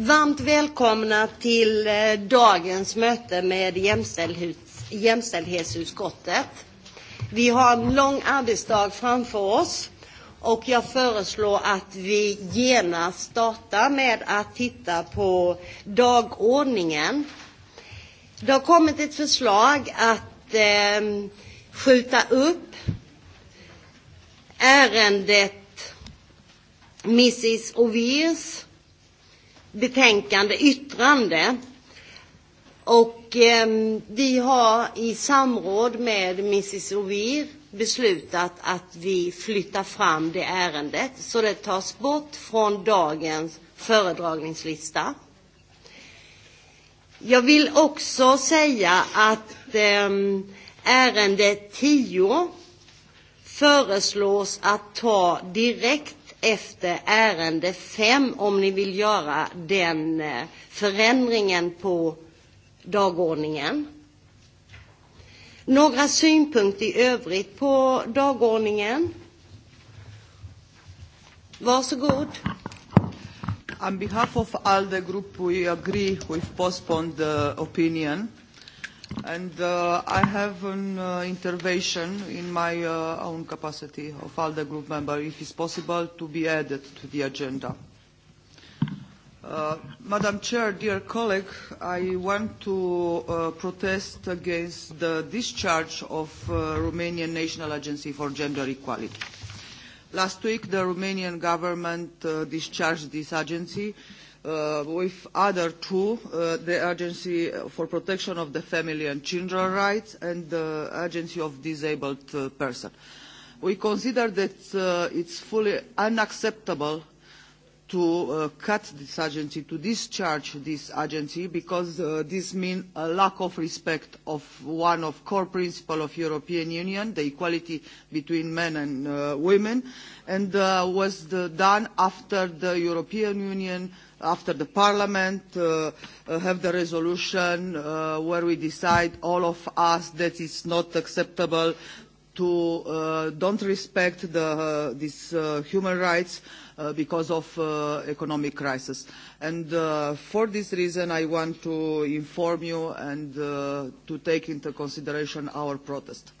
Varmt välkomna till eh, dagens möte med jämställdhetsutskottet. Vi har en lång arbetsdag framför oss och jag föreslår att vi genast startar med att titta på dagordningen. Det har kommit ett förslag att eh, skjuta upp ärendet Mrs. Ovirs betänkande yttrande. Och eh, vi har i samråd med Mrs. Ovir beslutat att vi flyttar fram det ärendet så det tas bort från dagens föredragningslista. Jag vill också säga att eh, ärende 10 föreslås att ta direkt efter ärende fem om ni vill göra den eh, förändringen på dagordningen. Några synpunkter i övrigt på dagordningen? Varsågod. On behalf of the group, we agree with postponed eh, opinion and uh, I have an uh, intervention in my uh, own capacity of ALDE group member, if it's possible, to be added to the agenda. Uh, Madam Chair, dear colleague, I want to uh, protest against the discharge of uh, Romanian National Agency for Gender Equality. Last week, the Romanian government uh, discharged this agency uh, uh, with other two, uh, the Agency for Protection of the Family and Children Rights and the Agency of Disabled uh, Persons. We consider that uh, it's fully unacceptable to uh, cut this agency, to discharge this agency, because uh, this means a lack of respect of one of core principles of European Union, the equality between men and uh, women, and uh, was the, done after the European Union after the parliament uh, uh, have the resolution uh, where we decide all of us that it's not acceptable to uh, don't respect the, uh, these uh, human rights uh, because of uh, economic crisis. And uh, for this reason, I want to inform you and uh, to take into consideration our protest.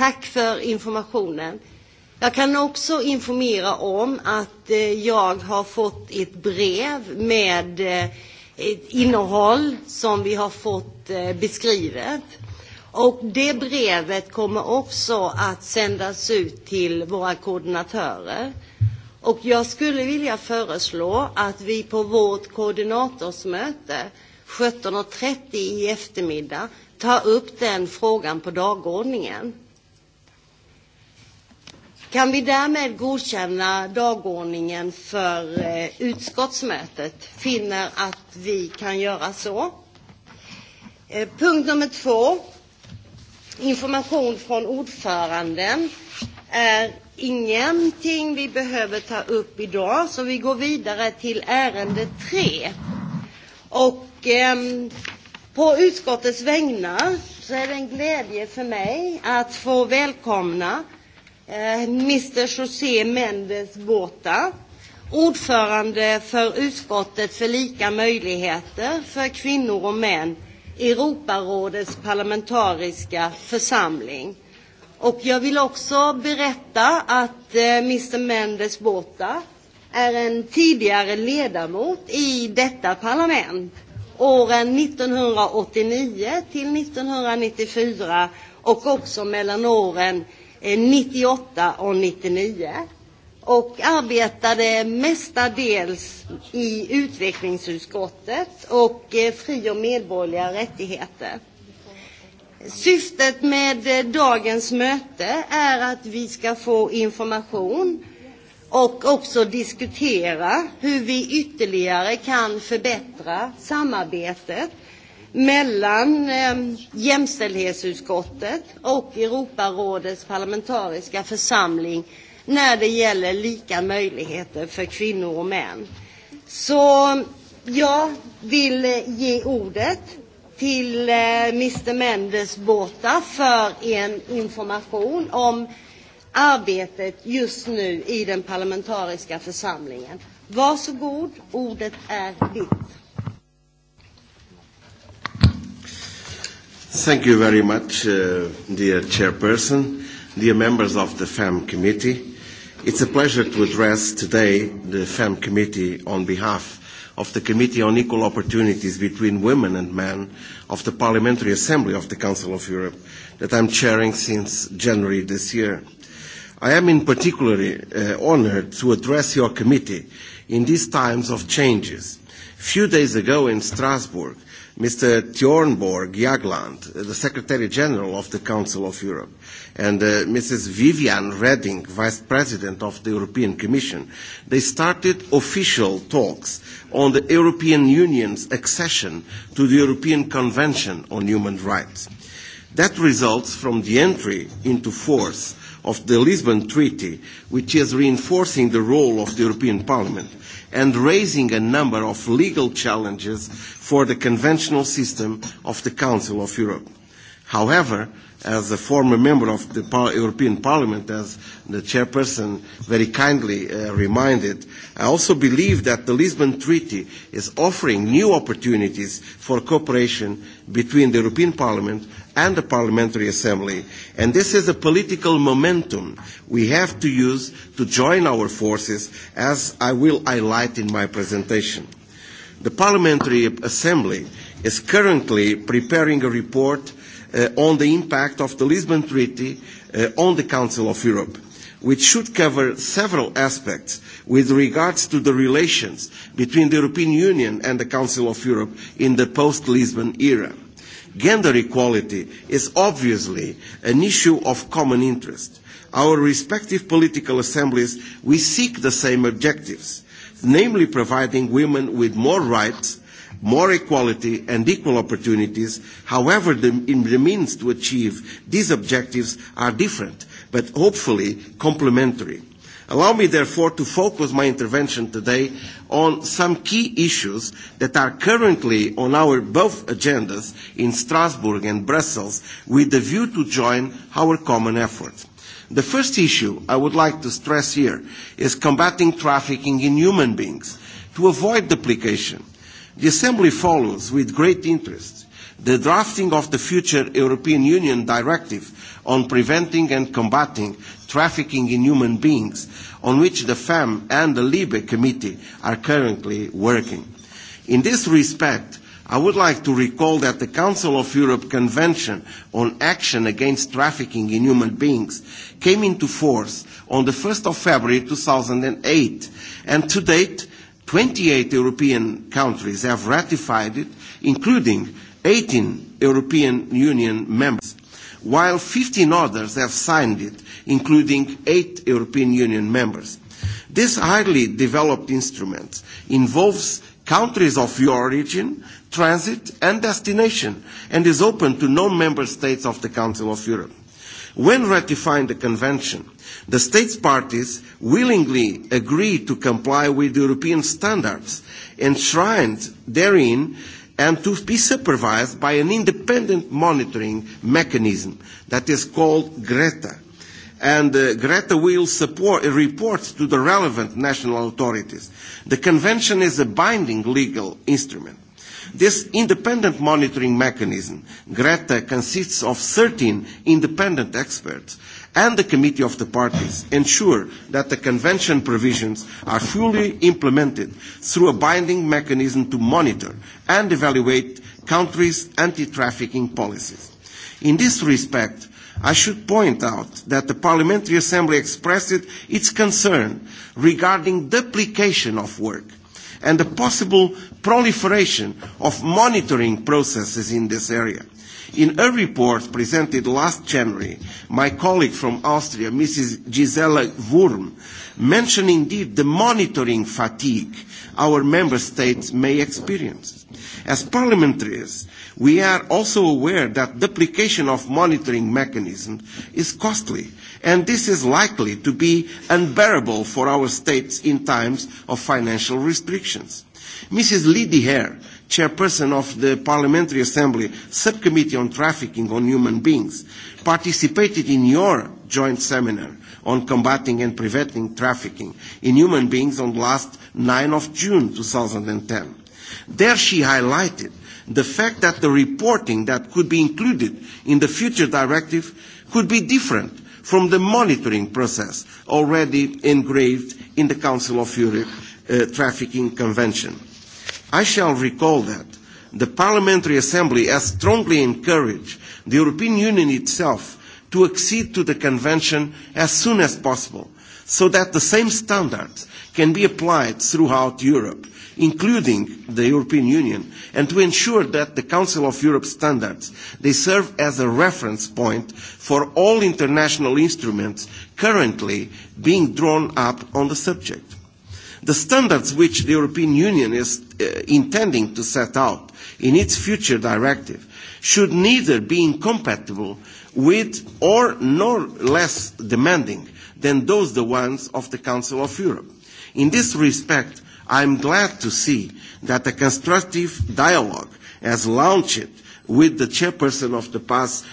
Tack för informationen. Jag kan också informera om att eh, jag har fått ett brev med eh, ett innehåll som vi har fått eh, beskrivet. Och det brevet kommer också att sändas ut till våra koordinatörer. Och jag skulle vilja föreslå att vi på vårt koordinatorsmöte 17.30 i eftermiddag tar upp den frågan på dagordningen. Kan vi därmed godkänna dagordningen för eh, utskottsmötet? Finner att vi kan göra så. Eh, punkt nummer två. Information från ordföranden är ingenting vi behöver ta upp idag, så vi går vidare till ärende tre. Och eh, på utskottets vägnar så är det en glädje för mig att få välkomna Eh, Mr José Mendes Bota, ordförande för utskottet för lika möjligheter för kvinnor och män i Europarådets parlamentariska församling. Och jag vill också berätta att eh, Mr Mendes Bota är en tidigare ledamot i detta parlament åren 1989 till 1994 och också mellan åren 98 eh, och 99 och arbetade mestadels i utvecklingsutskottet och eh, fri och medborgerliga rättigheter. Syftet med eh, dagens möte är att vi ska få information och också diskutera hur vi ytterligare kan förbättra samarbetet mellan eh, jämställdhetsutskottet och Europarådets parlamentariska församling när det gäller lika möjligheter för kvinnor och män. Så jag vill ge ordet till eh, Mr Mendes Bota för en information om arbetet just nu i den parlamentariska församlingen. Varsågod, ordet är ditt. Thank you very much, uh, dear Chairperson, dear members of the FAM Committee. It's a pleasure to address today the FAM Committee on behalf of the Committee on Equal Opportunities between Women and Men of the Parliamentary Assembly of the Council of Europe that I'm chairing since January this year. I am in particular uh, honored to address your committee in these times of changes. A few days ago in Strasbourg, Mr. Tjornborg Jagland, uh, the Secretary General of the Council of Europe, and uh, Mrs. Viviane Reding, Vice President of the European Commission, they started official talks on the European Union's accession to the European Convention on Human Rights. That results from the entry into force of the Lisbon Treaty, which is reinforcing the role of the European Parliament and raising a number of legal challenges for the conventional system of the Council of Europe. However, as a former member of the European Parliament, as the chairperson very kindly uh, reminded, I also believe that the Lisbon Treaty is offering new opportunities for cooperation between the European Parliament and the Parliamentary Assembly. And this is a political momentum we have to use to join our forces, as I will highlight in my presentation. The Parliamentary Assembly is currently preparing a report uh, on the impact of the Lisbon Treaty uh, on the Council of Europe which should cover several aspects with regards to the relations between the European Union and the Council of Europe in the post-Lisbon era. Gender equality is obviously an issue of common interest. Our respective political assemblies, we seek the same objectives, namely providing women with more rights, more equality and equal opportunities. However, the, the means to achieve these objectives are different but hopefully complementary. Allow me, therefore, to focus my intervention today on some key issues that are currently on our both agendas in Strasbourg and Brussels with a view to join our common efforts. The first issue I would like to stress here is combating trafficking in human beings to avoid duplication. The Assembly follows with great interest The drafting of the future European Union directive on preventing and combating trafficking in human beings, on which the FEM and the LIBE committee are currently working. In this respect, i would like to recall that the Council of Europe Convention on Action Against Trafficking in Human Beings came into force on the 1st of February 2008, and to date, 28 European countries have ratified it, including 18 European Union members, while 15 others have signed it, including eight European Union members. This highly developed instrument involves countries of your origin, transit and destination, and is open to no member states of the Council of Europe. When ratifying the convention, the states parties willingly agree to comply with European standards enshrined therein and to be supervised by an independent monitoring mechanism that is called GRETA. And uh, GRETA will support, uh, reports to the relevant national authorities. The convention is a binding legal instrument. This independent monitoring mechanism, GRETA, consists of 13 independent experts and the Committee of the Parties ensure that the Convention provisions are fully implemented through a binding mechanism to monitor and evaluate countries' anti-trafficking policies. In this respect, I should point out that the Parliamentary Assembly expressed its concern regarding duplication of work and the possible proliferation of monitoring processes in this area In a report presented last January, my colleague from Austria, Mrs. Gisela Wurm, mentioned indeed the monitoring fatigue our member states may experience. As parliamentarians, we are also aware that duplication of monitoring mechanisms is costly, and this is likely to be unbearable for our states in times of financial restrictions. Mrs. Lydie Hare, chairperson of the Parliamentary Assembly Subcommittee on Trafficking on Human Beings, participated in your joint seminar on combating and preventing trafficking in human beings on last 9 of June 2010. There she highlighted the fact that the reporting that could be included in the future directive could be different from the monitoring process already engraved in the Council of Europe uh, Trafficking Convention. I shall recall that the Parliamentary Assembly has strongly encouraged the European Union itself to accede to the Convention as soon as possible, so that the same standards can be applied throughout Europe, including the European Union, and to ensure that the Council of Europe standards, they serve as a reference point for all international instruments currently being drawn up on the subject. The standards which the European Union is uh, intending to set out in its future directive should neither be incompatible with or nor less demanding than those the ones of the Council of Europe. In this respect, I am glad to see that a constructive dialogue has launched with the chairperson of the PAS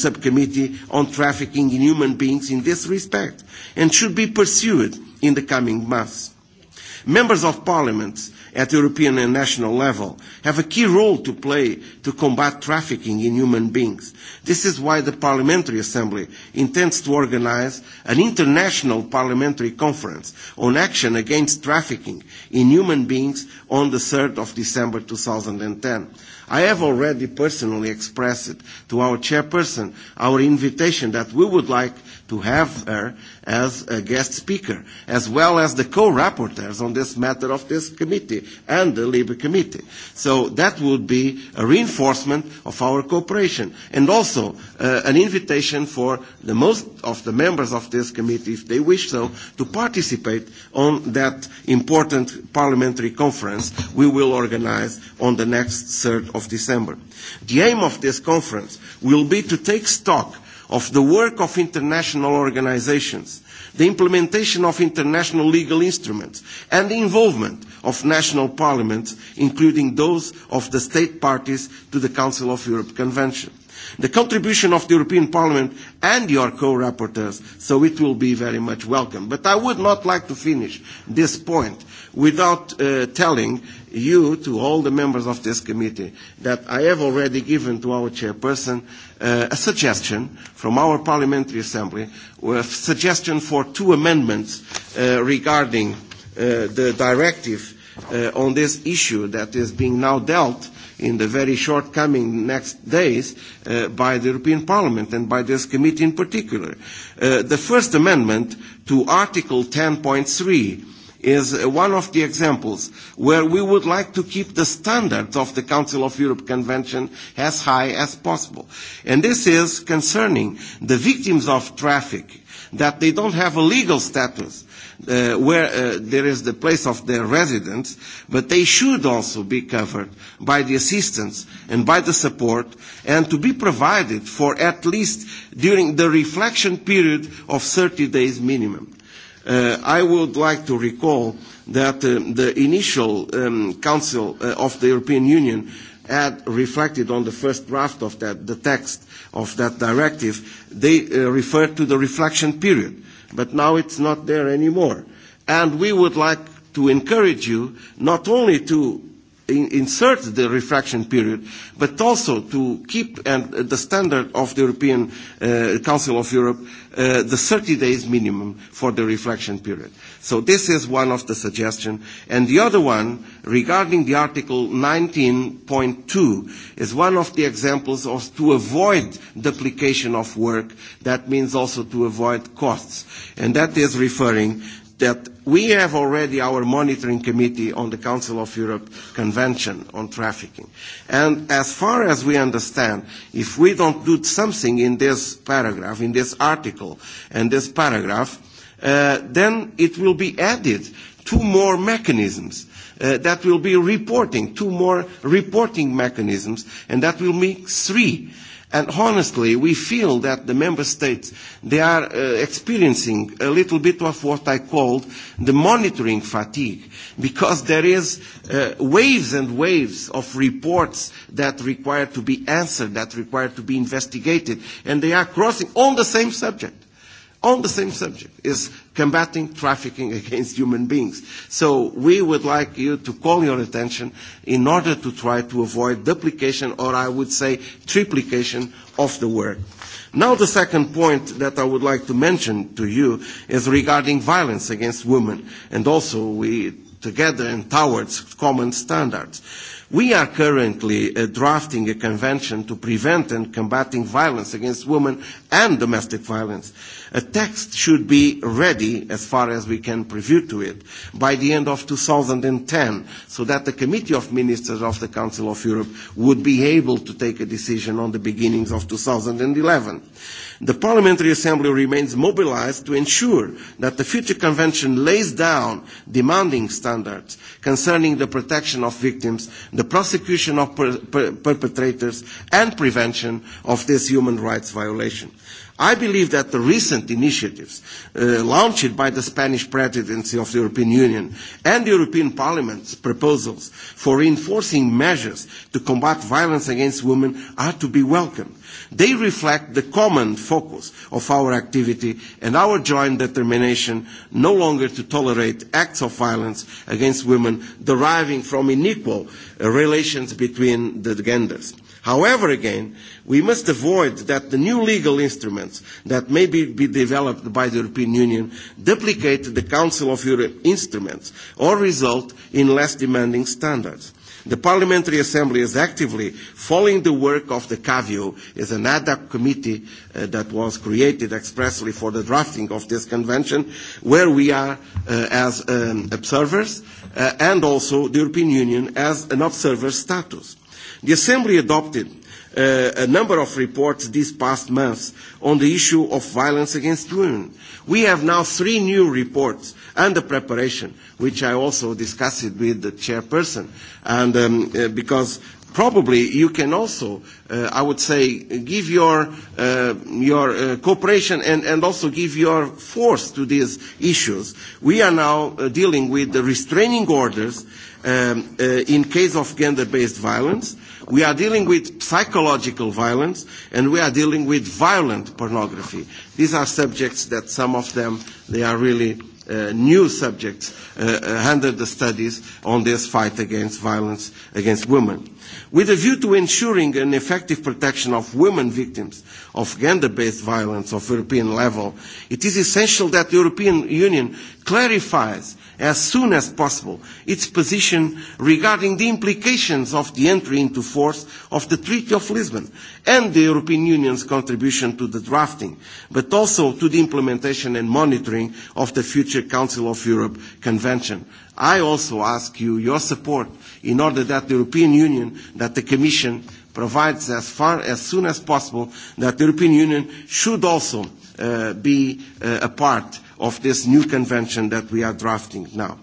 subcommittee on trafficking in human beings in this respect and should be pursued in the coming months. Members of Parliament at European and national level have a key role to play to combat trafficking in human beings. This is why the Parliamentary Assembly intends to organise an international parliamentary conference on action against trafficking in human beings on the 3rd of December ten. I have already personally expressed to our chairperson our invitation that we would like to have her as a guest speaker, as well as the co-rapporteurs on this matter of this committee and the LIBE committee. So that would be a reinforcement of our cooperation and also uh, an invitation for the most of the members of this committee, if they wish so, to participate on that important parliamentary conference we will organize on the next 3rd of December. The aim of this conference will be to take stock of the work of international organizations, the implementation of international legal instruments, and the involvement of national parliaments, including those of the state parties to the Council of Europe Convention the contribution of the European Parliament and your co-rapporteurs, so it will be very much welcome. But I would not like to finish this point without uh, telling you, to all the members of this committee, that I have already given to our chairperson uh, a suggestion from our parliamentary assembly, a suggestion for two amendments uh, regarding uh, the directive uh, on this issue that is being now dealt in the very short coming next days uh, by the European Parliament and by this committee in particular. Uh, the First Amendment to Article 10.3 is uh, one of the examples where we would like to keep the standards of the Council of Europe Convention as high as possible. And this is concerning the victims of traffic, that they don't have a legal status, uh, where uh, there is the place of their residence, but they should also be covered by the assistance and by the support and to be provided for at least during the reflection period of 30 days minimum. Uh, I would like to recall that uh, the initial um, Council uh, of the European Union had reflected on the first draft of that, the text of that directive, they uh, referred to the reflection period but now it's not there anymore. And we would like to encourage you not only to in, insert the refraction period, but also to keep and, uh, the standard of the European uh, Council of Europe, uh, the 30 days minimum for the refraction period. So this is one of the suggestions. And the other one, regarding the Article 19.2, is one of the examples of to avoid duplication of work. That means also to avoid costs. And that is referring that we have already our monitoring committee on the Council of Europe Convention on Trafficking. And as far as we understand, if we don't do something in this paragraph, in this article and this paragraph, uh, then it will be added two more mechanisms uh, that will be reporting, two more reporting mechanisms, and that will make three. And honestly, we feel that the member states, they are uh, experiencing a little bit of what I called the monitoring fatigue, because there is uh, waves and waves of reports that require to be answered, that require to be investigated, and they are crossing on the same subject on the same subject is combating trafficking against human beings. So we would like you to call your attention in order to try to avoid duplication or I would say triplication of the work. Now the second point that I would like to mention to you is regarding violence against women and also we together and towards common standards. We are currently uh, drafting a convention to prevent and combating violence against women and domestic violence. A text should be ready, as far as we can preview to it, by the end of 2010, so that the Committee of Ministers of the Council of Europe would be able to take a decision on the beginnings of 2011. The Parliamentary Assembly remains mobilised to ensure that the future convention lays down demanding standards concerning the protection of victims, the prosecution of per per perpetrators, and prevention of this human rights violation. I believe that the recent initiatives uh, launched by the Spanish presidency of the European Union and the European Parliament's proposals for reinforcing measures to combat violence against women are to be welcomed. They reflect the common focus of our activity and our joint determination no longer to tolerate acts of violence against women deriving from unequal uh, relations between the genders. However, again, we must avoid that the new legal instruments that may be, be developed by the European Union duplicate the Council of Europe instruments or result in less demanding standards. The Parliamentary Assembly is actively following the work of the CAVIO as an ad hoc committee uh, that was created expressly for the drafting of this convention, where we are uh, as um, observers uh, and also the European Union as an observer status. The Assembly adopted uh, a number of reports this past month on the issue of violence against women. We have now three new reports under preparation, which I also discussed with the chairperson, and um, uh, because probably you can also, uh, I would say, give your, uh, your uh, cooperation and, and also give your force to these issues. We are now uh, dealing with the restraining orders um, uh, in case of gender-based violence, We are dealing with psychological violence and we are dealing with violent pornography. These are subjects that some of them, they are really uh, new subjects uh, uh under the studies on this fight against violence against women. With a view to ensuring an effective protection of women victims of gender-based violence of European level, it is essential that the European Union clarifies as soon as possible its position regarding the implications of the entry into force of the Treaty of Lisbon and the European Union's contribution to the drafting, but also to the implementation and monitoring of the future Council of Europe Convention i also ask you your support in order that the European Union, that the Commission provides as far as soon as possible that the European Union should also uh, be uh, a part of this new convention that we are drafting now.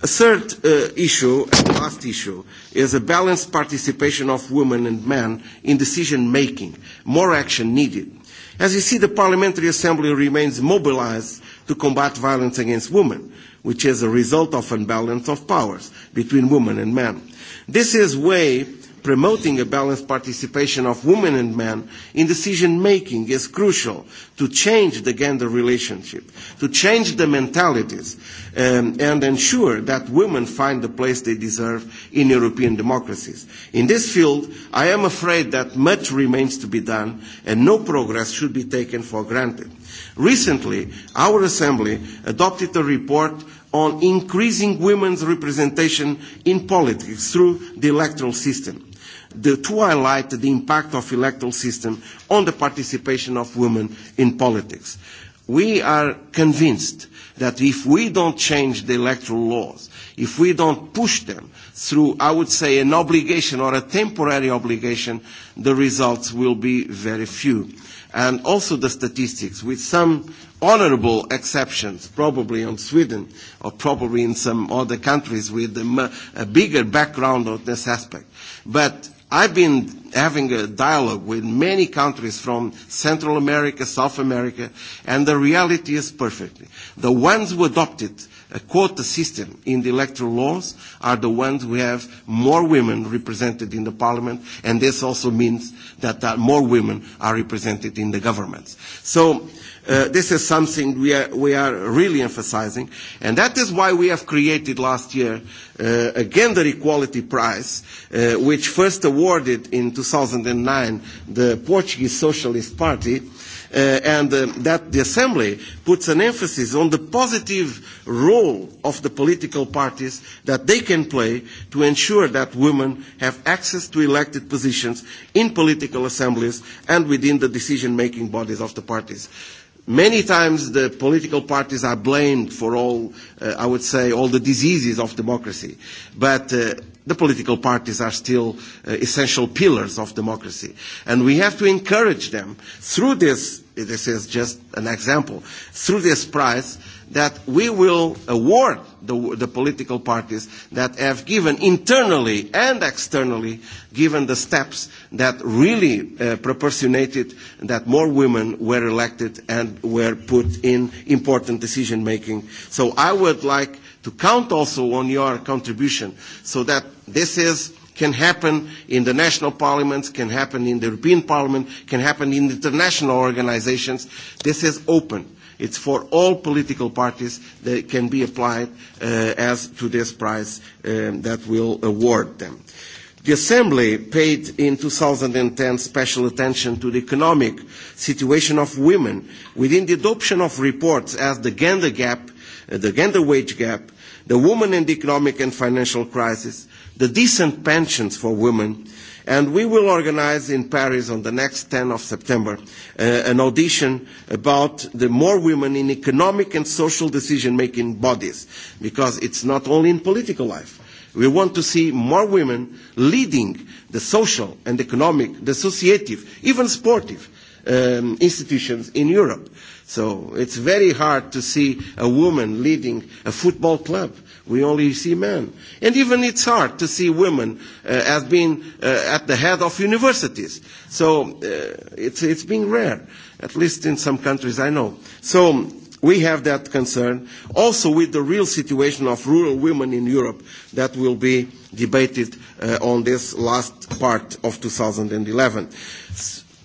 A third uh, issue, and last issue, is a balanced participation of women and men in decision making. More action needed. As you see, the Parliamentary Assembly remains mobilised to combat violence against women which is a result of imbalance of powers between women and men. This is way promoting a balanced participation of women and men in decision making is crucial to change the gender relationship, to change the mentalities, um, and ensure that women find the place they deserve in European democracies. In this field, I am afraid that much remains to be done and no progress should be taken for granted. Recently, our Assembly adopted a report on increasing women's representation in politics through the electoral system the, to highlight the impact of electoral system on the participation of women in politics. We are convinced that if we don't change the electoral laws, if we don't push them through, I would say, an obligation or a temporary obligation, the results will be very few and also the statistics, with some honourable exceptions, probably on Sweden or probably in some other countries with a, a bigger background on this aspect. But I've been having a dialogue with many countries from Central America, South America, and the reality is perfect. The ones who adopt it a quota system in the electoral laws are the ones who have more women represented in the parliament, and this also means that, that more women are represented in the governments. So uh, this is something we are, we are really emphasizing, and that is why we have created last year uh, a Gender Equality Prize, uh, which first awarded in 2009 the Portuguese Socialist Party, uh, and uh, that the Assembly puts an emphasis on the positive role of the political parties that they can play to ensure that women have access to elected positions in political assemblies and within the decision-making bodies of the parties. Many times the political parties are blamed for all, uh, I would say, all the diseases of democracy. But uh, The political parties are still uh, essential pillars of democracy. And we have to encourage them through this, this is just an example, through this prize that we will award the, the political parties that have given internally and externally given the steps that really uh, proportionated that more women were elected and were put in important decision making. So I would like to count also on your contribution so that this is can happen in the national parliaments, can happen in the European Parliament, can happen in international organizations. This is open. It's for all political parties that can be applied uh, as to this prize um, that will award them. The Assembly paid in 2010 special attention to the economic situation of women within the adoption of reports as the gender gap the gender wage gap, the women and economic and financial crisis, the decent pensions for women, and we will organise in Paris on the next 10 of September uh, an audition about the more women in economic and social decision-making bodies, because it's not only in political life. We want to see more women leading the social and economic, the associative, even sportive um, institutions in Europe. So it's very hard to see a woman leading a football club. We only see men. And even it's hard to see women uh, as being uh, at the head of universities. So uh, it's, it's being rare, at least in some countries I know. So we have that concern. Also with the real situation of rural women in Europe that will be debated uh, on this last part of 2011. eleven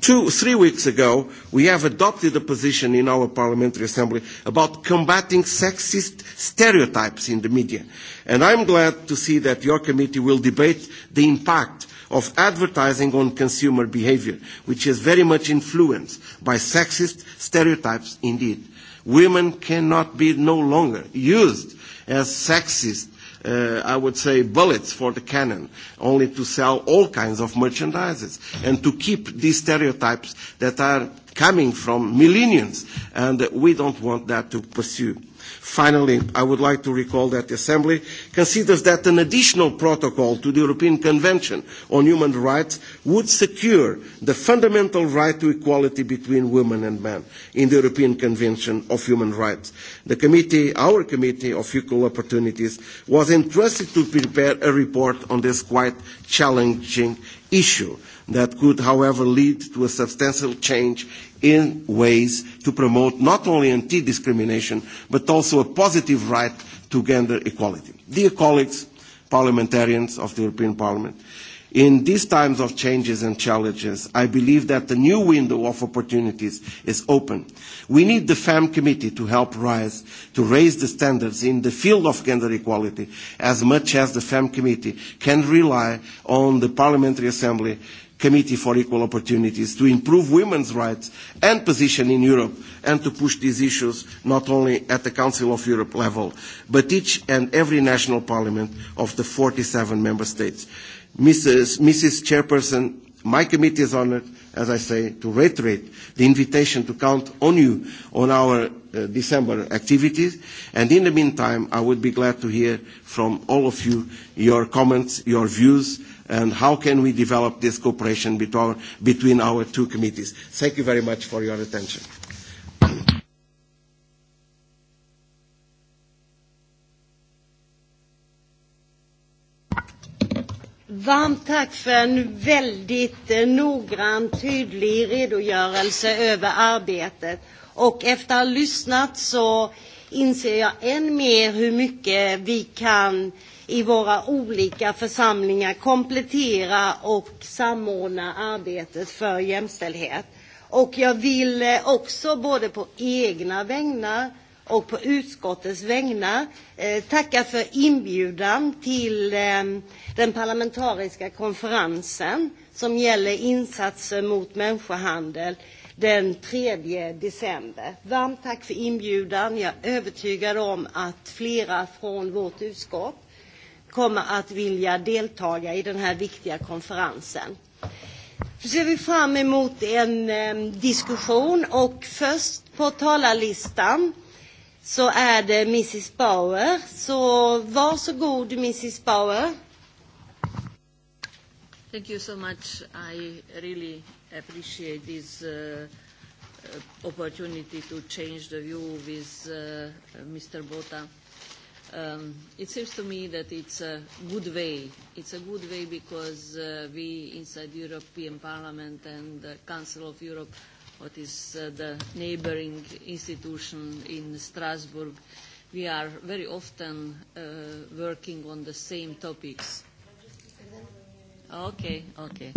two, three weeks ago, we have adopted a position in our Parliamentary Assembly about combating sexist stereotypes in the media. And I'm glad to see that your committee will debate the impact of advertising on consumer behaviour, which is very much influenced by sexist stereotypes indeed. Women cannot be no longer used as sexist uh, I would say, bullets for the cannon, only to sell all kinds of merchandises and to keep these stereotypes that are coming from millennials, and we don't want that to pursue. Finally, I would like to recall that the Assembly considers that an additional protocol to the European Convention on Human Rights would secure the fundamental right to equality between women and men in the European Convention of Human Rights. The committee, our Committee of Equal Opportunities, was entrusted to prepare a report on this quite challenging issue that could, however, lead to a substantial change in ways to promote not only anti-discrimination, but also a positive right to gender equality. Dear colleagues, parliamentarians of the European Parliament, in these times of changes and challenges, I believe that the new window of opportunities is open. We need the FAM committee to help rise, to raise the standards in the field of gender equality as much as the FAM committee can rely on the Parliamentary Assembly Committee for Equal Opportunities to improve women's rights and position in Europe and to push these issues not only at the Council of Europe level, but each and every national parliament of the 47 member states. Mrs. Mrs. Chairperson, my committee is honoured, as I say, to reiterate the invitation to count on you on our uh, December activities. And in the meantime, I would be glad to hear from all of you your comments, your views, and how can we develop this cooperation between, between our two committees. Thank you very much for your attention. Varmt tack för en väldigt eh, noggrann, tydlig redogörelse över arbetet. Och efter att ha lyssnat så inser jag än mer hur mycket vi kan i våra olika församlingar komplettera och samordna arbetet för jämställdhet. Och jag vill eh, också både på egna vägnar och på utskottets vägnar eh, tacka för inbjudan till eh, den parlamentariska konferensen som gäller insatser mot människohandel den 3 december. Varmt tack för inbjudan. Jag är övertygad om att flera från vårt utskott kommer att vilja deltaga i den här viktiga konferensen. Nu ser vi fram emot en eh, diskussion och först på talarlistan så är det Mrs Bauer. Så varsågod Mrs Bauer. Thank you so much. I really appreciate this uh, uh opportunity to change the view with uh, Mr. Bota. Um, it seems to me that it's a good way. It's a good way because uh, we inside European Parliament and the Council of Europe, what is uh, the neighboring institution in Strasbourg, we are very often uh, working on the same topics. Okay, okay.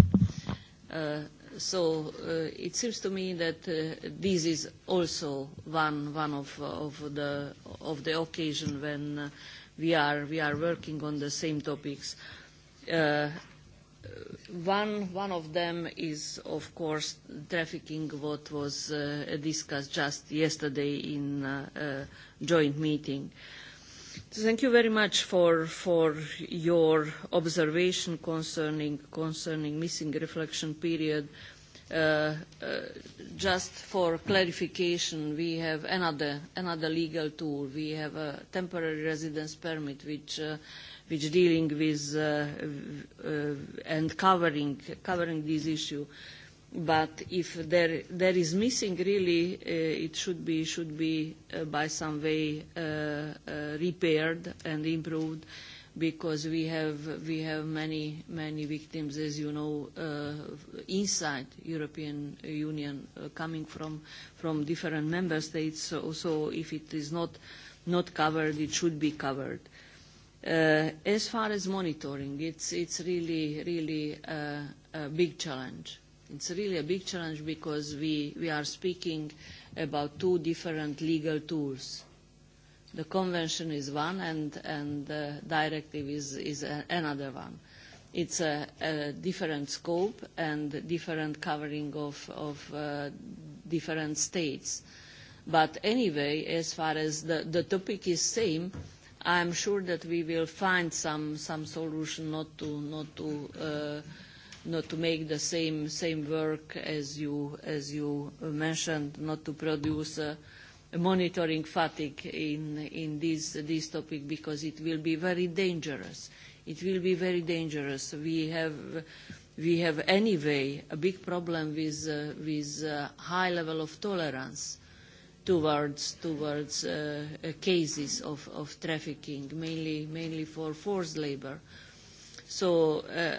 Uh, so uh, it seems to me that uh, this is also one, one of, of, the, of the occasion when uh, we, are, we are working on the same topics. Uh, one, one of them is, of course, trafficking, what was uh, discussed just yesterday in a uh, a joint meeting. Uh, Thank you very much for, for your observation concerning, concerning missing reflection period. Uh, uh, just for clarification, we have another, another legal tool. We have a temporary residence permit which, uh, which dealing with uh, uh, and covering, covering this issue but if there, there is missing really, uh, it should be, should be uh, by some way uh, uh, repaired and improved because we have, we have many, many victims, as you know, uh, inside European Union uh, coming from, from different member states. So, so if it is not, not covered, it should be covered. Uh, as far as monitoring, it's, it's really, really uh, a big challenge It's really a big challenge because we, we are speaking about two different legal tools. The convention is one and, and the directive is, is a, another one. It's a, a different scope and different covering of, of uh, different states. But anyway, as far as the, the topic is same, I'm sure that we will find some, some solution not to, not to uh, not to make the same same work as you as you mentioned, not to produce a, uh, a monitoring fatigue in in this this topic because it will be very dangerous. It will be very dangerous. We have we have anyway a big problem with uh, with uh, high level of tolerance towards towards uh, uh, cases of, of trafficking, mainly mainly for forced labor. Uh, so, uh, uh,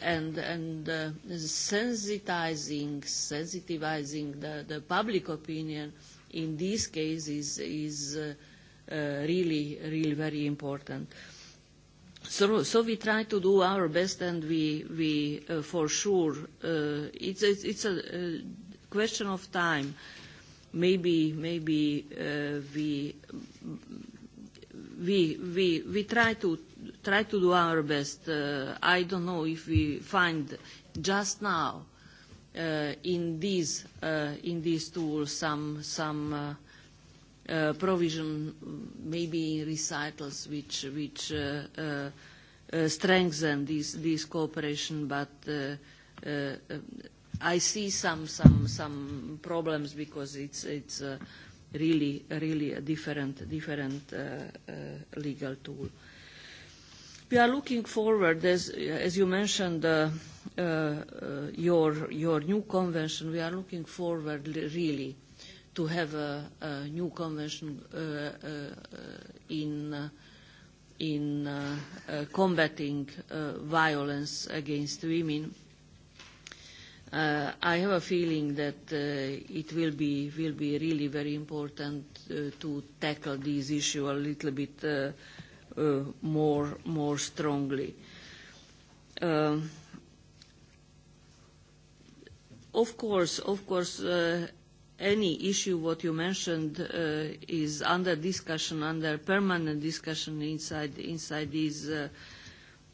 and, and uh, sensitizing, sensitivizing the, the public opinion in these cases is uh, uh, really, really very important. So, so we try to do our best and we, we uh, for sure, uh, it's, it's, it's a uh, question of time. Maybe, maybe uh, we, we, we, we try to try to do our best. Uh, I don't know if we find just now uh, in, these, uh, in these tools some, some uh, Uh, provision maybe in recitals which which uh, uh, uh, strengthen this this cooperation but uh, uh, I see some some some problems because it's it's really really a different different legal tool We are looking forward, as, as you mentioned, uh, uh, uh, your, your new convention. We are looking forward really to have a, new convention in, combating violence against women. Uh, I have a feeling that uh, it will be, will be really very important uh, to tackle this issue a little bit Uh, more, more strongly. Um, of course, of course, uh, any issue what you mentioned uh, is under discussion, under permanent discussion inside inside these. Uh,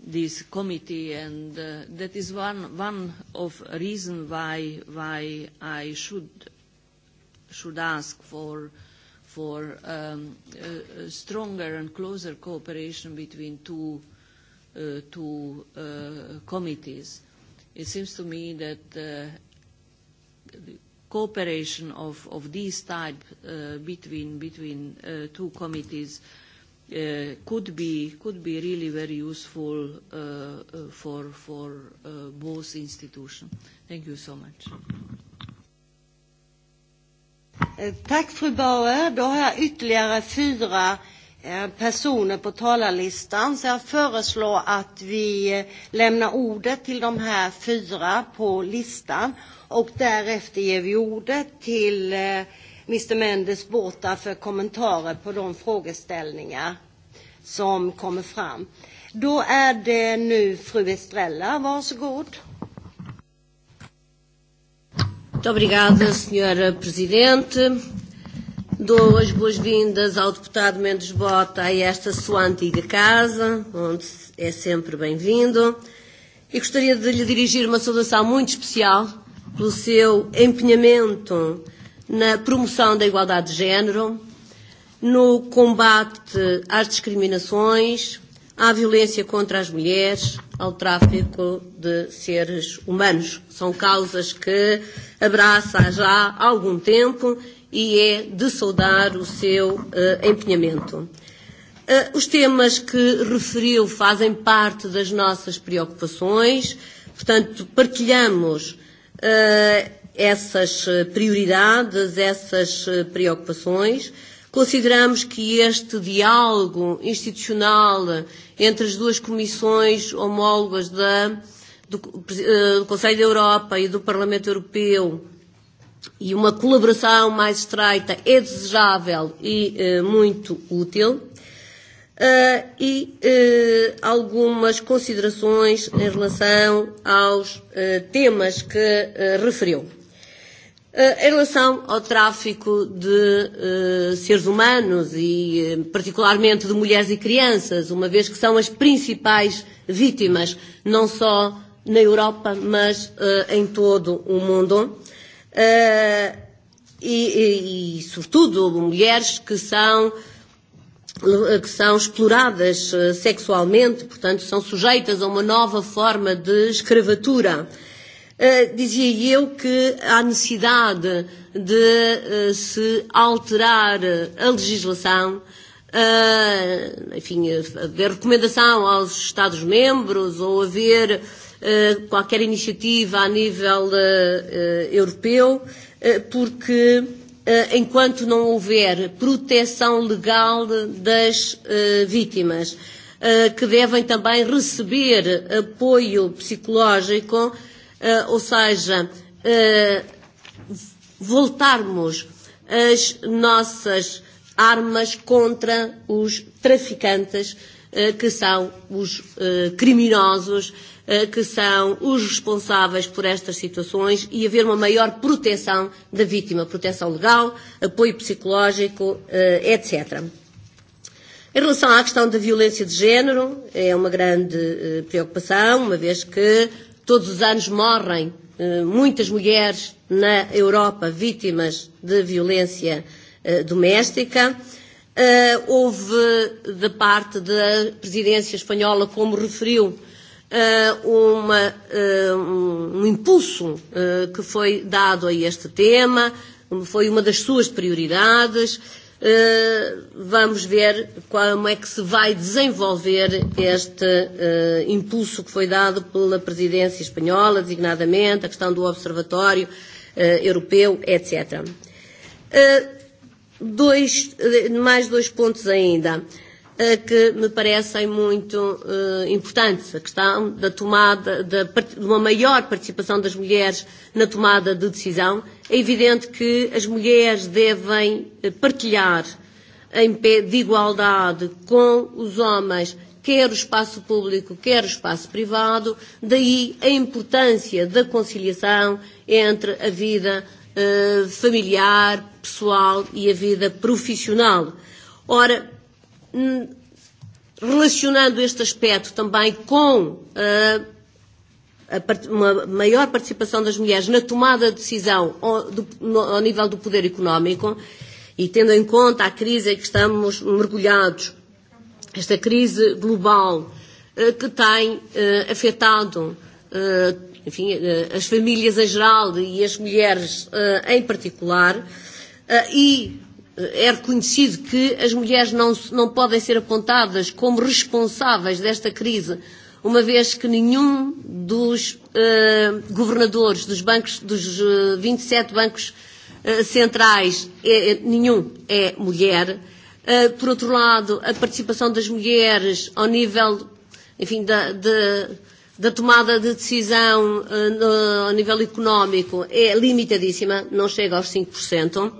this committee and uh, that is one one of reason why why I should should ask for for um, a, a stronger and closer cooperation between two, uh, two uh, committees. It seems to me that uh, the cooperation of, of this type uh, between, between uh, two committees uh, could, be, could be really very useful uh, uh, for, for uh, both institutions. Thank you so much. Eh, tack fru Bauer. Då har jag ytterligare fyra eh, personer på talarlistan. Så jag föreslår att vi eh, lämnar ordet till de här fyra på listan. Och därefter ger vi ordet till Mr Mendes Borta för kommentarer på de frågeställningar som kommer fram. Då är det nu fru Estrella. Varsågod. Muito obrigada, Senhora Presidente. Dou as boas-vindas ao deputado Mendes Bota a esta sua antiga casa, onde é sempre bem-vindo. E gostaria de lhe dirigir uma saudação muito especial pelo seu empenhamento na promoção da igualdade de género, no combate às discriminações, à violência contra as mulheres, ao tráfico de seres humanos. São causas que abraça já há algum tempo e é de saudar o seu uh, empenhamento. Uh, os temas que referiu fazem parte das nossas preocupações, portanto, partilhamos uh, essas prioridades, essas preocupações. Uh, Consideramos que este diálogo institucional entre as duas comissões homólogas da, do, eh, do Conselho da Europa e do Parlamento Europeu e uma colaboração mais estreita é desejável e eh, muito útil. Uh, e uh, algumas considerações em relação aos uh, temas que uh, referiu. Eh, em relação ao tráfico de uh, seres humanos e, uh, particularmente, de mulheres e crianças, uma vez que são as principais vítimas, não só na Europa, mas uh, em todo o mundo, uh, e, e, e, sobretudo, mulheres que são, que são exploradas uh, sexualmente, portanto, são sujeitas a uma nova forma de escravatura. Uh, Eh, dizia eu que há necessidade de uh, se alterar a legislação, uh, enfim, haver recomendação aos Estados-membros ou haver uh, qualquer iniciativa a nível uh, europeu, uh, porque uh, enquanto não houver proteção legal das uh, vítimas, uh, que devem também receber apoio psicológico, uh, Eh, ou seja, eh, voltarmos as nossas armas contra os traficantes, eh, que são os criminosos, que são os responsáveis por estas situações e haver uma maior proteção da vítima, proteção legal, apoio psicológico, etc. Em relação à questão da violência de género, é uma grande preocupação, uma vez que Todos os anos morrem eh, muitas mulheres na Europa vítimas de violência eh, doméstica. Eh, houve, da parte da presidência espanhola, como referiu, uma, um, um impulso que foi dado a este tema, foi uma das suas prioridades Eh, vamos ver como é que se vai desenvolver este uh, impulso que foi dado pela presidência espanhola, designadamente, a questão do observatório uh, europeu, etc. Uh, dois, mais dois pontos ainda que me parecem muito uh, importantes. A questão da tomada, da, de uma maior participação das mulheres na tomada de decisão é evidente que as mulheres devem eh, partilhar em pé de igualdade com os homens, quer o espaço público, quer o espaço privado, daí a importância da conciliação entre a vida eh, familiar, pessoal e a vida profissional. Ora, relacionando este aspecto também com a eh, uma maior participação das mulheres na tomada de decisão ao, do, no, ao nível do poder económico e tendo em conta a crise em que estamos mergulhados, esta crise global eh, que tem eh, afetado eh, enfim, eh, as famílias em geral e as mulheres eh, em particular, eh, e eh, é reconhecido que as mulheres não, não podem ser apontadas como responsáveis desta crise uma vez que nenhum dos eh, governadores dos bancos, dos eh, 27 e bancos eh, centrais, é, nenhum é mulher. Eh, por outro lado, a participação das mulheres ao nível, enfim, da, de, da tomada de decisão eh, no, ao nível económico é limitadíssima, não chega aos 5%.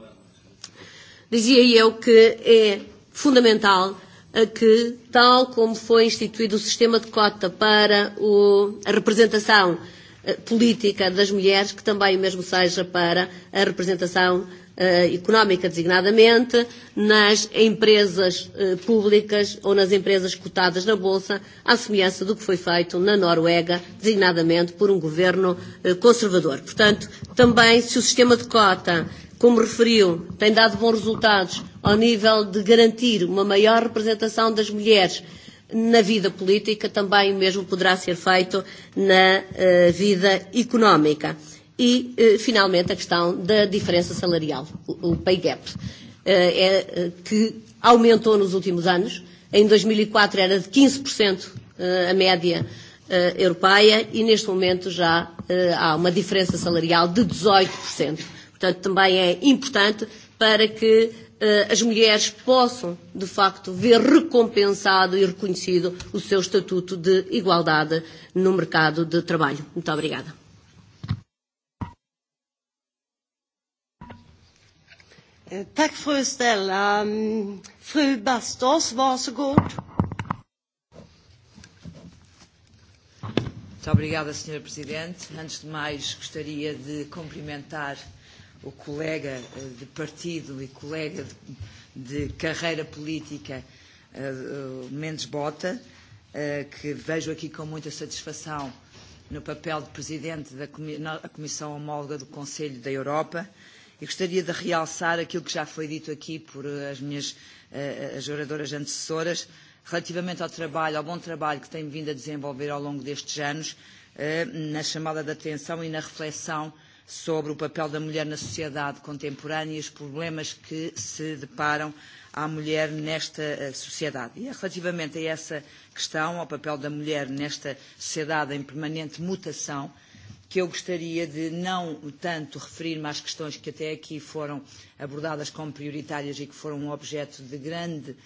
Dizia eu que é fundamental a que, tal como foi instituído o sistema de cota para o, a representação eh, política das mulheres, que também o mesmo seja para a representação uh, económica, designadamente, nas empresas uh, públicas ou nas empresas cotadas na Bolsa, à semelhança do que foi feito na Noruega, designadamente por um governo uh, conservador. Portanto, também se o sistema de cota como referiu, tem dado bons resultados ao nível de garantir uma maior representação das mulheres na vida política, também o mesmo poderá ser feito na uh, vida económica. E, uh, finalmente, a questão da diferença salarial, o, o pay gap, uh, é, uh, que aumentou nos últimos anos. Em 2004 e era de 15% uh, a média uh, europeia e, neste momento, já uh, há uma diferença salarial de 18%. Portanto, também é importante para que uh, as mulheres possam, de facto, ver recompensado e reconhecido o seu estatuto de igualdade no mercado de trabalho. Muito obrigada. Eh, Tack fru Stella. Um, fru Bastos, varsågod. Muito obrigada, Sra. Presidente. Antes de mais, gostaria de cumprimentar o colega eh, de partido e colega de, de carreira política eh, Mendes Bota, eh, que vejo aqui com muita satisfação no papel de Presidente da Comissão Homóloga do Conselho da Europa e gostaria de realçar aquilo que já foi dito aqui por as minhas as oradoras antecessoras relativamente ao trabalho, ao bom trabalho que tem vindo a desenvolver ao longo destes anos na chamada de atenção e na reflexão sobre o papel da mulher na sociedade contemporânea e os problemas que se deparam à mulher nesta eh, sociedade. E relativamente a essa questão, ao papel da mulher nesta sociedade em permanente mutação, que eu gostaria de não tanto referir-me às questões que até aqui foram abordadas como prioritárias e que foram um objeto de grande uh,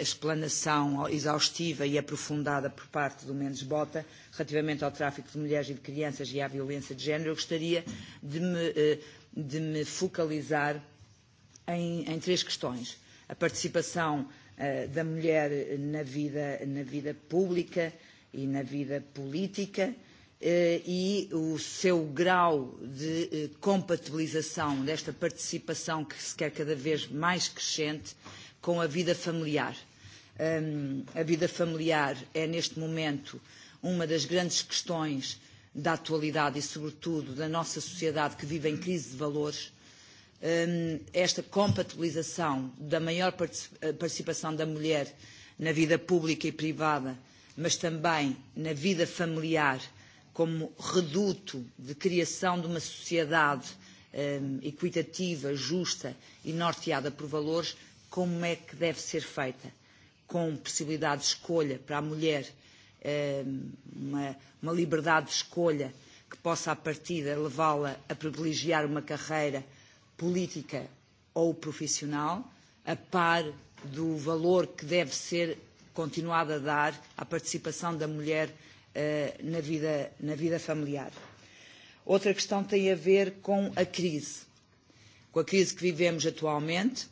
explanação exaustiva e aprofundada por parte do Mendes Bota, relativamente ao tráfico de mulheres e de crianças e à violência de género, eu gostaria de me, uh, de me focalizar em, em três questões. A participação uh, da mulher na vida, na vida pública e na vida política, uh, Eh, e o seu grau de eh, compatibilização desta participação que se quer cada vez mais crescente com a vida familiar. A vida familiar é, neste momento, uma das grandes questões da atualidade e, sobretudo, da nossa sociedade que vive em crise de valores, esta compatibilização da maior eh, participação da mulher na vida pública e privada, mas também na vida familiar como reduto de criação de uma sociedade um, equitativa, justa e norteada por valores, como é que deve ser feita? Com possibilidade de escolha para a mulher, um, uma, uma liberdade de escolha que possa, à partida, levá-la a privilegiar uma carreira política ou profissional, a par do valor que deve ser continuado a dar à participação da mulher Eh, na, vida, na vida familiar. Outra questão tem a ver com a crise, com a crise que vivemos atualmente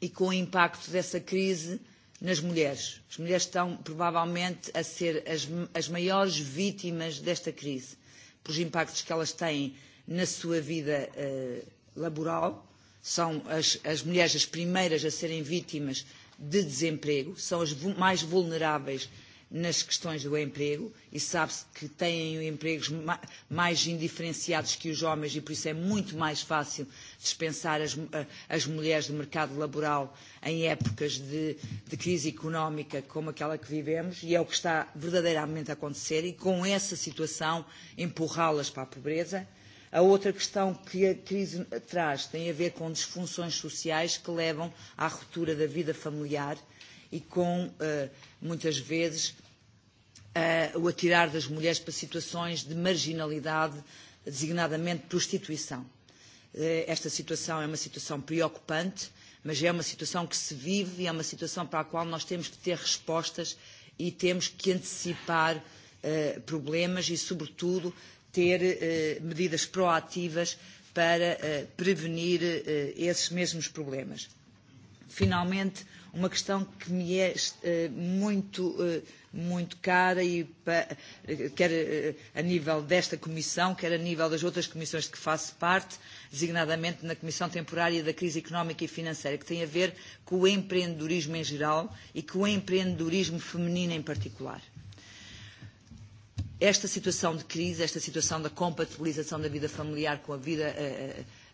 e com o impacto dessa crise nas mulheres. As mulheres estão provavelmente a ser as, as maiores vítimas desta crise, pelos impactos que elas têm na sua vida eh, laboral. São as, as mulheres as primeiras a serem vítimas de desemprego, são as mais vulneráveis nas questões do emprego e sabe-se que têm empregos mais indiferenciados que os homens e por isso é muito mais fácil dispensar as, as mulheres do mercado laboral em épocas de, de crise económica como aquela que vivemos e é o que está verdadeiramente a acontecer e com essa situação empurrá-las para a pobreza. A outra questão que a crise traz tem a ver com disfunções sociais que levam à ruptura da vida familiar e com, eh, muitas vezes, uh, o atirar das mulheres para situações de marginalidade, designadamente prostituição. Uh, esta situação é uma situação preocupante, mas é uma situação que se vive e é uma situação para a qual nós temos que ter respostas e temos que antecipar uh, problemas e, sobretudo, ter uh, medidas proativas para uh, prevenir uh, esses mesmos problemas. Finalmente, uma questão que me é uh, muito uh, muito cara e quer eh, a nível desta comissão, quer a nível das outras comissões de que faço parte, designadamente na Comissão Temporária da Crise Económica e Financeira, que tem a ver com o empreendedorismo em geral e com o empreendedorismo feminino em particular esta situação de crise, esta situação da compatibilização da vida familiar com a vida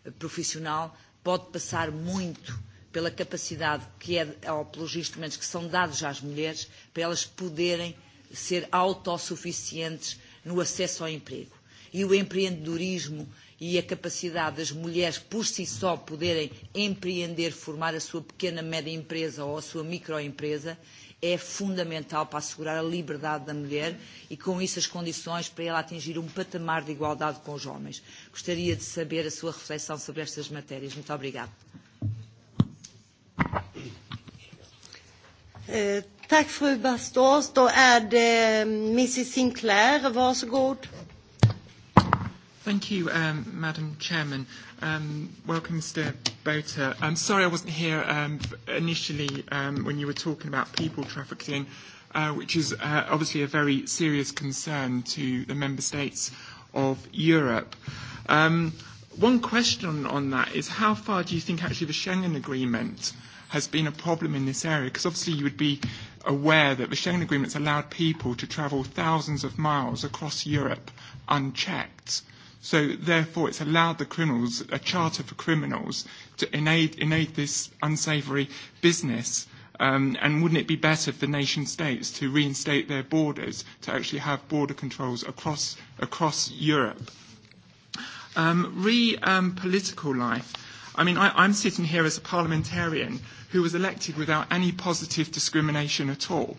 uh, profissional pode passar muito pela capacidade que é, ao pelos instrumentos que são dados às mulheres, para elas poderem ser autossuficientes no acesso ao emprego. E o empreendedorismo e a capacidade das mulheres por si só poderem empreender, formar a sua pequena média empresa ou a sua microempresa, é fundamental para assegurar a liberdade da mulher e, com isso, as condições para ela atingir um patamar de igualdade com os homens. Gostaria de saber a sua reflexão sobre estas matérias. Muito obrigada. Eh, tack fru Bastos. Då är det mm, Mrs Sinclair. Varsågod. Thank you, um, Madam Chairman. Um, welcome, Mr. Bota. I'm um, sorry I wasn't here um, initially um, when you were talking about people trafficking, uh, which is uh, obviously a very serious concern to the member states of Europe. Um, one question on that is how far do you think actually the Schengen Agreement uh, has been a problem in this area? Because obviously you would be aware that the Schengen Agreement's allowed people to travel thousands of miles across Europe unchecked. So therefore, it's allowed the criminals, a charter for criminals, to innate this unsavoury business. Um, and wouldn't it be better for nation states to reinstate their borders, to actually have border controls across, across Europe? Um, re um, political life. I mean, I, I'm sitting here as a parliamentarian who was elected without any positive discrimination at all.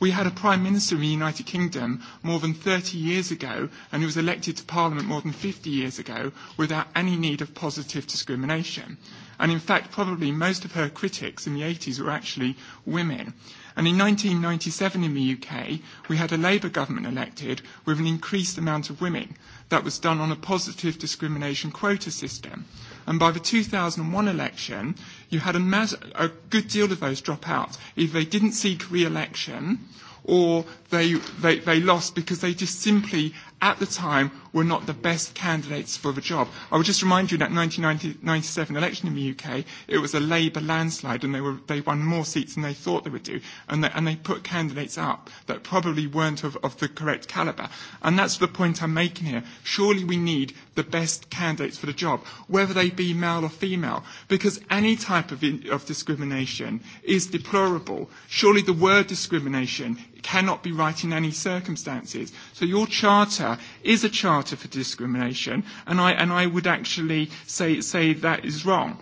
We had a Prime Minister in the United Kingdom more than 30 years ago, and who was elected to Parliament more than 50 years ago without any need of positive discrimination. And in fact, probably most of her critics in the 80s were actually women. And in 1997 in the UK, we had a Labour government elected with an increased amount of women. That was done on a positive discrimination quota system. And by the 2001 election, you had a, mass, a good deal of those drop out. Either they didn't seek re-election or they, they, they lost because they just simply, at the time, were not the best candidates for the job. I would just remind you that 1997 election in the UK, it was a Labour landslide and they, were, they won more seats than they thought they would do. And they, and they put candidates up that probably weren't of, of the correct calibre. And that's the point I'm making here. Surely we need the best candidates for the job, whether they be male or female, because any type of, in, of discrimination is deplorable. Surely the word discrimination cannot be right in any circumstances. So your charter is a charter charter for discrimination. And I, and I would actually say, say that is wrong.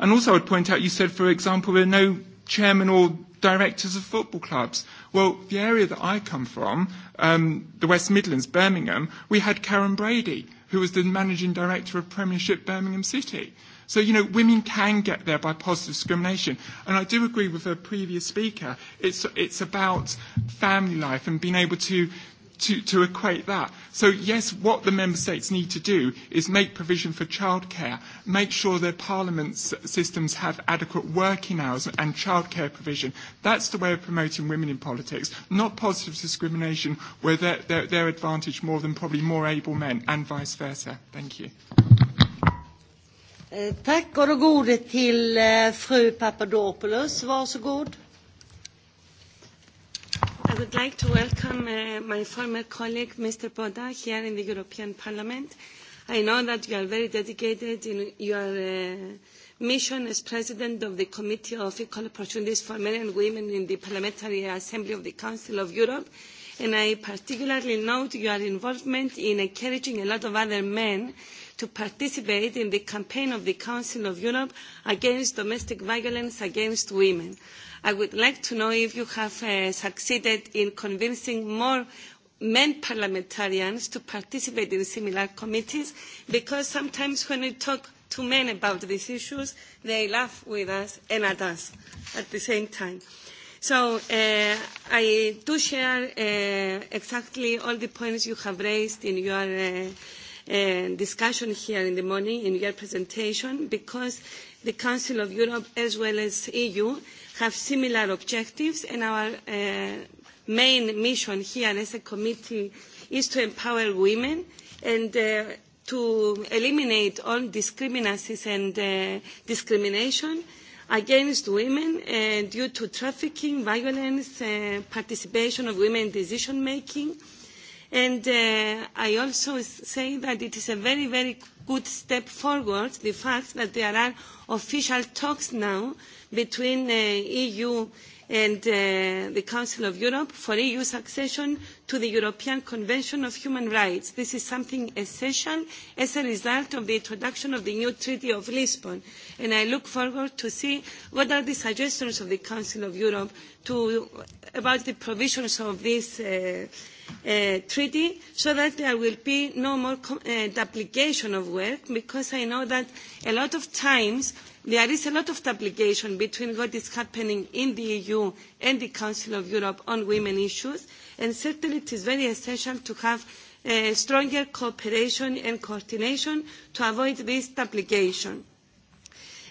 And also I'd point out, you said, for example, there are no chairman or directors of football clubs. Well, the area that I come from, um, the West Midlands, Birmingham, we had Karen Brady, who was the managing director of Premiership Birmingham City. So, you know, women can get there by positive discrimination. And I do agree with a previous speaker. It's, it's about family life and being able to to, to equate that. So yes, what the member states need to do is make provision for childcare, make sure their parliament systems have adequate working hours and childcare provision. That's the way of promoting women in politics, not positive discrimination where they're, they're, they're advantaged more than probably more able men and vice versa. Thank you. Eh, tack och då går det till eh, fru Papadopoulos. Varsågod would like to welcome uh, my former colleague, Mr. Boda, here in the European Parliament. I know that you are very dedicated in your uh, mission as President of the Committee of Equal Opportunities for Men and Women in the Parliamentary Assembly of the Council of Europe. And I particularly note your involvement in encouraging a lot of other men to participate in the campaign of the Council of Europe against domestic violence against women. I would like to know if you have uh, succeeded in convincing more men parliamentarians to participate in similar committees, because sometimes when we talk to men about these issues, they laugh with us and at us at the same time. So uh, I do share uh, exactly all the points you have raised in your uh, uh, discussion here in the morning, in your presentation, because the Council of Europe, as well as EU, have similar objectives, and our uh, main mission here as a committee is to empower women and uh, to eliminate all discriminancies and uh, discrimination against women uh, due to trafficking, violence, uh, participation of women in decision making. And uh, I also say that it is a very, very good step forward, the fact that there are official talks now between the uh, EU and uh, the Council of Europe for EU's accession to the European Convention of Human Rights. This is something essential as a result of the introduction of the new Treaty of Lisbon. And I look forward to see what are the suggestions of the Council of Europe to, about the provisions of this uh, uh, treaty so that there will be no more uh, duplication of work because I know that a lot of times There is a lot of duplication between what is happening in the EU and the Council of Europe on women issues, and certainly it is very essential to have uh, stronger cooperation and coordination to avoid this duplication.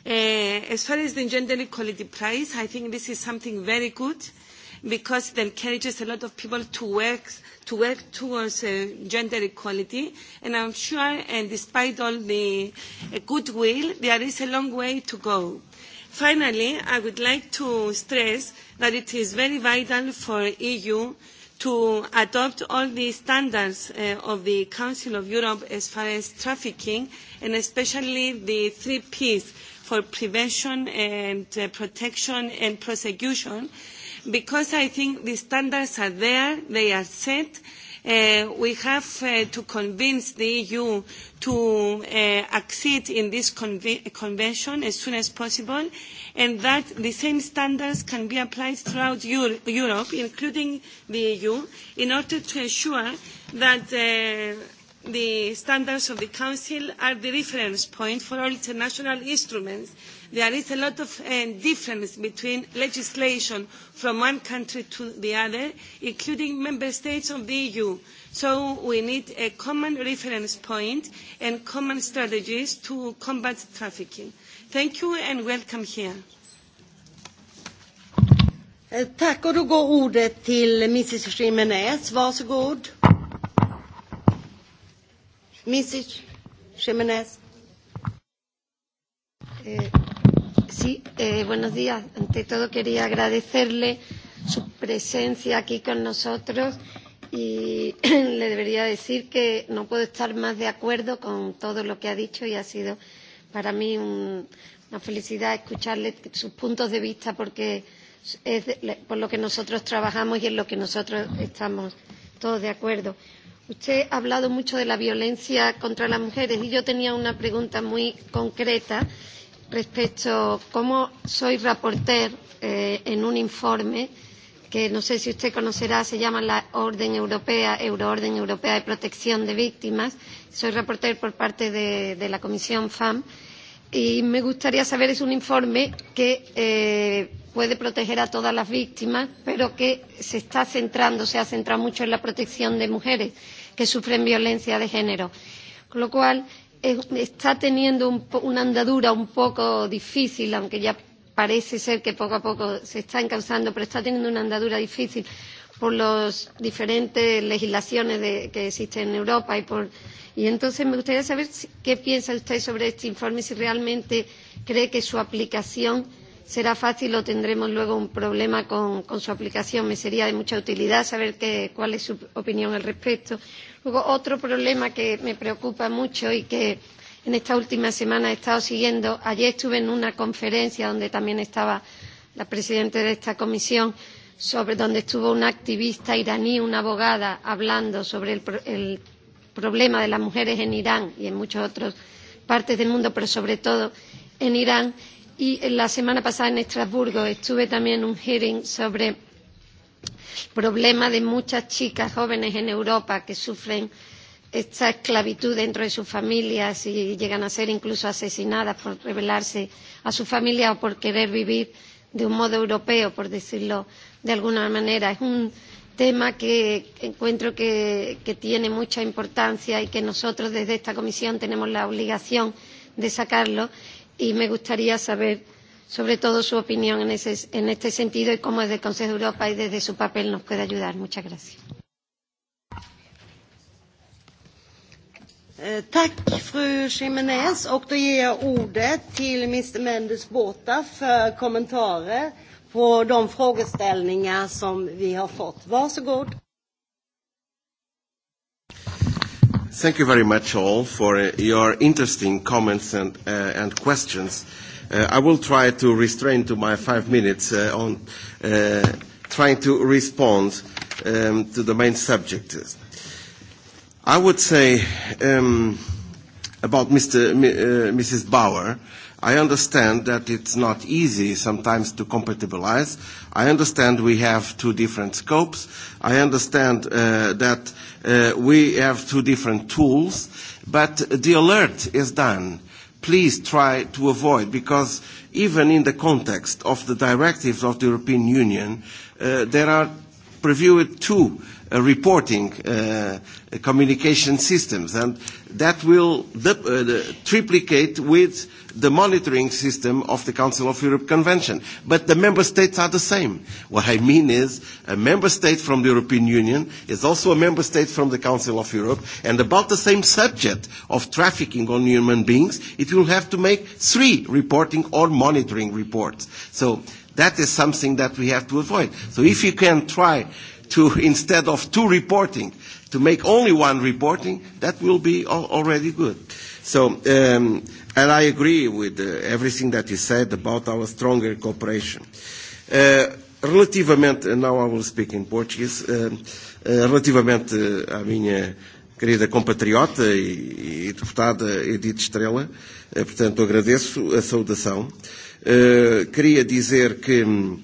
Uh, as far as the gender equality prize, I think this is something very good. Uh, because it encourages a lot of people to work, to work towards uh, gender equality. And I'm sure, and despite all the uh, goodwill, there is a long way to go. Finally, I would like to stress that it is very vital for the EU to adopt all the standards uh, of the Council of Europe as far as trafficking, and especially the three Ps for prevention and uh, protection and prosecution, uh, because I think the standards are there, they are set. Uh, we have uh, to convince the EU to uh, accede in this conve convention as soon as possible and that the same standards can be applied throughout Euro Europe, including the EU, in order to ensure that uh, the standards of the Council are the reference point for all international instruments there is a lot of uh, difference between legislation from one country to the other, including member states of the EU. So we need a common reference point and common strategies to combat trafficking. Thank you and welcome here. Eh, tack och då går ordet till Mrs Jimenez. Varsågod. Mrs Jimenez. Eh, Sí, eh, buenos días. Ante todo quería agradecerle su presencia aquí con nosotros y le debería decir que no puedo estar más de acuerdo con todo lo que ha dicho y ha sido para mí un, una felicidad escucharle sus puntos de vista porque es de, por lo que nosotros trabajamos y en lo que nosotros estamos todos de acuerdo. Usted ha hablado mucho de la violencia contra las mujeres y yo tenía una pregunta muy concreta respecto cómo soy reporter eh, en un informe que no sé si usted conocerá, se llama la Orden Europea, Euroorden Europea de Protección de Víctimas. Soy reporter por parte de, de la Comisión FAM y me gustaría saber, es un informe que eh, puede proteger a todas las víctimas, pero que se está centrando, se ha centrado mucho en la protección de mujeres que sufren violencia de género. Con lo cual, está teniendo un, una andadura un poco difícil, aunque ya parece ser que poco a poco se está encauzando, pero está teniendo una andadura difícil por las diferentes legislaciones de, que existen en Europa y por y entonces me gustaría saber si, qué piensa usted sobre este informe, si realmente cree que su aplicación será fácil o tendremos luego un problema con, con su aplicación. Me sería de mucha utilidad saber que, cuál es su opinión al respecto. Luego, otro problema que me preocupa mucho y que en esta última semana he estado siguiendo, ayer estuve en una conferencia donde también estaba la presidenta de esta comisión, sobre, donde estuvo una activista iraní, una abogada, hablando sobre el, el problema de las mujeres en Irán y en muchas otras partes del mundo, pero sobre todo en Irán. Y la semana pasada en Estrasburgo estuve también en un hearing sobre problema de muchas chicas jóvenes en Europa que sufren esta esclavitud dentro de sus familias y llegan a ser incluso asesinadas por rebelarse a su familia o por querer vivir de un modo europeo, por decirlo de alguna manera. Es un tema que encuentro que, que tiene mucha importancia y que nosotros desde esta comisión tenemos la obligación de sacarlo y me gustaría saber sobre todo su opinión en, ese, en este sentido y cómo desde el Consejo de Europa y desde su papel nos puede ayudar. Muchas gracias. Eh, tack fru Jiménez och då ger jag ordet till Mr Mendes för kommentarer på de frågeställningar som vi har fått. Varsågod. Thank you very much all for eh, your interesting comments and, uh, and questions. Uh, Uh, I will try to restrain to my five minutes uh, on uh, trying to respond um, to the main subject. I would say um, about Mr., uh, Mrs. Bauer, I understand that it's not easy sometimes to compatibilize. I understand we have two different scopes. I understand uh, that uh, we have two different tools, but the alert is done please try to avoid, because even in the context of the directives of the European Union, uh, there are previewed two uh, uh, reporting uh, communication systems. And that will uh, triplicate with the monitoring system of the Council of Europe Convention. But the member states are the same. What I mean is a member state from the European Union is also a member state from the Council of Europe. And about the same subject of trafficking on human beings, it will have to make three reporting or monitoring reports. So that is something that we have to avoid. So if you can try to, instead of two reporting, to make only one reporting, that will be already good. So, um, and I agree with uh, everything that you said about our stronger cooperation. Uh, relativamente, now I will speak in Portuguese, um, uh, uh, relativamente à minha querida compatriota e, e deputada Edith Estrela, uh, portanto agradeço a saudação. Uh, queria dizer que uh,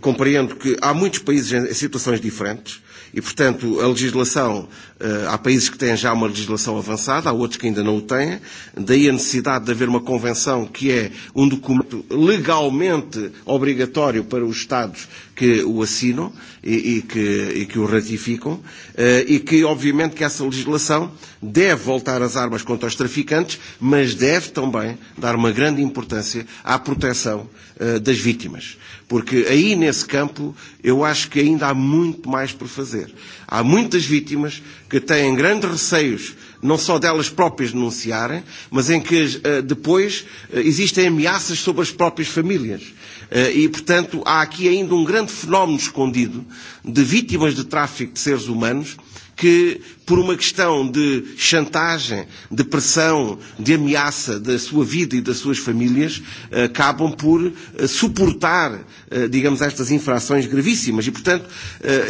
Compreendo que há muitos países em situações diferentes e, portanto, a legislação, eh, há países que têm já uma legislação avançada, há outros que ainda não o têm, daí a necessidade de haver uma convenção que é um documento legalmente obrigatório para os Estados que o assino e, e, que, e que o ratificam uh, eh, e que, obviamente, que essa legislação deve voltar as armas contra os traficantes, mas deve também dar uma grande importância à proteção uh, das vítimas. Porque aí, nesse campo, eu acho que ainda há muito mais por fazer. Há muitas vítimas que têm grandes receios não só delas próprias denunciarem, mas em que eh, depois existem ameaças sobre as próprias famílias. Eh, e, portanto, há aqui ainda um grande fenómeno escondido de vítimas de tráfico de seres humanos que, por uma questão de chantagem, de pressão, de ameaça da sua vida e das suas famílias, eh, acabam por eh, suportar, digamos, estas infrações gravíssimas. E, portanto,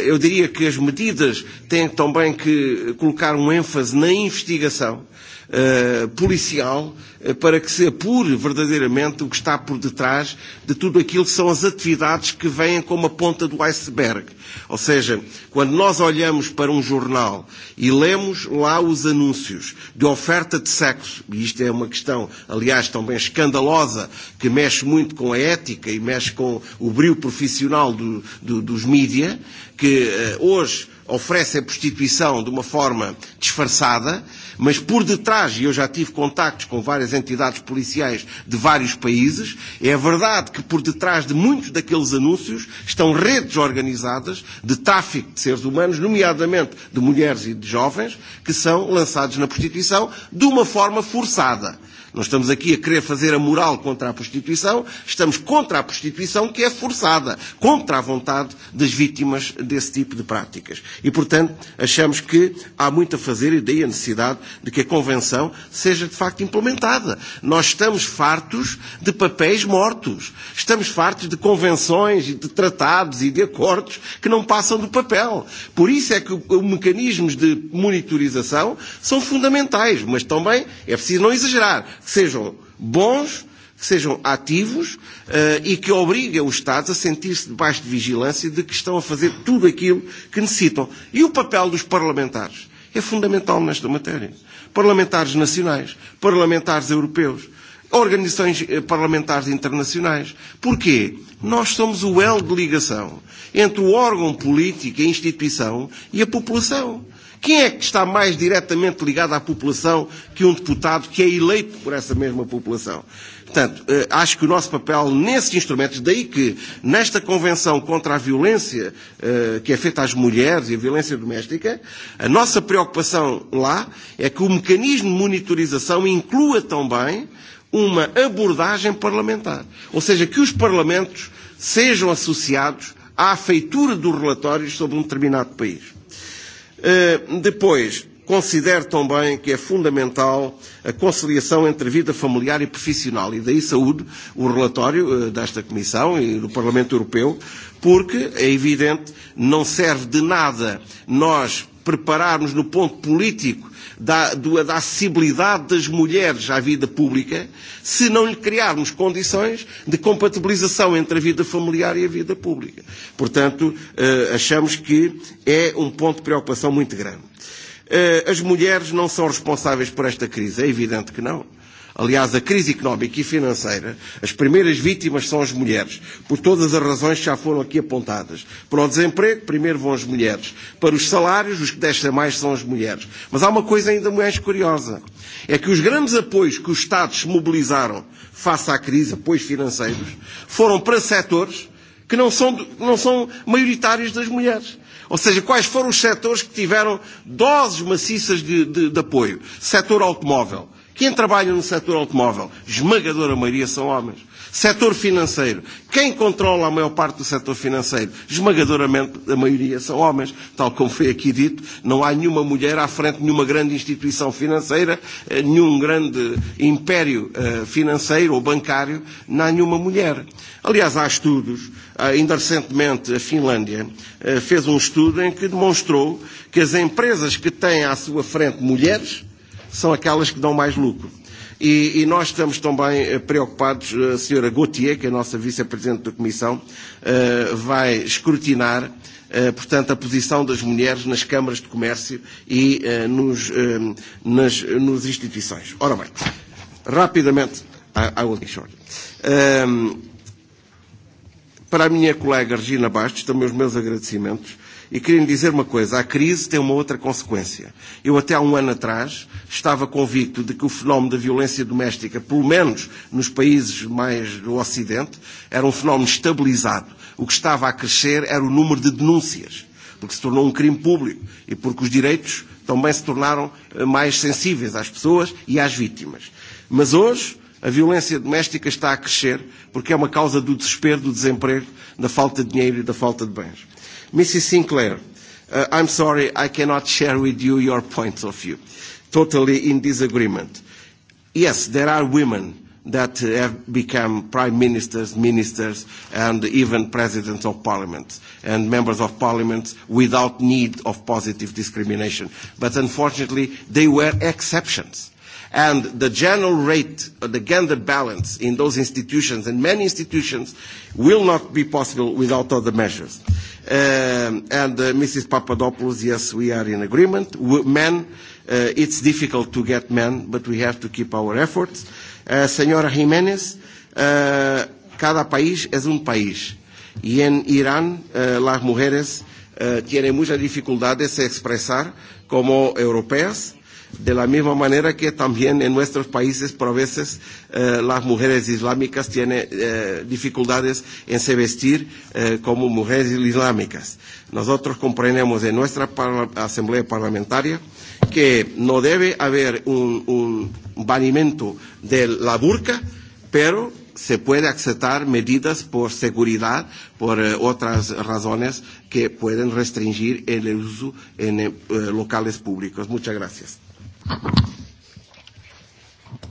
eu diria que as medidas têm também que colocar um ênfase na investigação Eh, policial eh, para que se apure verdadeiramente o que está por detrás de tudo aquilo que são as atividades que vêm como a ponta do iceberg. Ou seja, quando nós olhamos para um jornal e lemos lá os anúncios de oferta de sexo, e isto é uma questão, aliás, também escandalosa, que mexe muito com a ética e mexe com o brilho profissional do, do, dos mídias, que eh, hoje oferece a prostituição de uma forma disfarçada, mas por detrás, e eu já tive contactos com várias entidades policiais de vários países, é verdade que por detrás de muitos daqueles anúncios estão redes organizadas de tráfico de seres humanos, nomeadamente de mulheres e de jovens, que são lançados na prostituição de uma forma forçada. Nós estamos aqui a querer fazer a moral contra a prostituição, estamos contra a prostituição que é forçada, contra a vontade das vítimas desse tipo de práticas. E, portanto, achamos que há muito a fazer e daí a necessidade de que a Convenção seja de facto implementada. Nós estamos fartos de papéis mortos, estamos fartos de convenções e de tratados e de acordos que não passam do papel. Por isso é que os mecanismos de monitorização são fundamentais, mas também é preciso não exagerar procurar que sejam bons, que sejam ativos uh, e que obriguem os Estados a sentir-se debaixo de vigilância de que estão a fazer tudo aquilo que necessitam. E o papel dos parlamentares é fundamental nesta matéria. Parlamentares nacionais, parlamentares europeus, organizações eh, parlamentares internacionais. Porquê? Nós somos o elo de ligação entre o órgão político, a instituição e a população. Quem é que está mais diretamente ligado à população que um deputado que é eleito por essa mesma população? Portanto, eh, acho que o nosso papel nesses instrumentos, daí que nesta Convenção contra a Violência eh, que é feita às mulheres e a violência doméstica, a nossa preocupação lá é que o mecanismo de monitorização inclua também uma abordagem parlamentar. Ou seja, que os parlamentos sejam associados à feitura dos relatórios sobre um determinado país. Eh, depois, considero também que é fundamental a conciliação entre vida familiar e profissional, e daí saúde o relatório eh, desta Comissão e do Parlamento Europeu, porque é evidente, não serve de nada nós prepararmos no ponto político da, do, da acessibilidade das mulheres à vida pública se não lhe criarmos condições de compatibilização entre a vida familiar e a vida pública. Portanto, eh, achamos que é um ponto de preocupação muito grande. Eh, as mulheres não são responsáveis por esta crise, é evidente que não aliás, a crise económica e financeira, as primeiras vítimas são as mulheres, por todas as razões que já foram aqui apontadas. Para o desemprego, primeiro vão as mulheres. Para os salários, os que descem mais são as mulheres. Mas há uma coisa ainda mais curiosa. É que os grandes apoios que os Estados mobilizaram face à crise, apoios financeiros, foram para setores que não são, não são maioritários das mulheres. Ou seja, quais foram os setores que tiveram doses maciças de, de, de apoio? Setor automóvel, Quem trabalha no setor automóvel, esmagadora maioria são homens. Setor financeiro, quem controla a maior parte do setor financeiro, esmagadoramente a maioria são homens, tal como foi aqui dito, não há nenhuma mulher à frente de nenhuma grande instituição financeira, eh, nenhum grande império eh, financeiro ou bancário, não há nenhuma mulher. Aliás, há estudos, ah, ainda recentemente a Finlândia eh, fez um estudo em que demonstrou que as empresas que têm à sua frente mulheres, são aquelas que dão mais lucro. E, e nós estamos também eh, preocupados, a eh, senhora Gautier, que é a nossa vice-presidente da Comissão, eh, vai escrutinar portanto, a posição das mulheres nas câmaras de comércio e nos, nas, nas, instituições. Ora bem, rapidamente, I, will be short. para a minha colega Regina Bastos, também os meus agradecimentos E queria lhe dizer uma coisa, a crise tem uma outra consequência. Eu até há um ano atrás estava convicto de que o fenómeno da violência doméstica, pelo menos nos países mais do Ocidente, era um fenómeno estabilizado. O que estava a crescer era o número de denúncias, porque se tornou um crime público e porque os direitos também se tornaram eh, mais sensíveis às pessoas e às vítimas. Mas hoje, a violência doméstica está a crescer porque é uma causa do desespero, do desemprego, da falta de dinheiro e da falta de bens. Mrs. Sinclair, uh, I'm sorry, I cannot share with you your points of view. Totally in disagreement. Yes, there are women that have become prime ministers, ministers, and even presidents of Parliament and members of parliaments without need of positive discrimination. But unfortunately, they were exceptions And the general rate, uh, the gender balance in those institutions and many institutions will not be possible without other measures. Um, and uh, Mrs. Papadopoulos, yes, we are in agreement. W men, uh, it's difficult to get men, but we have to keep our efforts. Uh, Senora Jimenez, uh, cada país es un país. Y en Irán, uh, las mujeres uh, tienen muchas dificultades de expresar como europeas De la misma manera que también en nuestros países, por a veces, eh, las mujeres islámicas tienen eh, dificultades en se vestir eh, como mujeres islámicas. Nosotros comprendemos en nuestra parla Asamblea Parlamentaria que no debe haber un, un banimiento de la burca, pero se puede aceptar medidas por seguridad, por eh, otras razones que pueden restringir el uso en eh, locales públicos. Muchas gracias.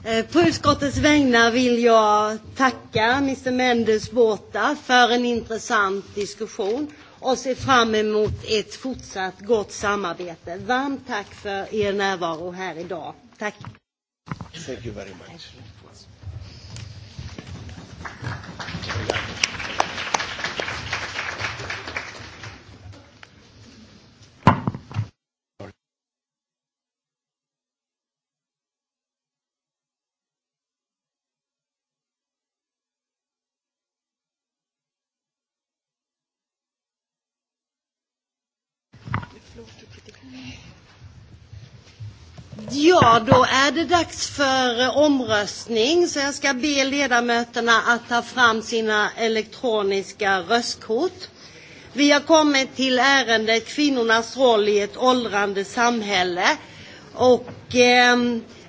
Eh, på utskottets vägnar vill jag tacka Mr Mendes Båta för en intressant diskussion och se fram emot ett fortsatt gott samarbete. Varmt tack för er närvaro här idag. Tack. Thank you very much. Ja, då är det dags för eh, omröstning. Så jag ska be ledamöterna att ta fram sina elektroniska röstkort. Vi har kommit till ärendet kvinnornas roll i ett åldrande samhälle. Och eh,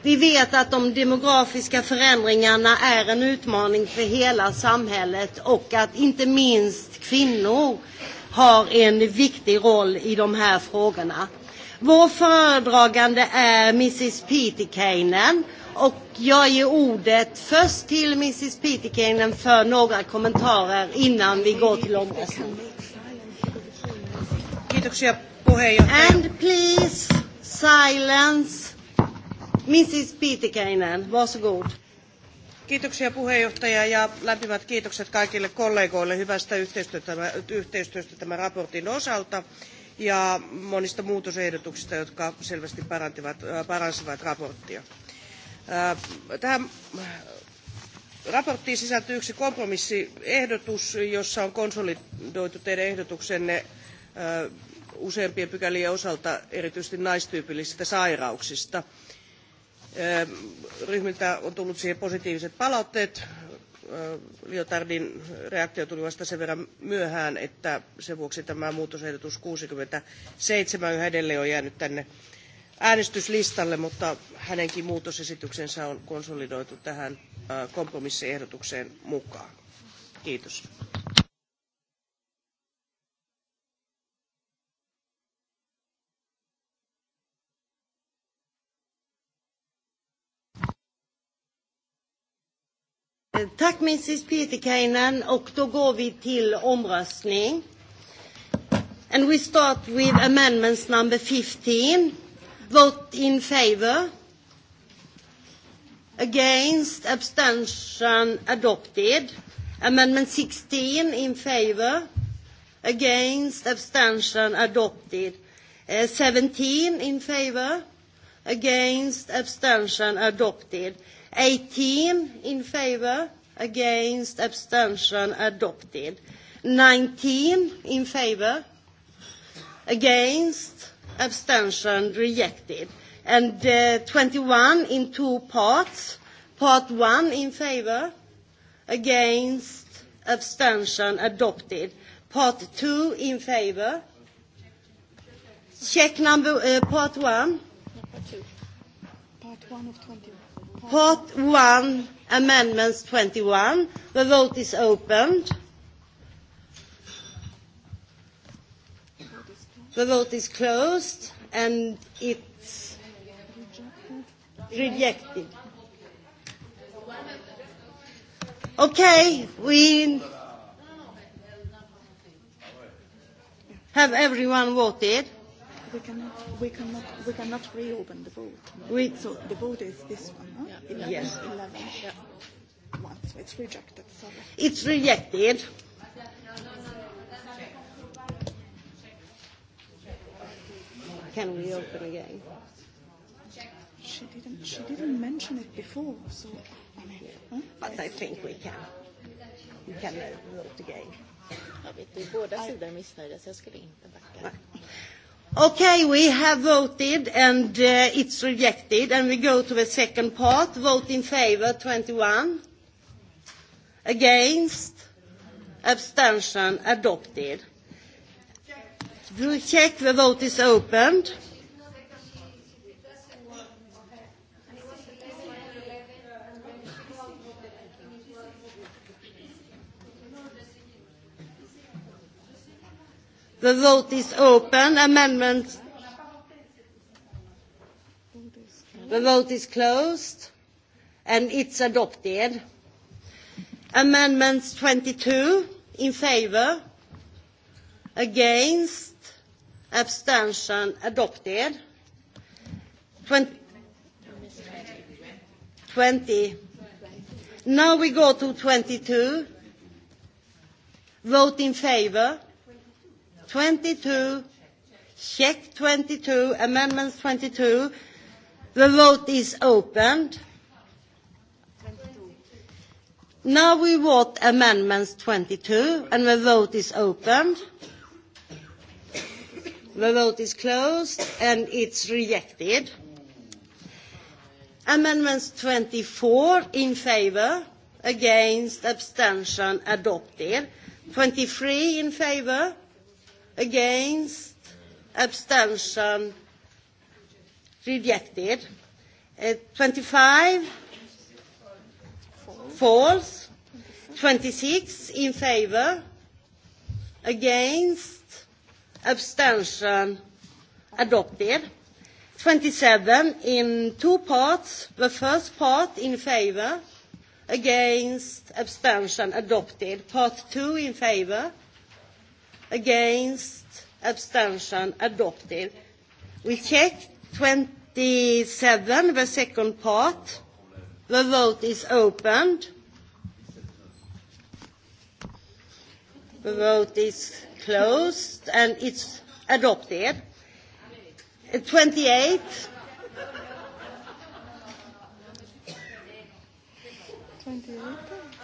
vi vet att de demografiska förändringarna är en utmaning för hela samhället och att inte minst kvinnor har en viktig roll i de här frågorna. Vår föredragande är Mrs Pitikainen och jag ger ordet först till Mrs Pitikainen för några kommentarer innan vi går till omröstning. And please silence. Mrs Pitikainen, varsågod. Kiitoksia puheenjohtaja ja lämpimät kiitokset kaikille kollegoille hyvästä yhteistyöstä tämän raportin osalta ja monista muutosehdotuksista, jotka selvästi äh, paransivat raporttia. Äh, tähän raporttiin sisältyy yksi kompromissiehdotus, jossa on konsolidoitu teidän ehdotuksenne äh, useampien pykälien osalta erityisesti naistyypillisistä sairauksista. Ryhmiltä on tullut siihen positiiviset palautteet Liotardin reaktio tuli vasta sen verran myöhään, että sen vuoksi tämä muutosehdotus 67 yhä edelleen on jäänyt tänne äänestyslistalle, mutta hänenkin muutosesityksensä on konsolidoitu tähän kompromissiehdotukseen mukaan. Kiitos. Tack Mrs Pietikäinen och då går vi till omröstning. And we start with amendments number 15. Vote in favour. Against abstention adopted. Amendment 16 in favour. Against abstention adopted. Uh, eh, 17 in favour. Against abstention adopted. 18 in favor, against, abstention, adopted. 19 in favor, against, abstention, rejected. And uh, 21 in two parts. Part one in favor, against, abstention, adopted. Part two in favor. Check number, uh, part one. No, part two. Part one of 21. Part 1, Amendments 21. The vote is opened. The vote is closed, and it's rejected. Okay, we have everyone voted? we cannot, we cannot, we cannot reopen the vote. We, so the vote is this one, no? Yeah. 11, yes. 11. Yeah. One, so it's rejected. Sorry. It's rejected. Can we open again? She didn't. She didn't mention it before, so I mean. Yeah. Huh? But I think we can. We can vote again. Jag vet, det är båda sidor missnöjda, så jag skulle inte backa. Nej. Okay, we have voted, and uh, it's rejected, and we go to the second part. Vote in favor, 21. Against? Abstention? Adopted. Check. Check. The vote is opened. The vote is open. Amendment. The vote is closed, and it's adopted. Amendments 22 in favor, against, abstention, adopted. 20. 20. Now we go to 22. Vote in favor 22. Check 22. Amendments 22. The vote is opened. Now we vote amendments 22, and the vote is opened. The vote is closed, and it's rejected. Amendments 24 in favor, against, abstention, adopted. 23 in favor, Against? Abstention? Rejected. Uh, 25? False. 26 in favor? Against? Abstention? Adopted. 27 in two parts. The first part in favor, against, abstention, adopted. Part two in favor, against, abstention, adopted. We check 27, the second part. The vote is opened. The vote is closed, and it's adopted. 28.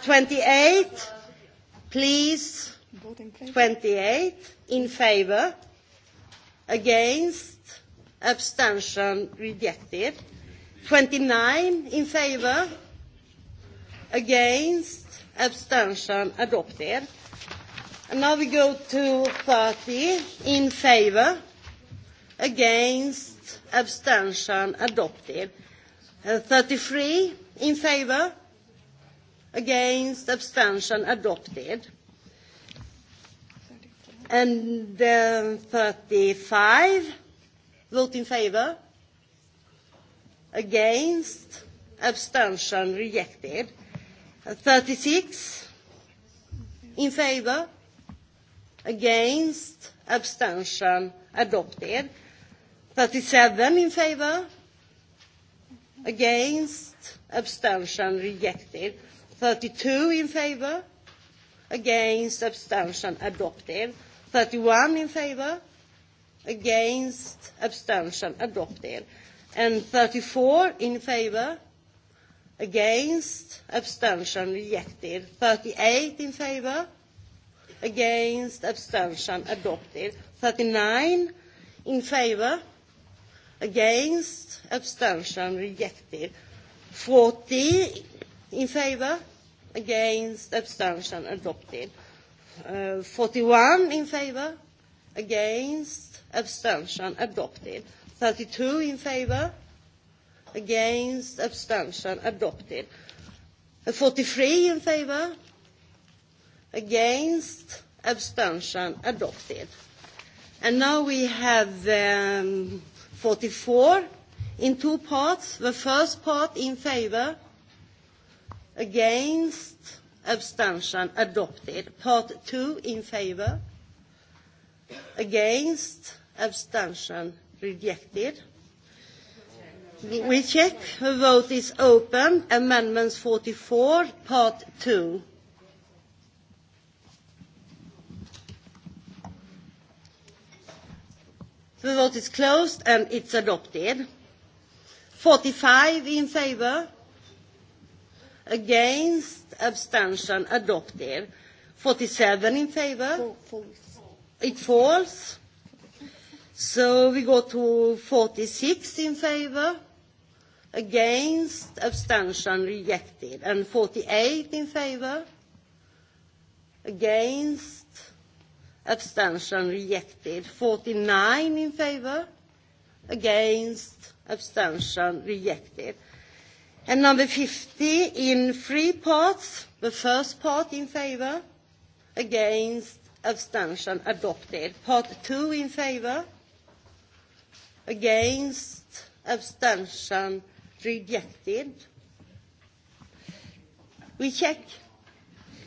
Twenty-eight. Please 28 in favor, against, abstention, rejected. 29 in favor, against, abstention, adopted. And now we go to 30 in favor, against, abstention, adopted. Uh, 33 in favor, against, abstention, adopted. And then 35, vote in favor. Against, abstention, rejected. 36, in favor. Against, abstention, adopted. 37 in favor. Against, abstention, rejected. 32 in favor. Against, abstention, adopted. 31 in favor, against, abstention, adopted. And 34 in favor, against, abstention, rejected. 38 in favor, against, abstention, adopted. 39 in favor, against, abstention, rejected. 40 in favor, against, abstention, adopted. 41 eh, in favor, against, abstention, adopted. 32 in favor, against, abstention, adopted. 43 eh, in favor, against, abstention, adopted. And now we have um, 44 in two parts. The first part in favor, against, abstention adopted. Part two in favor, against, abstention rejected. We check. The vote is open. Amendments 44, part two. The vote is closed, and it's adopted. 45 in favor, against, abstention adopted. 47 in favor? It falls. So we go to 46 in favor, against, abstention rejected. And 48 in favor, against, abstention rejected. 49 in favor, against, abstention rejected. And number 50 in three parts. The first part in favor, against, abstention, adopted. Part two in favor, against, abstention, rejected. We check.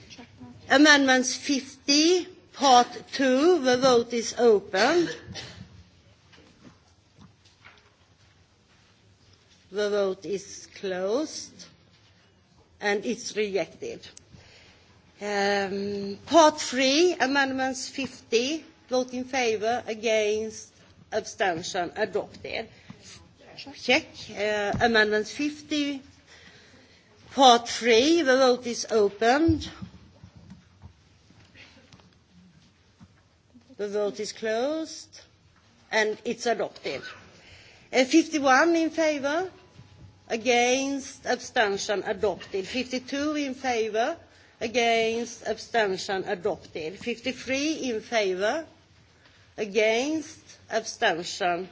check Amendments 50, part two. The vote is open. The vote is closed, and it's rejected. Um, part three, amendments 50, vote in favour, against, abstention, adopted. Check. Uh, amendment 50, part three, the vote is opened. The vote is closed, and it's adopted. Uh, 51 in favour, against, abstention adopted. 52 in favor, against, abstention adopted. 53 in favor, against, abstention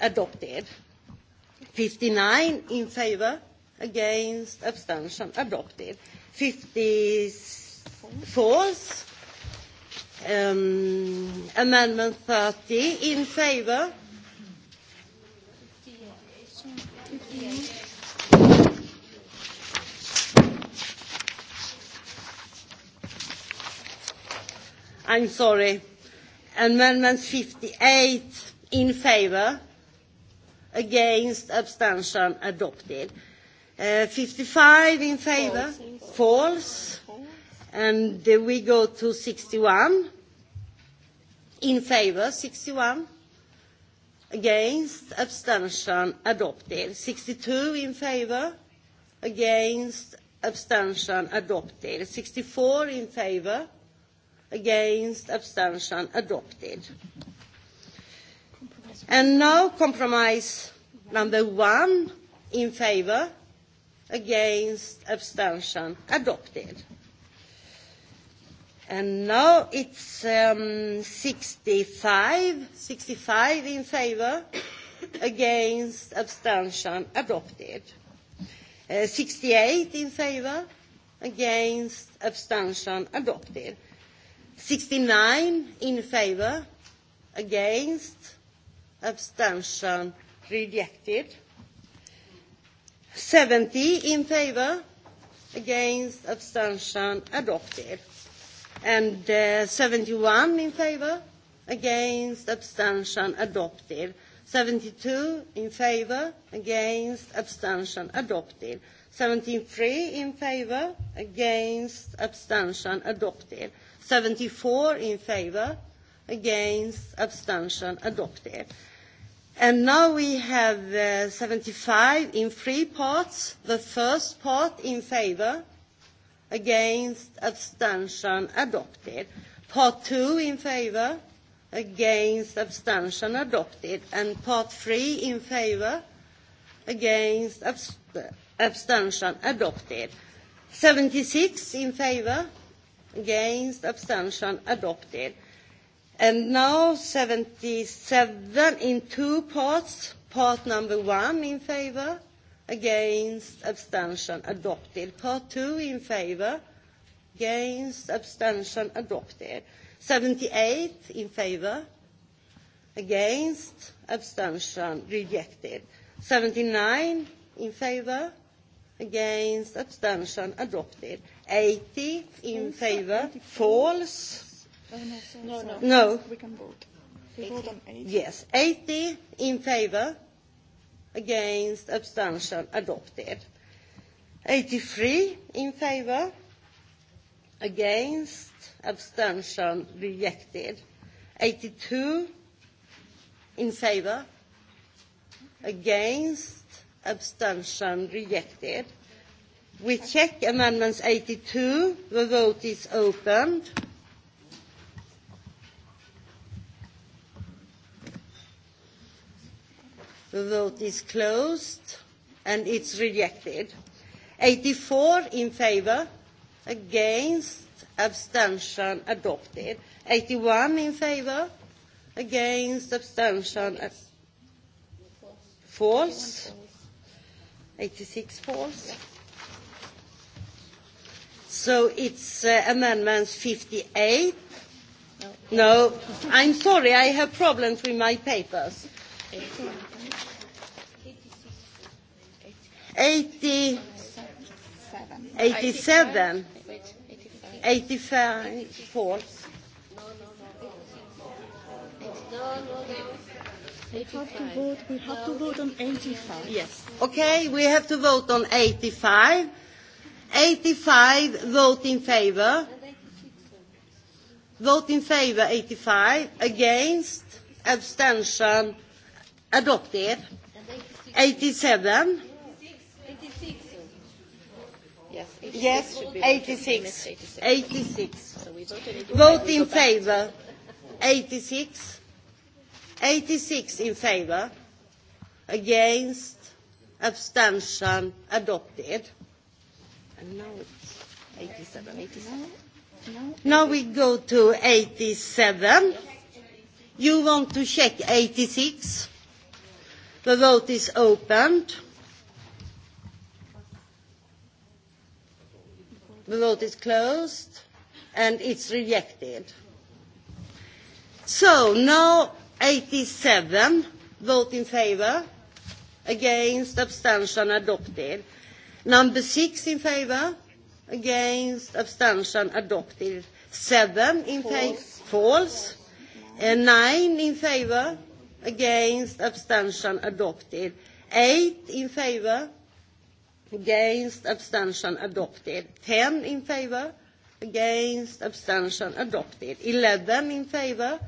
adopted. 59 in favor, against, abstention adopted. 54 um, amendment 30 in favor, I'm sorry. Amendment 58 in favor, against, abstention, adopted. Uh, 55 in favor, false. false. And uh, we go to 61. In favor, 61 against, abstention adopted. 62 in favor, against, abstention adopted. 64 in favor, against, abstention adopted. And now compromise number one in favor, against, abstention adopted. And now it's um, 65, 65 in favor, against, abstention, adopted. Uh, 68 in favor, against, abstention, adopted. 69 in favor, against, abstention, rejected. 70 in favor, against, abstention, adopted and uh, 71 in favor, against, abstention, adopted. 72 in favor, against, abstention, adopted. 73 in favor, against, abstention, adopted. 74 in favor, against, abstention, adopted. And now we have uh, 75 in three parts. The first part in favor, against, abstention adopted. Part two in favour, against, abstention adopted. And part three in favour, against, abst abstention adopted. 76 in favour, against, abstention adopted. And now 77 in two parts. Part number one in favour, against, abstention adopted. Part two in favor, against, abstention adopted. 78 in favor, against, abstention rejected. 79 in favor, against, abstention adopted. 80 in favor, false. Oh, no, no, no, no. no. We can vote. 80. Yes, 80 in favor, against, abstention, adopted. 83 in favor, against, abstention, rejected. 82 in favor, against, abstention, rejected. We check amendments 82. The vote is opened. The vote is closed, and it's rejected. 84 in favor, against, abstention, adopted. 81 in favor, against, abstention, false. 86 false. So it's uh, amendment 58. No. no, I'm sorry, I have problems with my papers. 81. 80, 87, 85, false. We have to vote, we no. to vote on 85. Yes. Okay, we have to vote on 85. 85 vote in favor. Vote in favor 85, against, abstention, adopted. 87 Yes, 86. Yes, 86. 86. So we voted Vote in favor. 86. 86 in favor. Against. Abstention. Adopted. And now it's 87. 87. No. Now we go to 87. You want to check 86? The vote is opened. The vote is closed, and it's rejected. So now 87 vote in favour. against, abstention adopted. Number six in favour? against, abstention adopted. Seven in favour? false. And nine in favour? against, abstention adopted. Eight in favour? against, abstention adopted. 10 in favor, against, abstention adopted. 11 in favor,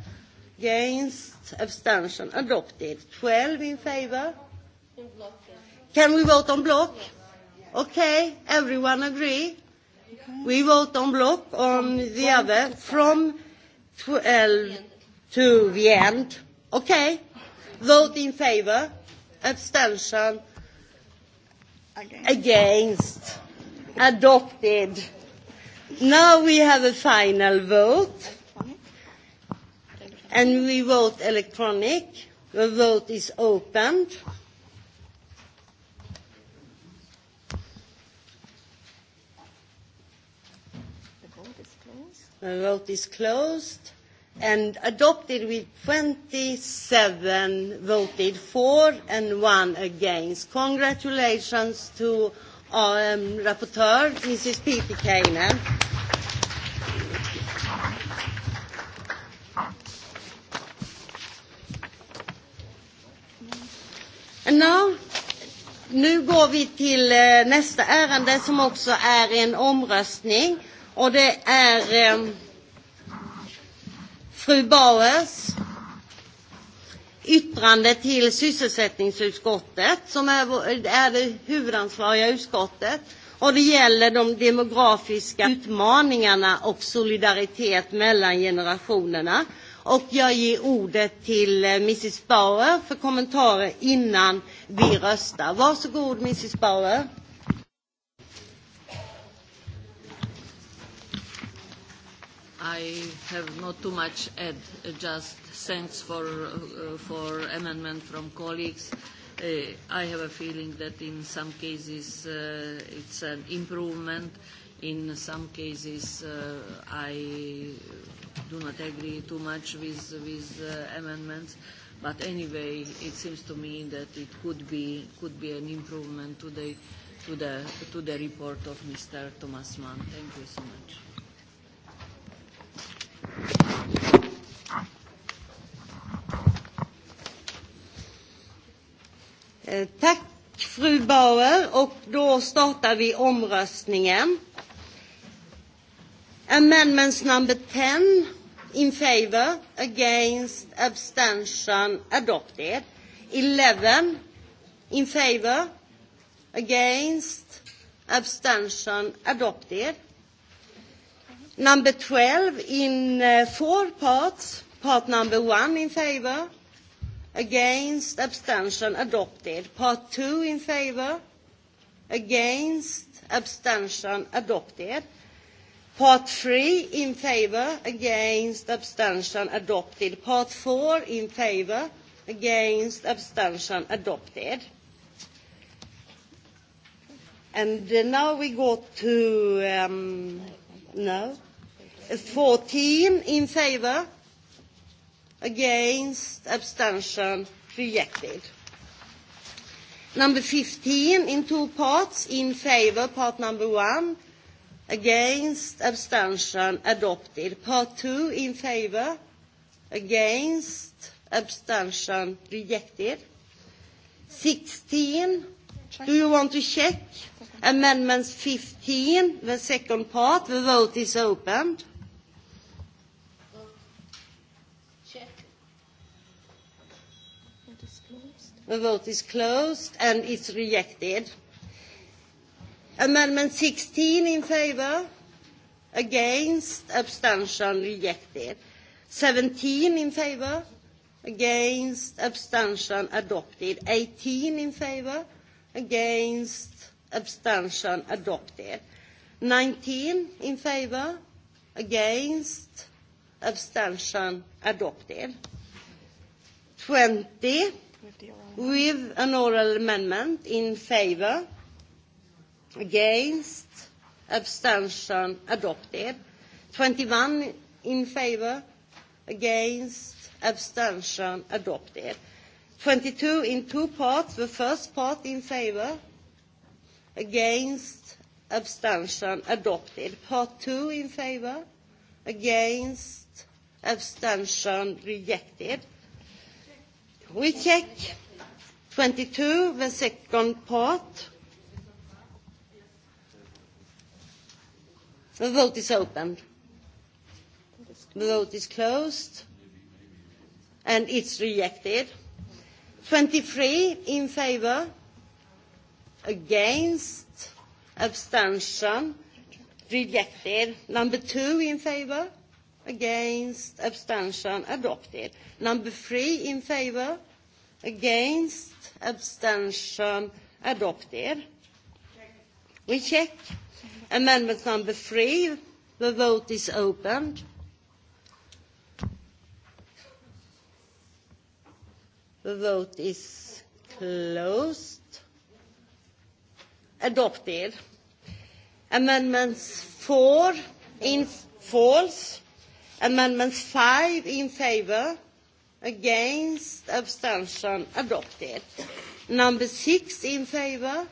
against, abstention adopted. 12 in favor. Can we vote on block? Okay, everyone agree? We vote on block on the other from 12 to the end. Okay, vote in favor, abstention Against. Adopted. Now we have a final vote. And we vote electronic. The vote is opened. The vote is closed and adopted with 27 voted for and one against. Congratulations to our um, rapporteur, Mrs. Pietikäinen. And now Nu går vi till eh, nästa ärende som också är en omröstning och det är eh, Fru Bauers yttrande till sysselsättningsutskottet som är, är det huvudansvariga utskottet och det gäller de demografiska utmaningarna och solidaritet mellan generationerna. Och jag ger ordet till eh, Mrs Bauer för kommentarer innan vi röstar. Varsågod Mrs Bauer. I have not too much add, just thanks for, uh, for amendment from colleagues. Uh, I have a feeling that in some cases uh, it's an improvement. In some cases uh, I do not agree too much with, with uh, amendments. But anyway, it seems to me that it could be, could be an improvement to the, to, the, to the report of Mr. Thomas Mann. Thank you so much. Eh, tack fru Bauer och då startar vi omröstningen. Amendments number 10 in favor, against, abstention, adopted. 11 in favor, against, abstention, adopted. Number 12 in uh, four parts. Part number one in favour. against, abstention, adopted. Part two in favour. against, abstention, adopted. Part three in favour. against, abstention, adopted. Part four in favour. against, abstention, adopted. And uh, now we go to um, No. 14 in favor, against, abstention, rejected. Number 15 in two parts, in favor, part number one, against, abstention, adopted. Part two, in favor, against, abstention, rejected. 16 do you want to check Amendments 15, the second part? The vote is opened. The vote is closed, and it's rejected. Amendment 16 in favor, against, abstention, rejected. 17 in favor, against, abstention, adopted. 18 in favor, against, abstention adopted. 19 in favor, against, abstention adopted. 20 with an oral amendment in favor, against, abstention adopted. 21 in favor, against, abstention adopted. 22 in two parts. The first part in favor, against, abstention, adopted. Part two in favor, against, abstention, rejected. We check 22, the second part. The vote is open. The vote is closed, and it's rejected. 23 in favor, against, abstention, rejected. Number two in favor, against, abstention, adopted. Number three in favor, against, abstention, adopted. We check. Amendment number three. The vote is opened. The vote is closed. Adopted. Amendments four in false. Amendments five in favour. Against. Abstention. Adopted. Number six in favour.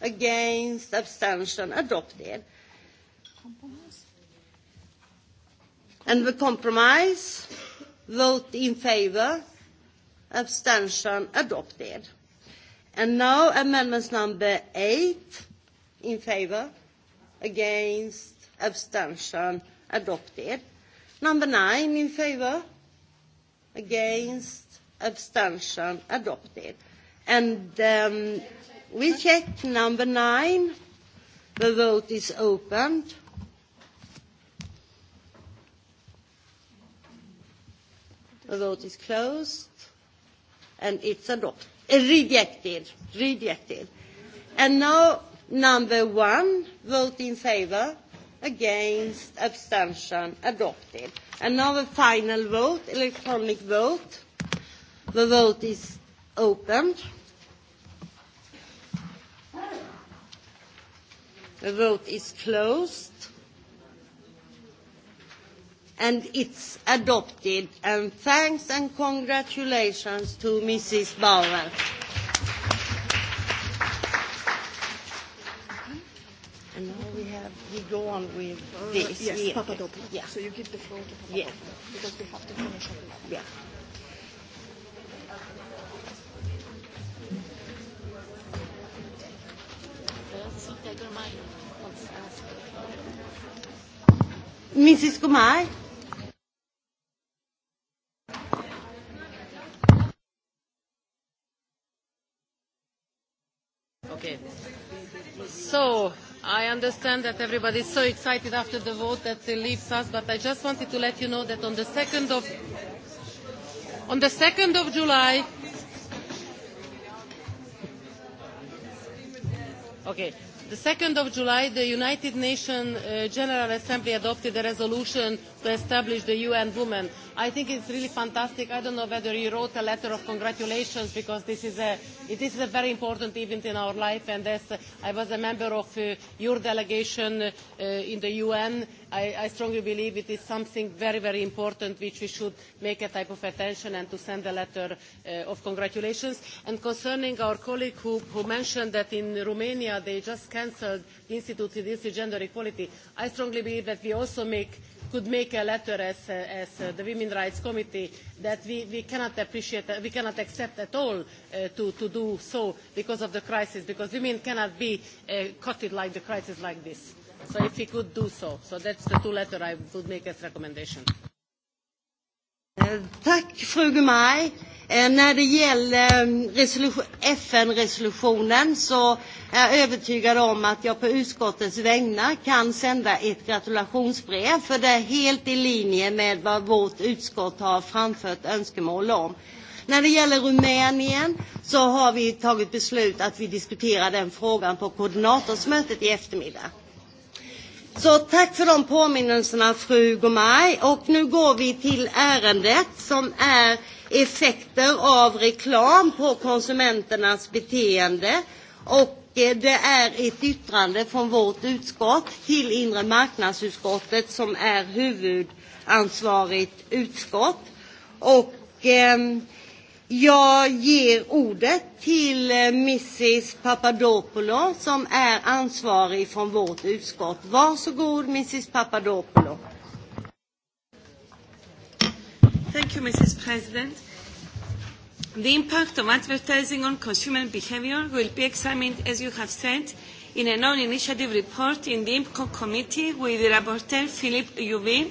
Against. Abstention. Adopted. Compromise. And the compromise. Vote in favour abstention adopted. And now amendments number eight in favor, against, abstention adopted. Number nine in favor, against, abstention adopted. And um, we check number nine. The vote is opened. The vote is closed and it's adopted, rejected, rejected. And now number one, vote in favour, against, abstention, adopted. And now the final vote, electronic vote. The vote is opened. The vote is closed and it's adopted. And thanks and congratulations to Mrs. Bauer. And now we have, we go on with this. Yes, yeah. Papadopoulos. Yeah. So you give the floor to Papa yeah. because we have to finish up. Yeah. Mrs. Kumar. Okay. So, I understand that everybody is so excited after the vote that it leaves us, but I just wanted to let you know that on the 2nd of, on the 2nd of July, okay, the 2nd of July, the United Nations uh, General Assembly adopted a resolution to establish the UN Women i think it's really fantastic. I don't know whether you wrote a letter of congratulations because this is a, it is a very important event in our life. And as I was a member of uh, your delegation uh, in the UN, I, I strongly believe it is something very, very important which we should make a type of attention and to send a letter uh, of congratulations. And concerning our colleague who, who mentioned that in Romania they just cancelled the Institute of Gender Equality, I strongly believe that we also make could make a letter as, uh, as uh, the Women's Rights Committee that we, we cannot appreciate, uh, we cannot accept at all uh, to, to do so because of the crisis, because women cannot be uh, cutted like the crisis like this. So if we could do so. So that's the two letters I would make as recommendation. Uh, you, Frögemaj. Eh, när det gäller ehm, FN-resolutionen så är jag övertygad om att jag på utskottets vägnar kan sända ett gratulationsbrev för det är helt i linje med vad vårt utskott har framfört önskemål om. När det gäller Rumänien så har vi tagit beslut att vi diskuterar den frågan på koordinatorsmötet i eftermiddag. Så tack för de påminnelserna fru Gomaj och nu går vi till ärendet som är effekter av reklam på konsumenternas beteende. Och eh, det är ett yttrande från vårt utskott till inre marknadsutskottet som är huvudansvarigt utskott. Och ehm, jag ger ordet till eh, Mrs Papadopoulos som är ansvarig från vårt utskott. Varsågod Mrs Papadopoulos. Thank you, Mrs. President. The impact of advertising on consumer behaviour will be examined, as you have said, in a non initiative report in the IMCO committee with the rapporteur Philippe Juvin,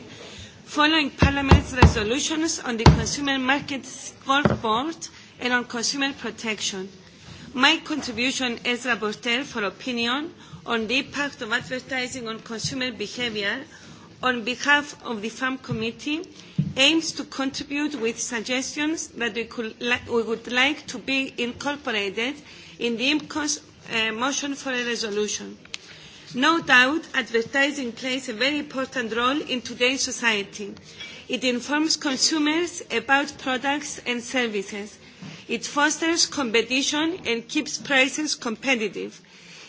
following Parliament's resolutions on the Consumer Market Scoreboard and on consumer protection. My contribution as rapporteur for opinion on the impact of advertising on consumer behaviour on behalf of the FAM committee, aims to contribute with suggestions that we, could li we would like to be incorporated in the IMCO's uh, motion for a resolution. No doubt, advertising plays a very important role in today's society. It informs consumers about products and services. It fosters competition and keeps prices competitive.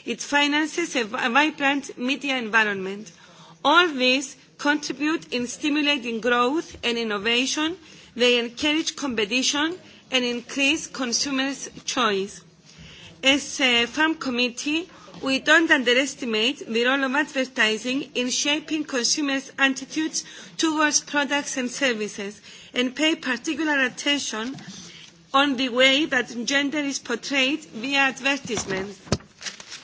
It finances a vibrant media environment. All this contribute in stimulating growth and innovation, they encourage competition and increase consumers' choice. As a farm committee, we don't underestimate the role of advertising in shaping consumers' attitudes towards products and services and pay particular attention on the way that gender is portrayed via advertisements.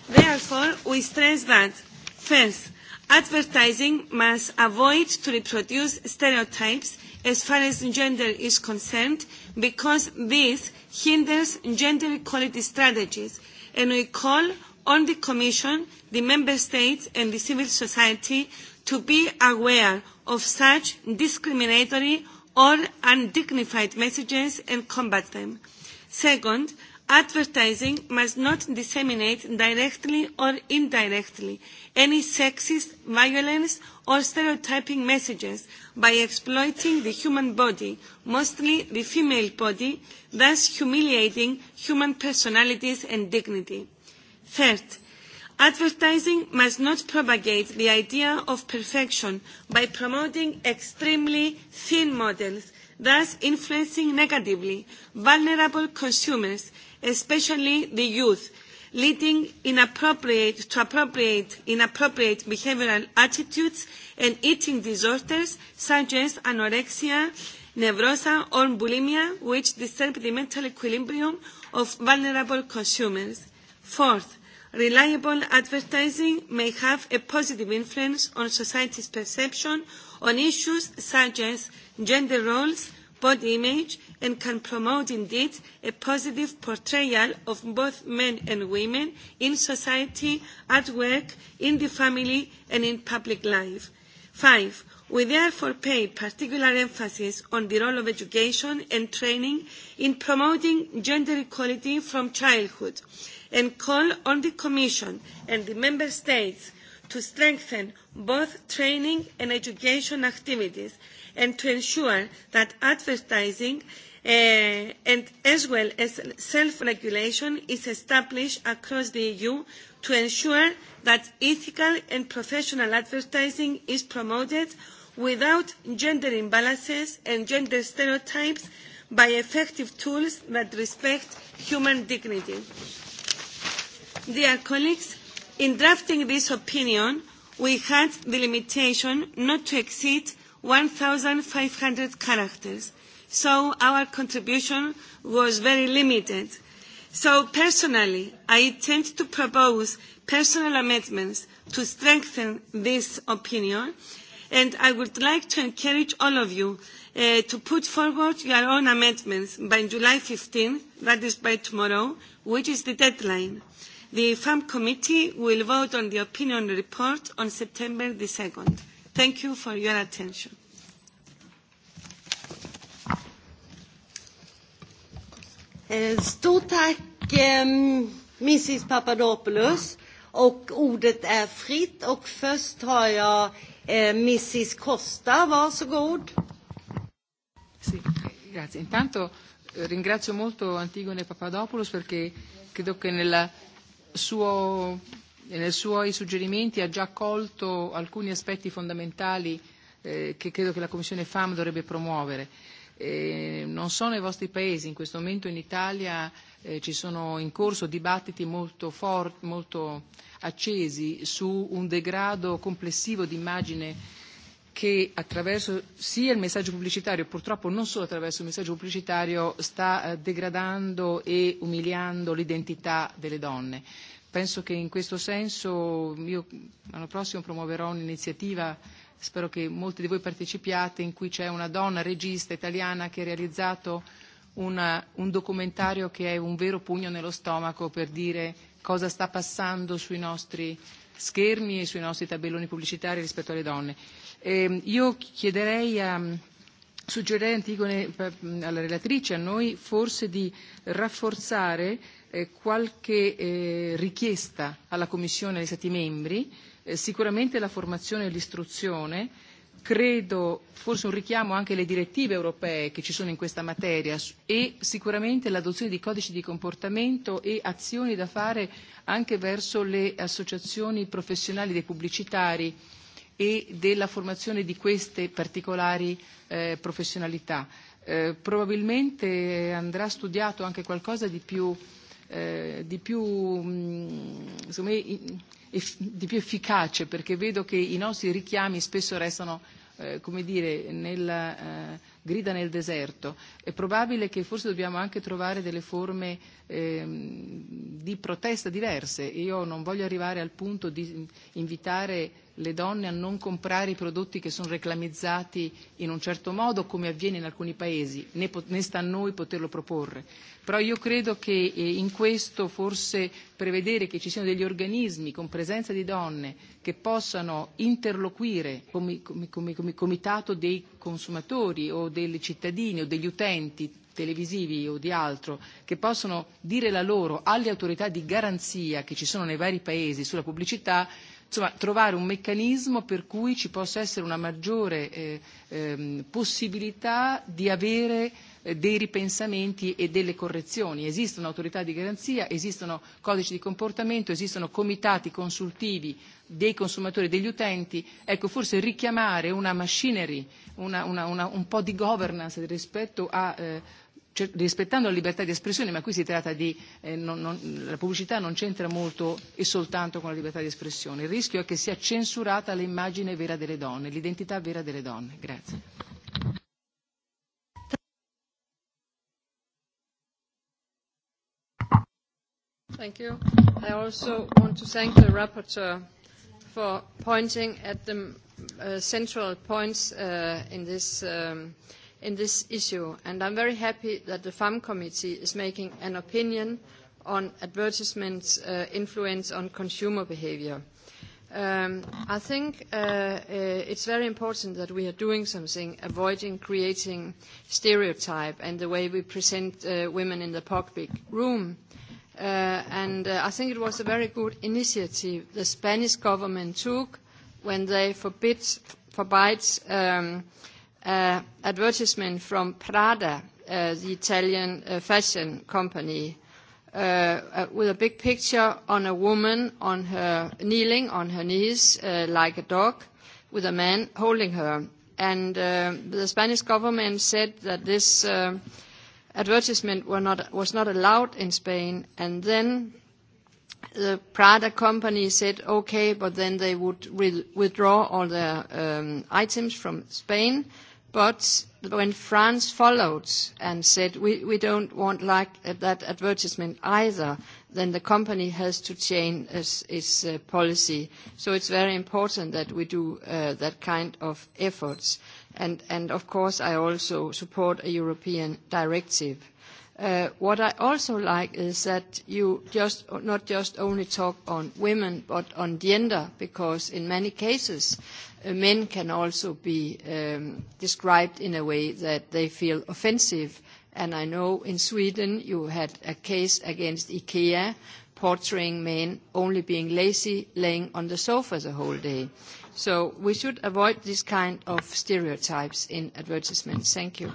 Therefore, we stress that, first, Advertising must avoid to reproduce stereotypes as far as gender is concerned because this hinders gender equality strategies and we call on the Commission, the Member States and the civil society to be aware of such discriminatory or undignified messages and combat them. Second, Advertising must not disseminate directly or indirectly any sexist, violence or stereotyping messages by exploiting the human body, mostly the female body, thus humiliating human personalities and dignity. Third, advertising must not propagate the idea of perfection by promoting extremely thin models, thus influencing negatively vulnerable consumers especially the youth, leading inappropriate, to appropriate inappropriate behavioral attitudes and eating disorders such as anorexia, nevrosa or bulimia, which disturb the mental equilibrium of vulnerable consumers. Fourth, reliable advertising may have a positive influence on society's perception on issues such as gender roles, body image, and can promote indeed a positive portrayal of both men and women in society, at work, in the family and in public life. Five, we therefore pay particular emphasis on the role of education and training in promoting gender equality from childhood and call on the Commission and the Member States to strengthen both training and education activities and to ensure that advertising Uh, and as well as self-regulation is established across the EU to ensure that ethical and professional advertising is promoted without gender imbalances and gender stereotypes by effective tools that respect human dignity. Dear colleagues, in drafting this opinion, we had the limitation not to exceed 1,500 characters so our contribution was very limited. So personally, I intend to propose personal amendments to strengthen this opinion, and I would like to encourage all of you uh, to put forward your own amendments by July 15, that is by tomorrow, which is the deadline. The FAM Committee will vote on the opinion report on September the 2nd. Thank you for your attention. Eh, stort tack Mrs Papadopoulos och ordet är er fritt och först har jag eh, Mrs Costa, varsågod. Sì, grazie. Intanto eh, ringrazio molto Antigone Papadopoulos perché credo che nella suo, nei suoi suggerimenti ha già colto alcuni aspetti fondamentali eh, che credo che la Commissione FAM dovrebbe promuovere Eh, non so nei vostri paesi, in questo momento in Italia eh, ci sono in corso dibattiti molto, for- molto accesi su un degrado complessivo di immagine che attraverso sia il messaggio pubblicitario, purtroppo non solo attraverso il messaggio pubblicitario, sta eh, degradando e umiliando l'identità delle donne. Penso che in questo senso io l'anno prossimo promuoverò un'iniziativa spero che molti di voi partecipiate, in cui c'è una donna regista italiana che ha realizzato una, un documentario che è un vero pugno nello stomaco per dire cosa sta passando sui nostri schermi e sui nostri tabelloni pubblicitari rispetto alle donne. Eh, io chiederei a, ehm, suggerirei Antigone ehm, alla relatrice, a noi, forse di rafforzare eh, qualche eh, richiesta alla Commissione e agli Stati membri Eh, sicuramente la formazione e l'istruzione credo forse un richiamo anche alle direttive europee che ci sono in questa materia e sicuramente l'adozione di codici di comportamento e azioni da fare anche verso le associazioni professionali dei pubblicitari e della formazione di queste particolari eh, professionalità. Eh, probabilmente andrà studiato anche qualcosa di più, eh, di più mh, mm, insomma, in, E di più efficace, perché vedo che i nostri richiami spesso restano eh, come dire, nel, eh, grida nel deserto. È probabile che forse dobbiamo anche trovare delle forme eh, di protesta diverse. Io non voglio arrivare al punto di invitare le donne a non comprare i prodotti che sono reclamizzati in un certo modo, come avviene in alcuni paesi, né, né sta a noi poterlo proporre. Però io credo che eh, in questo forse prevedere che ci siano degli organismi con presenza di donne che possano interloquire come, come, come, come comitato dei consumatori o dei cittadini o degli utenti televisivi o di altro che possono dire la loro alle autorità di garanzia che ci sono nei vari paesi sulla pubblicità insomma, trovare un meccanismo per cui ci possa essere una maggiore eh, ehm, possibilità di avere eh, dei ripensamenti e delle correzioni. Esistono autorità di garanzia, esistono codici di comportamento, esistono comitati consultivi dei consumatori e degli utenti. Ecco, forse richiamare una machinery, una, una, una, un po' di governance rispetto a eh, rispettando la libertà di espressione, ma qui si tratta di eh, non, non, la pubblicità non c'entra molto e soltanto con la libertà di espressione. Il rischio è che sia censurata l'immagine vera delle donne, l'identità vera delle donne. Grazie. Thank you. I also want to thank the rapporteur for pointing at the uh, central points uh, in this um, in this issue, and I am very happy that the FAM Committee is making an opinion on advertisements' uh, influence on consumer behaviour. Um, I think uh, uh, it's very important that we are doing something, avoiding creating stereotype and the way we present uh, women in the public room. Uh, and uh, I think it was a very good initiative the Spanish government took when they forbid, forbid um, uh, uh, advertisement from Prada, uh, the Italian uh, fashion company, uh, uh, with a big picture on a woman on her kneeling on her knees uh, like a dog, with a man holding her. And uh, the Spanish government said that this uh, advertisement were not, was not allowed in Spain. And then the Prada company said, okay, but then they would re- withdraw all their um, items from Spain But when France followed and said, we, we don't want like uh, that advertisement either, then the company has to change its, its uh, policy. So it's very important that we do uh, that kind of efforts. And, and of course, I also support a European directive Uh, what I also like is that you just not just only talk on women, but on gender, because in many cases, uh, men can also be um, described in a way that they feel offensive. And I know in Sweden, you had a case against IKEA portraying men only being lazy, laying on the sofa the whole day. So we should avoid this kind of stereotypes in advertisements. Thank you.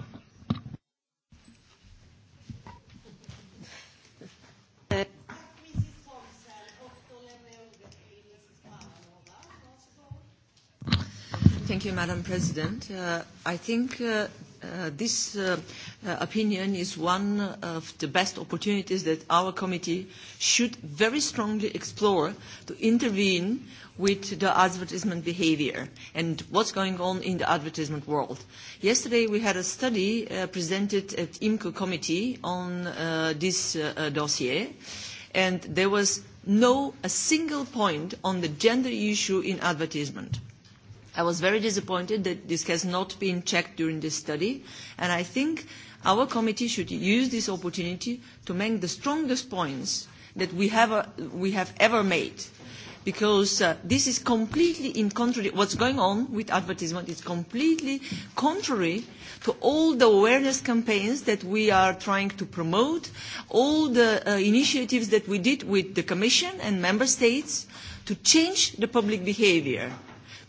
Thank you, Madam President. Uh, I think uh, uh, this uh, uh, opinion is one of the best opportunities that our committee should very strongly explore to intervene with the advertisement behavior and what's going on in the advertisement world. Yesterday we had a study uh, presented at IMCO committee on uh, this uh, uh dossier and there was no a single point on the gender issue in advertisement i was very disappointed that this has not been checked during this study, and I think our committee should use this opportunity to make the strongest points that we have, uh, we have ever made because uh, this is completely in contrary what's going on with advertisement is completely contrary to all the awareness campaigns that we are trying to promote all the uh, initiatives that we did with the commission and member states to change the public behaviour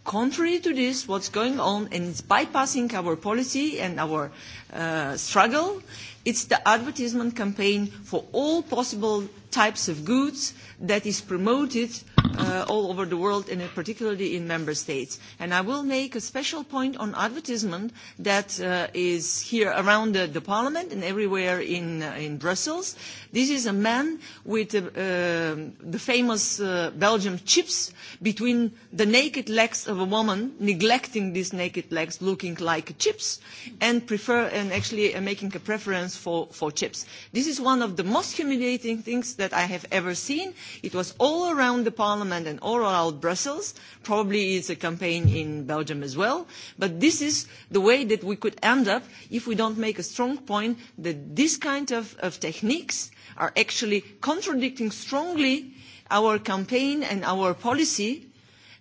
Contrary to this, what's going on, and it's bypassing our policy and our uh, struggle, it's the advertisement campaign for all possible types of goods that is promoted uh, all over the world and particularly in member states. And I will make a special point on advertisement that uh, is here around the, the parliament and everywhere in, uh, in Brussels. This is a man with uh, um, the famous uh, Belgium chips between the naked legs of a woman, neglecting these naked legs looking like chips and prefer and actually uh, making a preference for, for chips. This is one of the most humiliating things that I have ever seen. It was all around the parliament Parliament and all around Brussels. Probably it's a campaign in Belgium as well. But this is the way that we could end up if we don't make a strong point that this kind of, of techniques are actually contradicting strongly our campaign and our policy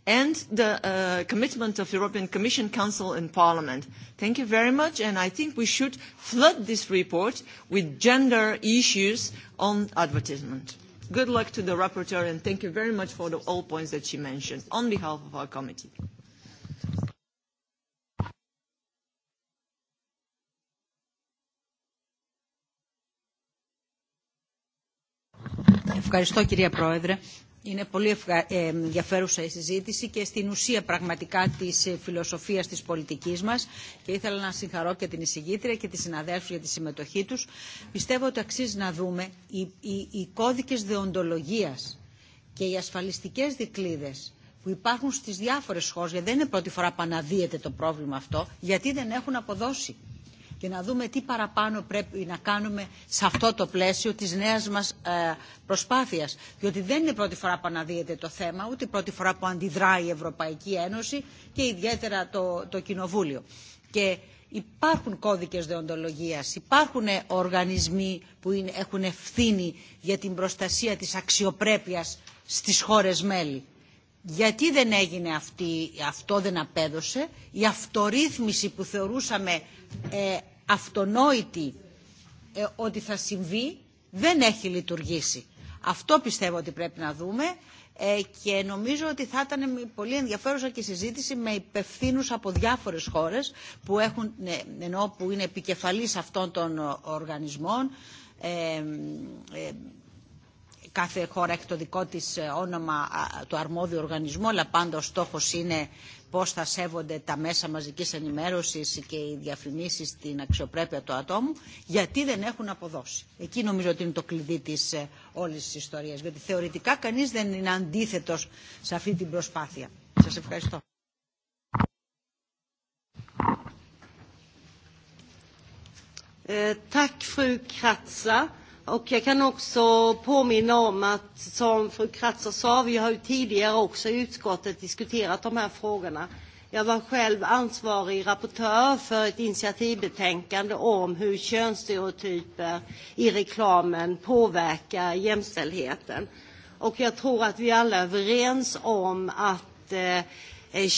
and the uh, commitment of European Commission, Council and Parliament. Thank you very much, and I think we should flood this report with gender issues on advertisement. Good luck to the rapporteur, and thank you very much for the, all points that she mentioned on behalf of our committee. Ευχαριστώ κυρία Πρόεδρε. Είναι πολύ ενδιαφέρουσα η συζήτηση και στην ουσία πραγματικά της φιλοσοφίας της πολιτικής μας και ήθελα να συγχαρώ και την εισηγήτρια και τις συναδέλφους για τη συμμετοχή τους. Πιστεύω ότι αξίζει να δούμε οι, οι, οι κώδικες δεοντολογίας και οι ασφαλιστικές δικλείδες που υπάρχουν στις διάφορες χώρες, γιατί δεν είναι πρώτη φορά που αναδύεται το πρόβλημα αυτό, γιατί δεν έχουν αποδώσει και να δούμε τι παραπάνω πρέπει να κάνουμε σε αυτό το πλαίσιο της νέας μας ε, προσπάθειας. Διότι δεν είναι πρώτη φορά που αναδύεται το θέμα, ούτε πρώτη φορά που αντιδράει η Ευρωπαϊκή Ένωση και ιδιαίτερα το, το Κοινοβούλιο. Και υπάρχουν κώδικες δεοντολογίας, υπάρχουν οργανισμοί που είναι, έχουν ευθύνη για την προστασία της αξιοπρέπειας στις χώρες μέλη γιατί δεν έγινε αυτή, αυτό δεν απέδωσε, η αυτορύθμιση που θεωρούσαμε ε, αυτονόητη ε, ότι θα συμβεί δεν έχει λειτουργήσει. Αυτό πιστεύω ότι πρέπει να δούμε ε, και νομίζω ότι θα ήταν πολύ ενδιαφέρουσα και συζήτηση με υπευθύνου από διάφορες χώρες που, έχουν, ενώ που είναι επικεφαλής αυτών των οργανισμών, ε, ε, κάθε χώρα έχει το δικό της όνομα του αρμόδιο οργανισμού, αλλά πάντα ο στόχος είναι πώς θα σέβονται τα μέσα μαζικής ενημέρωσης και οι διαφημίσεις στην αξιοπρέπεια του ατόμου, γιατί δεν έχουν αποδώσει. Εκεί νομίζω ότι είναι το κλειδί της όλης της ιστορίας, γιατί θεωρητικά κανείς δεν είναι αντίθετος σε αυτή την προσπάθεια. Σας ευχαριστώ. Ε, τάκ, φρου Och jag kan också påminna om att, som fru Kratzer sa, vi har ju tidigare också i utskottet diskuterat de här frågorna. Jag var själv ansvarig rapportör för ett initiativbetänkande om hur könsstereotyper i reklamen påverkar jämställdheten. Och jag tror att vi alla är överens om att eh,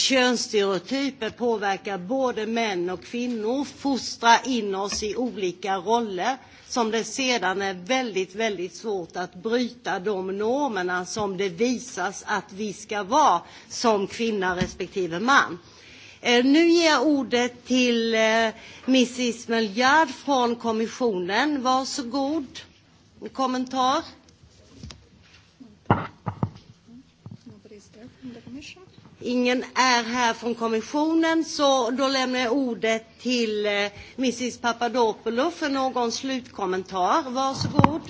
könsstereotyper påverkar både män och kvinnor, fostrar in oss i olika roller som det sedan är väldigt, väldigt svårt att bryta de normerna som det visas att vi ska vara som kvinna respektive man. Eh, nu ger jag ordet till eh, Mrs Melgard från kommissionen. Varsågod. en Kommentar? Ingen är här från kommissionen så då lämnar jag ordet till eh, Mrs Papadopoulou för någon slutkommentar. Varsågod.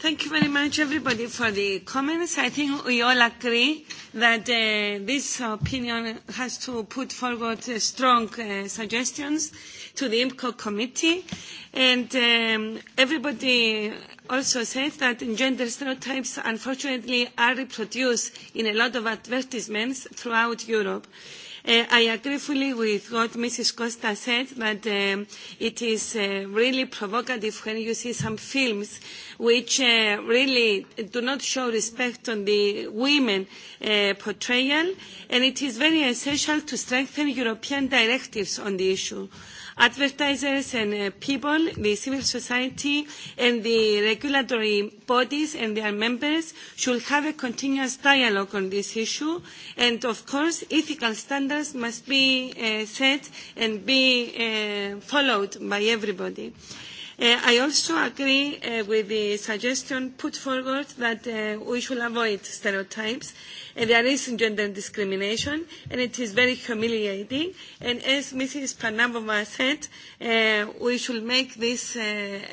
Thank you very much, everybody, for the comments. I think we all agree that uh, this opinion has to put forward uh, strong uh, suggestions to the IMCO committee. And um, everybody also says that gender stereotypes, unfortunately, are reproduced in a lot of advertisements throughout Europe. Uh, Uh, I agree fully with what Mrs. Costa said, that um, it is uh, really provocative when you see some films which uh, really do not show respect on the women uh, portrayal, and it is very essential to strengthen European directives on the issue advertisers and uh, people, the civil society, and the regulatory bodies and their members should have a continuous dialogue on this issue. And of course, ethical standards must be uh, set and be uh, followed by everybody. Uh, I also agree uh, with the suggestion put forward that uh, we should avoid stereotypes. Uh, there is gender discrimination, and it is very humiliating. And as Mrs. Panabova said, uh, we should make this uh,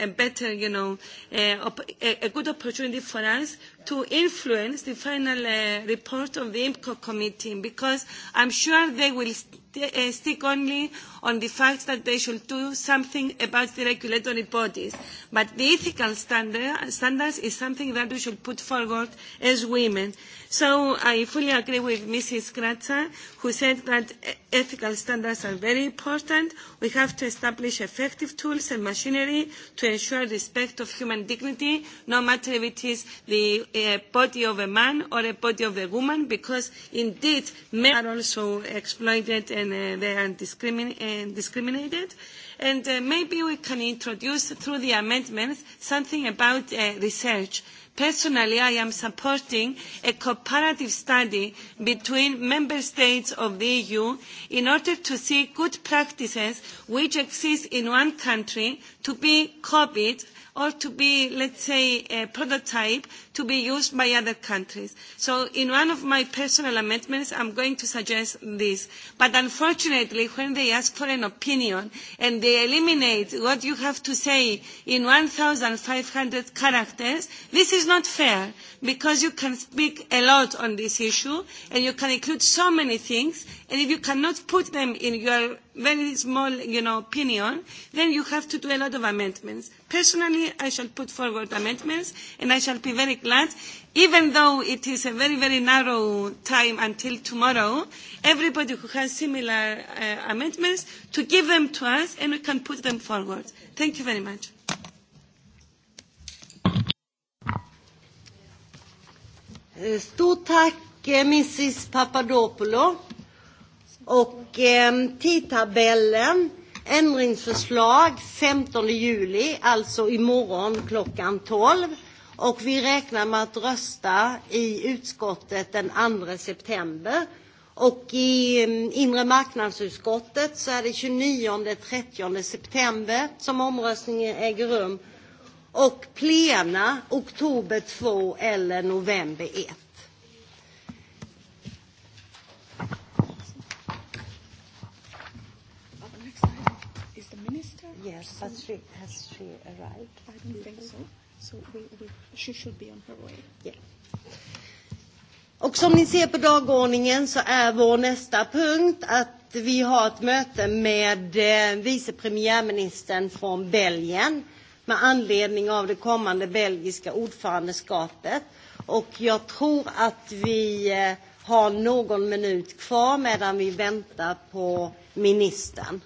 a better, you know, uh, op- a, a good opportunity for us to influence the final uh, report of the IMCO committee, because I'm sure they will st- uh, stick only on the fact that they should do something about the regulatory bodies. But the ethical standard, standards is something that we should put forward as women. So I fully agree with Mrs. Kratza, who said that e, ethical standards are very important. We have to establish effective tools and machinery to ensure respect of human dignity, no matter if it is the uh, body of a man or a body of a woman, because indeed men are also exploited and uh, they are discriminated uh, discriminated. And uh, maybe we can introduce through the amendments something about uh, research. Personally, I am supporting a comparative study between member states of the EU in order to see good practices which exist in one country to be copied or to be, let's say, a uh, prototype to be used by other countries. So in one of my personal amendments, I'm going to suggest this. But unfortunately, when they ask for an opinion and they eliminate what you have to say in 1,500 characters, this is not fair because you can speak a lot on this issue and you can include so many things and if you cannot put them in your very small you know, opinion then you have to do a lot of amendments. Personally, I shall put forward amendments and I shall be very glad. Even though it is a very, very narrow time until tomorrow, everybody who has similar uh, amendments to give them to us and we can put them forward. Thank you very much. Eh, stort tack eh, Mrs Papadopoulou. Och eh, tidtabellen, ändringsförslag 15 juli, alltså imorgon klockan 12. Och vi räknar med att rösta i utskottet den 2 september. Och i mm, inre marknadsutskottet så är det 29-30 september som omröstningen äger rum. Och plena oktober 2 eller november 1. Yes, but she, has she arrived? I don't think so. So we, we, she should be on her way. Yeah. Och som ni ser på dagordningen så är vår nästa punkt att vi har ett möte med eh, vice premiärministern från Belgien med anledning av det kommande belgiska ordförandeskapet. Och jag tror att vi eh, har någon minut kvar medan vi väntar på ministern.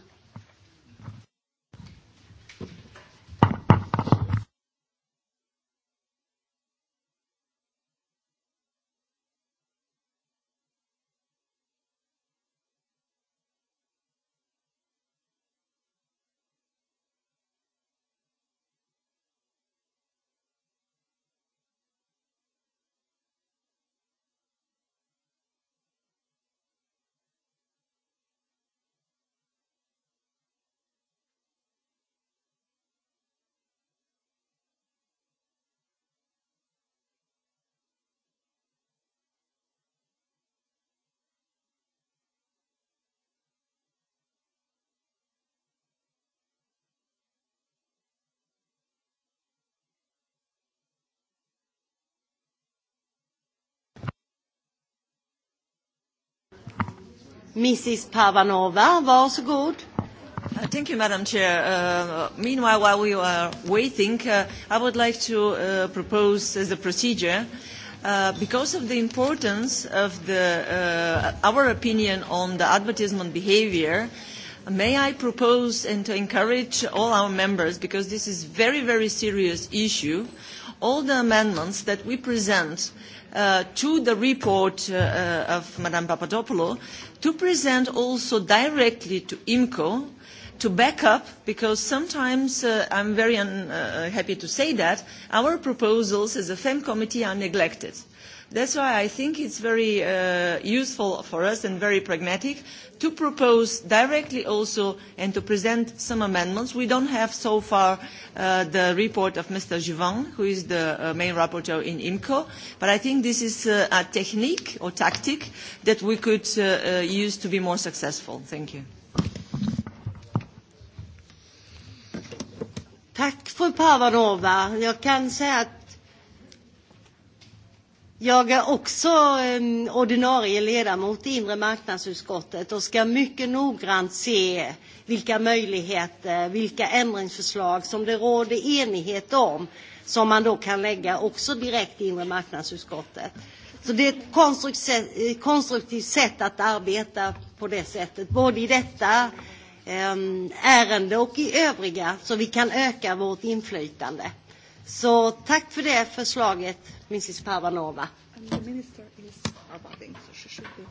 Mrs. Pavanova, varsågod. Uh, thank you, Madam Chair. Uh, meanwhile, while we are waiting, uh, I would like to uh, propose as a procedure, uh, because of the importance of the, uh, our opinion on the advertisement behavior, may I propose and to encourage all our members, because this is a very, very serious issue, all the amendments that we present uh, Uh, to the report uh, of Madame Papadopoulou to present also directly to IMCO to back up, because sometimes uh, I'm very un, uh, happy to say that, our proposals as a FEM committee are neglected. Uh, That's why I think it's very uh, useful for us and very pragmatic to propose directly also and to present some amendments. We don't have so far uh, the report of Mr. Juvin, who is the uh, main rapporteur in IMCO, but I think this is uh, a technique or tactic that we could uh, uh, use to be more successful. Thank you. Tack Pavanova. Jag kan säga att Jag är också ordinarie ledamot i inre marknadsutskottet och ska mycket noggrant se vilka möjligheter, vilka ändringsförslag som det råder enighet om som man då kan lägga också direkt i inre marknadsutskottet. Så det är ett konstruktivt sätt att arbeta på det sättet, både i detta ärende och i övriga, så vi kan öka vårt inflytande. Så tack för det förslaget, Mrs. Pavanova. And the minister is arriving, so she should be.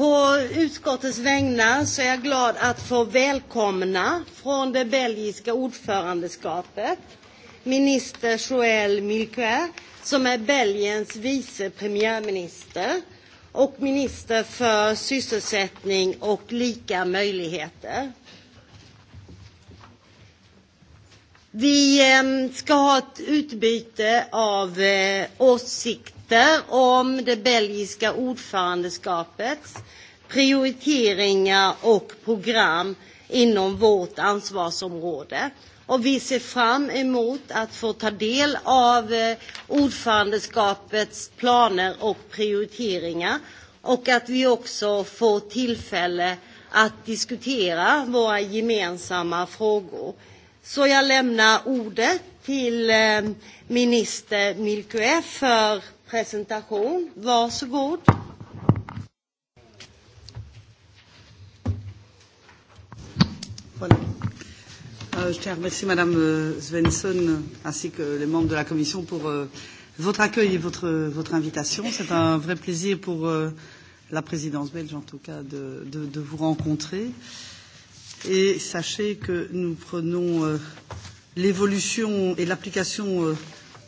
På utskottets vägnar så är jag glad att få välkomna från det belgiska ordförandeskapet minister Joël Milquet som är Belgiens vice premiärminister och minister för sysselsättning och lika möjligheter. Vi ehm, ska ha ett utbyte av eh, åsikter debatter om det belgiska ordförandeskapets prioriteringar och program inom vårt ansvarsområde. Och vi ser fram emot att få ta del av eh, ordförandeskapets planer och prioriteringar och att vi också får tillfälle att diskutera våra gemensamma frågor. Så jag lämnar ordet till eh, minister Milquet för presentation. Varsågod. Euh, je tiens à remercier Madame euh, Svensson ainsi que les membres de la Commission pour euh, votre accueil et votre, votre invitation. C'est un vrai plaisir pour la présidence belge, en tout cas, de, de, de vous rencontrer. Et sachez que nous prenons l'évolution et l'application euh,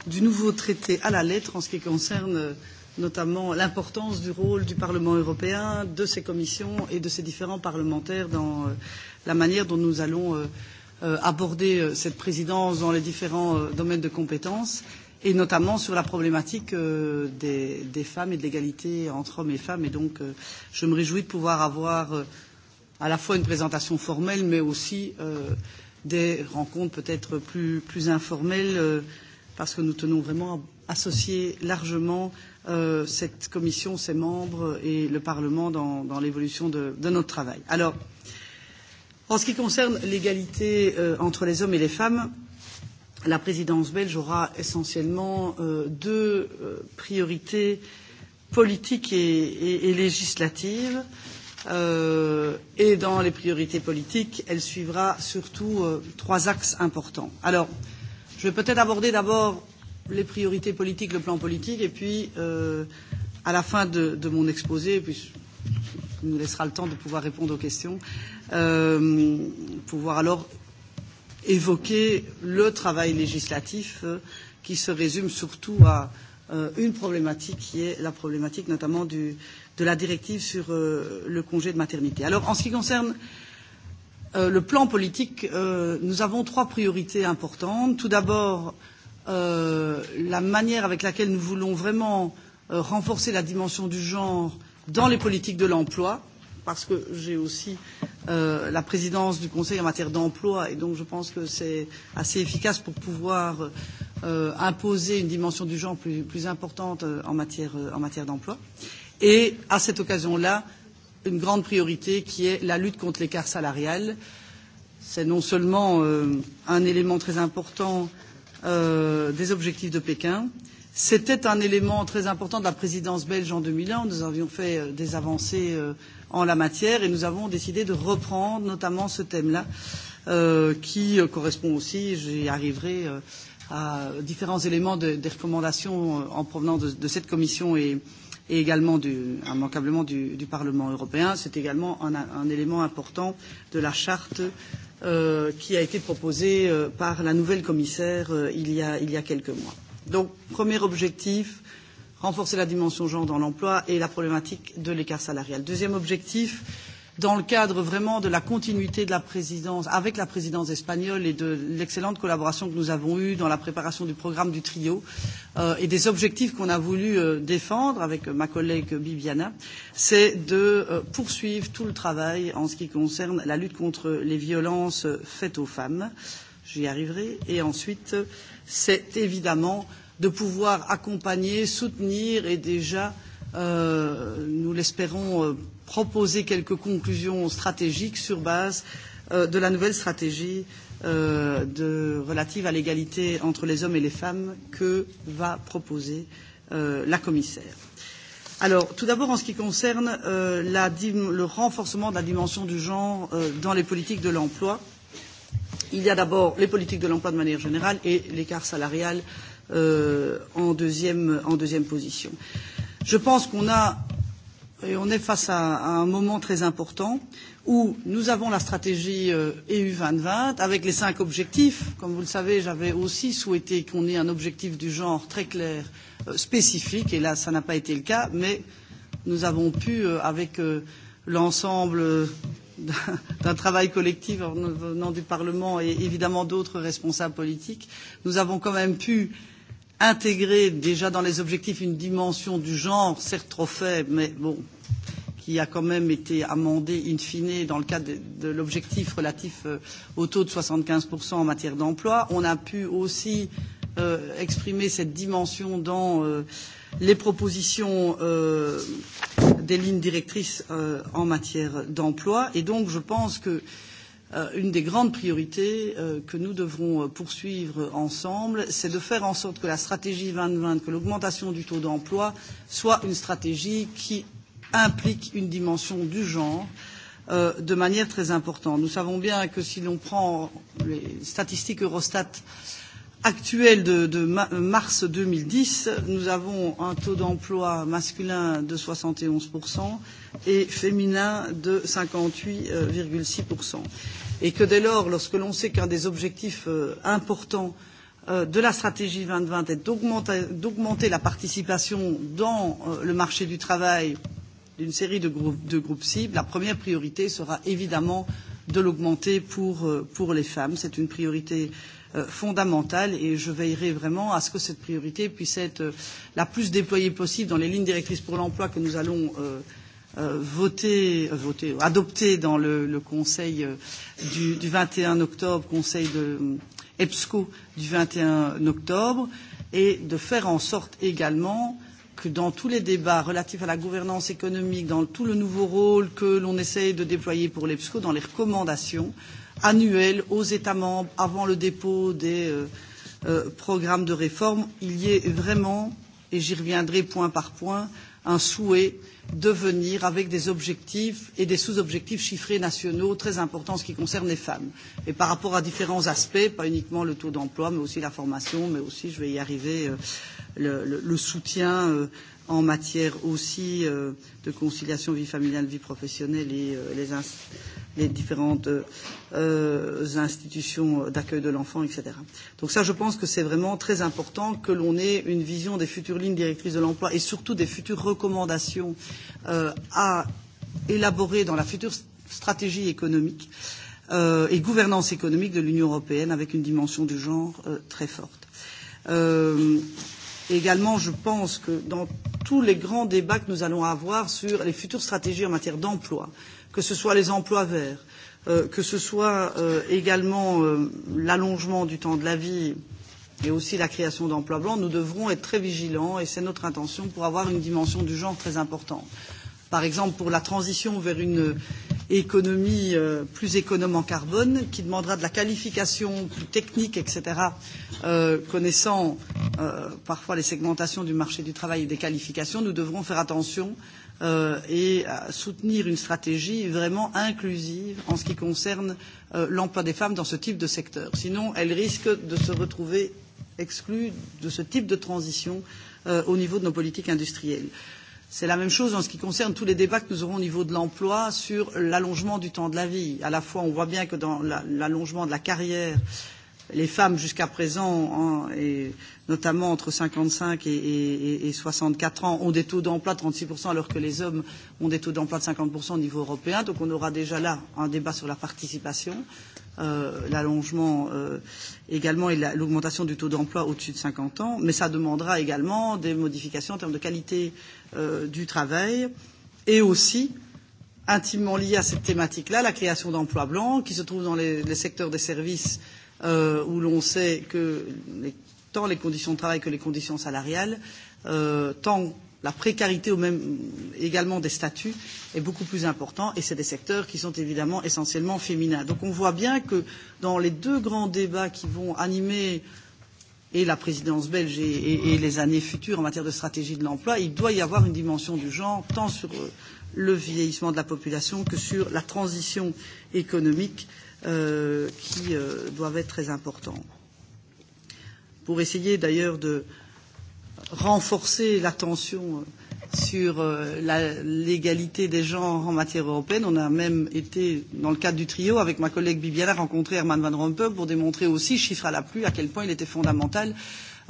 du nouveau traité à la lettre en ce qui concerne euh, notamment l'importance du rôle du Parlement européen, de ses commissions et de ses différents parlementaires dans euh, la manière dont nous allons euh, aborder cette présidence dans les différents domaines de compétences et notamment sur la problématique des, des femmes et de l'égalité entre hommes et femmes. Et donc, je me réjouis de pouvoir avoir à la fois une présentation formelle, mais aussi euh, des rencontres peut-être plus, plus informelles, euh, parce que nous tenons vraiment à associer largement euh, cette commission, ses membres et le Parlement dans, dans l'évolution de, de notre travail. Alors, en ce qui concerne l'égalité euh, entre les hommes et les femmes, la présidence belge aura essentiellement euh, deux euh, priorités politiques et, et, et législatives. Euh, et dans les priorités politiques, elle suivra surtout euh, trois axes importants. Alors, euh, je vais peut-être aborder d'abord les priorités politiques, le plan politique, et puis euh, à la fin de, de mon exposé, puis il nous laissera le temps de pouvoir répondre aux questions, euh, pouvoir alors évoquer le travail législatif euh, qui se résume surtout à euh, une problématique qui est la problématique notamment du, de la directive sur euh, le congé de maternité. Alors en ce qui concerne euh, Euh, le plan politique, euh, nous avons trois priorités importantes. Tout d'abord, euh, la manière avec laquelle nous voulons vraiment euh, renforcer la dimension du genre dans les politiques de l'emploi, parce que j'ai aussi euh, la présidence du Conseil en matière d'emploi, et donc je pense que c'est assez efficace pour pouvoir euh, imposer une dimension du genre plus, plus importante euh, en matière, euh, en matière d'emploi. Et à cette occasion-là, euh, une grande priorité qui est la lutte contre l'écart salarial. C'est non seulement euh, un élément très important euh, des objectifs de Pékin, c'était un élément très important de la présidence belge en 2001. Nous avions fait euh, des avancées euh, en la matière et nous avons décidé de reprendre notamment ce thème-là euh, qui euh, correspond aussi, j'y arriverai, euh, à différents éléments de, des recommandations euh, en provenance de, de cette commission et, et également du, immanquablement du, du Parlement européen. C'est également un, un élément important de la charte euh, qui a été proposée euh, par la nouvelle commissaire euh, il, y a, il y a quelques mois. Donc, premier objectif, renforcer la dimension genre dans l'emploi et la problématique de l'écart salarial. Deuxième objectif, dans le cadre vraiment de la continuité de la présidence, avec la présidence espagnole et de l'excellente collaboration que nous avons eue dans la préparation du programme du trio euh, et des objectifs qu'on a voulu euh, défendre avec ma collègue Bibiana, c'est de euh, poursuivre tout le travail en ce qui concerne la lutte contre les violences faites aux femmes. J'y arriverai. Et ensuite, c'est évidemment de pouvoir accompagner, soutenir et déjà Euh, nous l'espérons, euh, proposer quelques conclusions stratégiques sur base euh, de la nouvelle stratégie euh, de, relative à l'égalité entre les hommes et les femmes que va proposer euh, la commissaire. Alors, tout d'abord, en ce qui concerne euh, la, le renforcement de la dimension du genre euh, dans les politiques de l'emploi, il y a d'abord les politiques de l'emploi de manière générale et l'écart salarial euh, en, deuxième, en deuxième position. Euh, je pense qu'on a et on est face à, à un moment très important où nous avons la stratégie euh, EU 2020 avec les cinq objectifs. Comme vous le savez, j'avais aussi souhaité qu'on ait un objectif du genre très clair, euh, spécifique, et là, ça n'a pas été le cas, mais nous avons pu, euh, avec euh, l'ensemble euh, d'un travail collectif venant du Parlement et évidemment d'autres responsables politiques, nous avons quand même pu euh, intégrer déjà dans les objectifs une dimension du genre, certes trop faible, mais bon, qui a quand même été amendée in fine dans le cadre de, de l'objectif relatif euh, au taux de 75% en matière d'emploi. On a pu aussi euh, exprimer cette dimension dans euh, les propositions euh, des lignes directrices euh, en matière d'emploi. Et donc, je pense que euh, Euh, une des grandes priorités euh, que nous devrons euh, poursuivre ensemble, c'est de faire en sorte que la stratégie 2020, que l'augmentation du taux d'emploi soit une stratégie qui implique une dimension du genre de manière très importante. Nous savons bien que si l'on prend les statistiques Eurostat actuel de, de mars 2010, nous avons un taux d'emploi masculin de 71% et féminin de 58,6%. Et que dès lors, lorsque l'on sait qu'un des objectifs euh, importants euh, de la stratégie 2020 est d'augmenter la participation dans euh, le marché du travail d'une série de groupes, de groupes cibles, la première priorité sera évidemment euh, de l'augmenter pour, euh, pour les femmes. C'est une priorité euh, fondamentale et je veillerai vraiment à ce que cette priorité puisse être euh, la plus déployée possible dans les lignes directrices pour l'emploi que nous allons voter, voter adopter dans le, le Conseil du, du 21 octobre, Conseil de EBSCO du 21 octobre, et de faire en sorte également euh, que dans tous les débats relatifs à la gouvernance économique, dans tout le nouveau rôle que l'on essaye de déployer pour l'EPSCO, dans les recommandations annuelles aux États membres avant le dépôt des euh, euh, programmes de réforme, il y ait vraiment, et j'y reviendrai point par point, un souhait de venir avec des objectifs et des sous-objectifs chiffrés nationaux très importants en ce qui concerne les femmes. Et par rapport à différents aspects, pas uniquement le taux d'emploi, mais aussi la formation, mais aussi, je vais y arriver, euh, le, le, soutien euh, en matière aussi euh, de conciliation vie familiale, vie professionnelle et euh, les, ins les différentes euh, institutions d'accueil de l'enfant, etc. Donc ça, je pense que c'est vraiment très important que l'on ait une vision des futures lignes directrices de l'emploi et surtout des futures recommandations euh, à élaborer dans la future stratégie économique euh, et gouvernance économique de l'Union européenne avec une dimension du genre euh, très forte. Euh, Et également, je pense que dans tous les grands débats que nous allons avoir sur les futures stratégies en matière d'emploi, que ce soit les emplois verts, euh, que ce soit euh, également euh, l'allongement du temps de la vie et aussi la création d'emplois blancs, nous devrons être très vigilants et c'est notre intention pour avoir une dimension du genre très importante. Par exemple, pour la transition vers une et économie euh, plus économe en carbone, qui demandera de la qualification plus technique, etc., euh, connaissant euh, parfois les segmentations du marché du travail et des qualifications, nous devrons faire attention euh, et à soutenir une stratégie vraiment inclusive en ce qui concerne euh, l'emploi des femmes dans ce type de secteur. Sinon, elles risquent de se retrouver exclues de ce type de transition euh, au niveau de nos politiques industrielles. Euh, C'est la même chose en ce qui concerne tous les débats que nous aurons au niveau de l'emploi sur l'allongement du temps de la vie. À la fois, on voit bien que dans l'allongement la, de la carrière, les femmes jusqu'à présent, hein, et notamment entre 55 et, et, et 64 ans, ont des taux d'emploi de 36%, alors que les hommes ont des taux d'emploi de 50% au niveau européen. Donc on aura déjà là un débat sur la participation. Euh, euh, l'allongement euh, également et l'augmentation la, du taux d'emploi au-dessus de 50 ans, mais ça demandera également des modifications en termes de qualité euh, du travail et aussi intimement lié à cette thématique-là, la création d'emplois blancs qui se trouvent dans les, les secteurs des services euh, où l'on sait que les, tant les conditions de travail que les conditions salariales, euh, tant la précarité au même, également des statuts est beaucoup plus importante et c'est des secteurs qui sont évidemment essentiellement féminins. Donc on voit bien que dans les deux grands débats qui vont animer et la présidence belge et, et, et les années futures en matière de stratégie de l'emploi, il doit y avoir une dimension du genre, tant sur euh, le vieillissement de la population que sur la transition économique euh, qui euh, doivent être très importants. Pour essayer d'ailleurs de renforcer l'attention euh, sur euh, l'égalité des genres en matière européenne. On a même été, dans le cadre du trio, avec ma collègue Bibiana, rencontrer Herman Van Rompuy pour démontrer aussi, chiffre à la pluie, à quel point il était fondamental euh,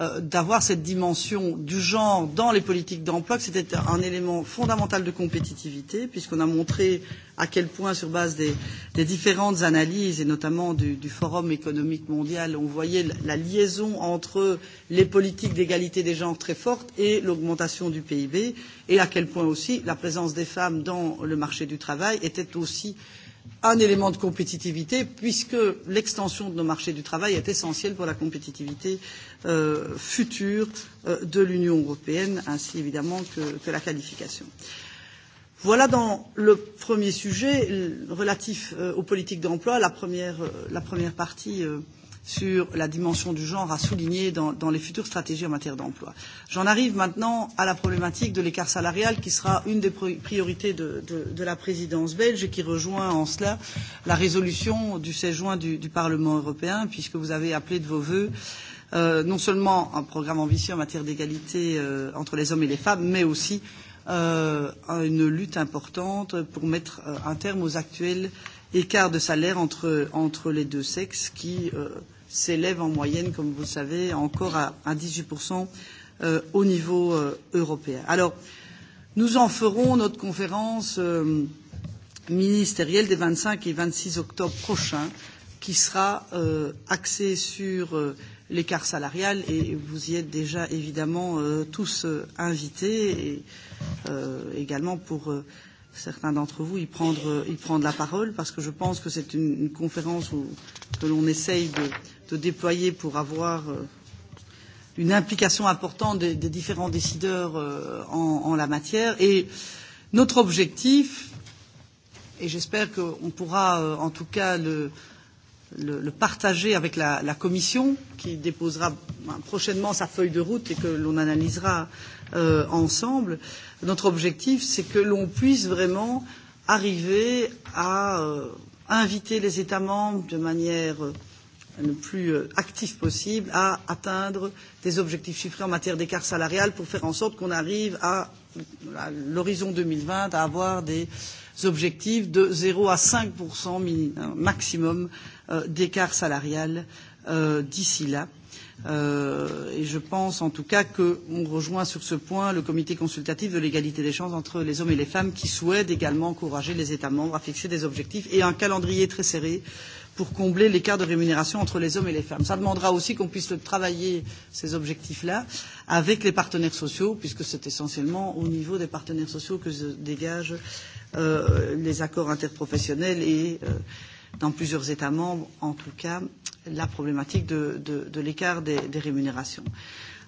Euh, d'avoir cette dimension du genre dans les politiques d'emploi, que c'était un élément fondamental de compétitivité, puisqu'on a montré à quel point, sur base des, des différentes analyses, et notamment du, du Forum économique mondial, on voyait la liaison entre les politiques d'égalité des genres très fortes et l'augmentation du PIB, et à quel point aussi la présence des femmes dans le marché du travail était aussi euh, un élément de compétitivité puisque l'extension de nos marchés du travail est essentielle pour la compétitivité euh, future euh, de l'Union européenne, ainsi évidemment que, que la qualification. Voilà dans le premier sujet euh, relatif euh, aux politiques d'emploi, la première, euh, la première partie euh, sur la dimension du genre à souligner dans, dans les futures stratégies en matière d'emploi. J'en arrive maintenant à la problématique de l'écart salarial qui sera une des priorités de, de, de la présidence belge et qui rejoint en cela la résolution du 16 juin du, du Parlement européen puisque vous avez appelé de vos vœux euh, non seulement un programme ambitieux en matière d'égalité euh, entre les hommes et les femmes mais aussi euh, une lutte importante pour mettre euh, un terme aux actuelles euh, écart de salaire entre, entre les deux sexes qui euh, s'élève en moyenne, comme vous le savez, encore à, à 18% euh, au niveau euh, européen. Alors, nous en ferons notre conférence euh, ministérielle des 25 et 26 octobre prochains, qui sera euh, axée sur euh, l'écart salarial et vous y êtes déjà évidemment euh, tous euh, invités et euh, également pour euh, certains d'entre vous y prendre, y prendre la parole parce que je pense que c'est une, une conférence où, que l'on essaye de, de déployer pour avoir euh, une implication importante des, des différents décideurs euh, en, en la matière. Et notre objectif, et j'espère qu'on pourra euh, en tout cas le, euh, le, le partager avec la, la Commission, qui déposera prochainement sa feuille de route et que l'on analysera euh, ensemble. Notre objectif, c'est que l'on puisse vraiment arriver à euh, inviter les États membres de manière euh, le plus euh, actif possible à atteindre des objectifs chiffrés en matière d'écart salarial pour faire en sorte qu'on arrive à, à l'horizon 2020 à avoir des objectifs de 0 à 5 euh, maximum Euh, d'écart salarial euh, d'ici là. Euh, et je pense en tout cas qu'on rejoint sur ce point le comité consultatif de l'égalité des chances entre les hommes et les femmes qui souhaite également encourager les États membres à fixer des objectifs et un calendrier très serré pour combler l'écart de rémunération entre les hommes et les femmes. Ça demandera aussi qu'on puisse travailler ces objectifs-là avec les partenaires sociaux, puisque c'est essentiellement au niveau des partenaires sociaux que se dégagent euh, les accords interprofessionnels et euh, dans plusieurs États membres, en tout cas, la problématique de, de, de l'écart des, des rémunérations.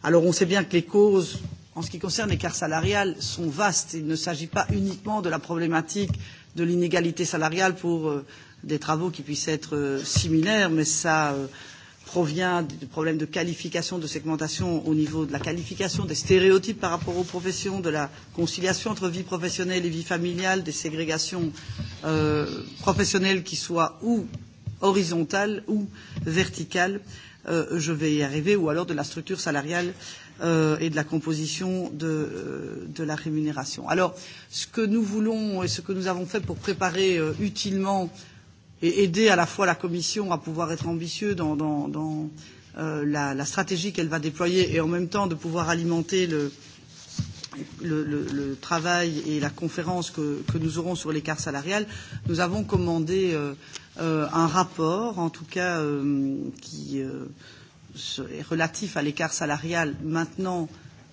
Alors on sait bien que les causes en ce qui concerne l'écart salarial sont vastes. Il ne s'agit pas uniquement de la problématique de l'inégalité salariale pour euh, des travaux qui puissent être euh, similaires, mais ça euh, provient du problème de qualification, de segmentation au niveau de la qualification, des stéréotypes par rapport aux professions, de la conciliation entre vie professionnelle et vie familiale, des ségrégations euh, professionnelles qui soient ou horizontales ou verticales, euh, je vais y arriver, ou alors de la structure salariale euh, et de la composition de, euh, de la rémunération. Alors, ce que nous voulons et ce que nous avons fait pour préparer euh, utilement euh, et aider à la fois la Commission à pouvoir être ambitieux dans, dans, dans euh, la, la stratégie qu'elle va déployer et en même temps de pouvoir alimenter le, le, le, le travail et la conférence que, que nous aurons sur l'écart salarial, nous avons commandé euh, euh, un rapport, en tout cas euh, qui euh, est relatif à l'écart salarial maintenant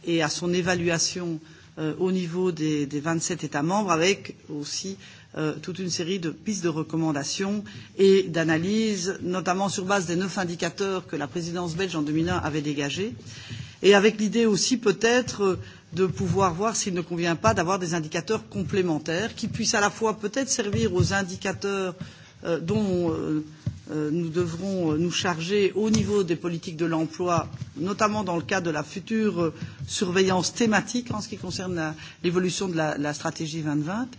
et à son évaluation euh, au niveau des, des 27 États membres, avec aussi euh, Euh, toute une série de pistes de recommandations et d'analyses, notamment sur base des neuf indicateurs que la présidence belge en 2001 avait dégagés, et avec l'idée aussi peut-être de pouvoir voir s'il ne convient pas d'avoir des indicateurs complémentaires qui puissent à la fois peut-être servir aux indicateurs euh, dont euh, euh nous devrons euh, nous charger au niveau des politiques de l'emploi, notamment dans le cadre de la future surveillance thématique en ce qui concerne l'évolution de la, la stratégie 2020,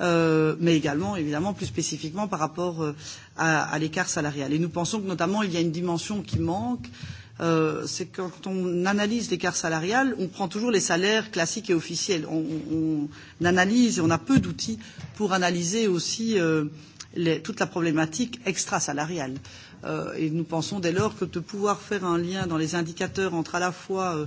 Euh, mais également, évidemment, plus spécifiquement par rapport euh, à, à l'écart salarial. Et nous pensons que, notamment, il y a une dimension qui manque, euh, c'est quand on analyse l'écart salarial, on prend toujours les salaires classiques et officiels. On, on, on analyse et on a peu d'outils pour analyser aussi euh, les, toute la problématique extrasalariale. Euh, et nous pensons dès lors que de pouvoir faire un lien dans les indicateurs entre à la fois euh,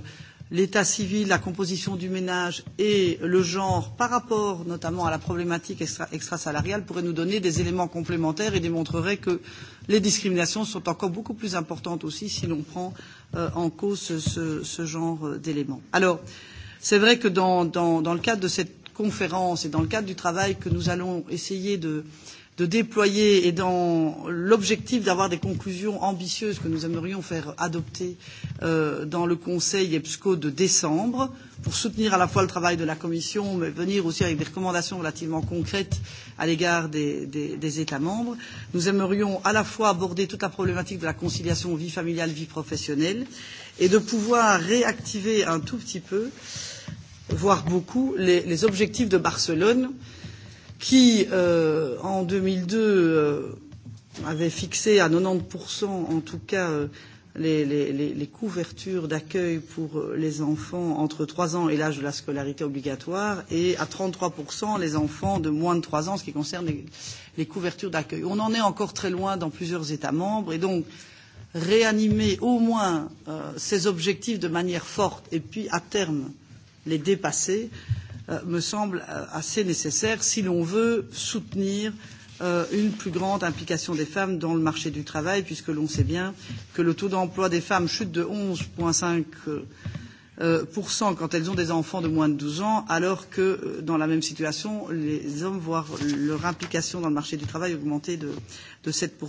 l'état civil, la composition du ménage et le genre par rapport notamment à la problématique extrasalariale extra pourraient nous donner des éléments complémentaires et démontreraient que les discriminations sont encore beaucoup plus importantes aussi si l'on prend euh, en cause ce, ce, ce genre euh, d'éléments. Alors, c'est vrai que dans, dans, dans le cadre de cette conférence et dans le cadre du travail que nous allons essayer de, euh, de déployer et dans l'objectif d'avoir des conclusions ambitieuses que nous aimerions faire adopter euh, dans le Conseil EBSCO de décembre, pour soutenir à la fois le travail de la Commission, mais venir aussi avec des recommandations relativement concrètes à l'égard des, des, des États membres. Nous aimerions à la fois aborder toute la problématique de la conciliation vie familiale, vie professionnelle, et de pouvoir réactiver un tout petit peu, voire beaucoup, les, les objectifs de Barcelone, euh, qui, euh, en 2002, euh, avait fixé à 90% en tout cas euh, les, les, les couvertures d'accueil pour euh, les enfants entre 3 ans et l'âge de la scolarité obligatoire et à 33% les enfants de moins de 3 ans, ce qui concerne les, les couvertures d'accueil. On en est encore très loin dans plusieurs États membres et donc réanimer au moins euh, ces objectifs de manière forte et puis à terme les dépasser euh, Euh, me semble euh, assez nécessaire si l'on veut soutenir euh, une plus grande implication des femmes dans le marché du travail, puisque l'on sait bien que le taux d'emploi des femmes chute de onze cinq quand elles ont des enfants de moins de douze ans, alors que dans la même situation, les hommes voient leur implication dans le marché du travail augmenter de, sept.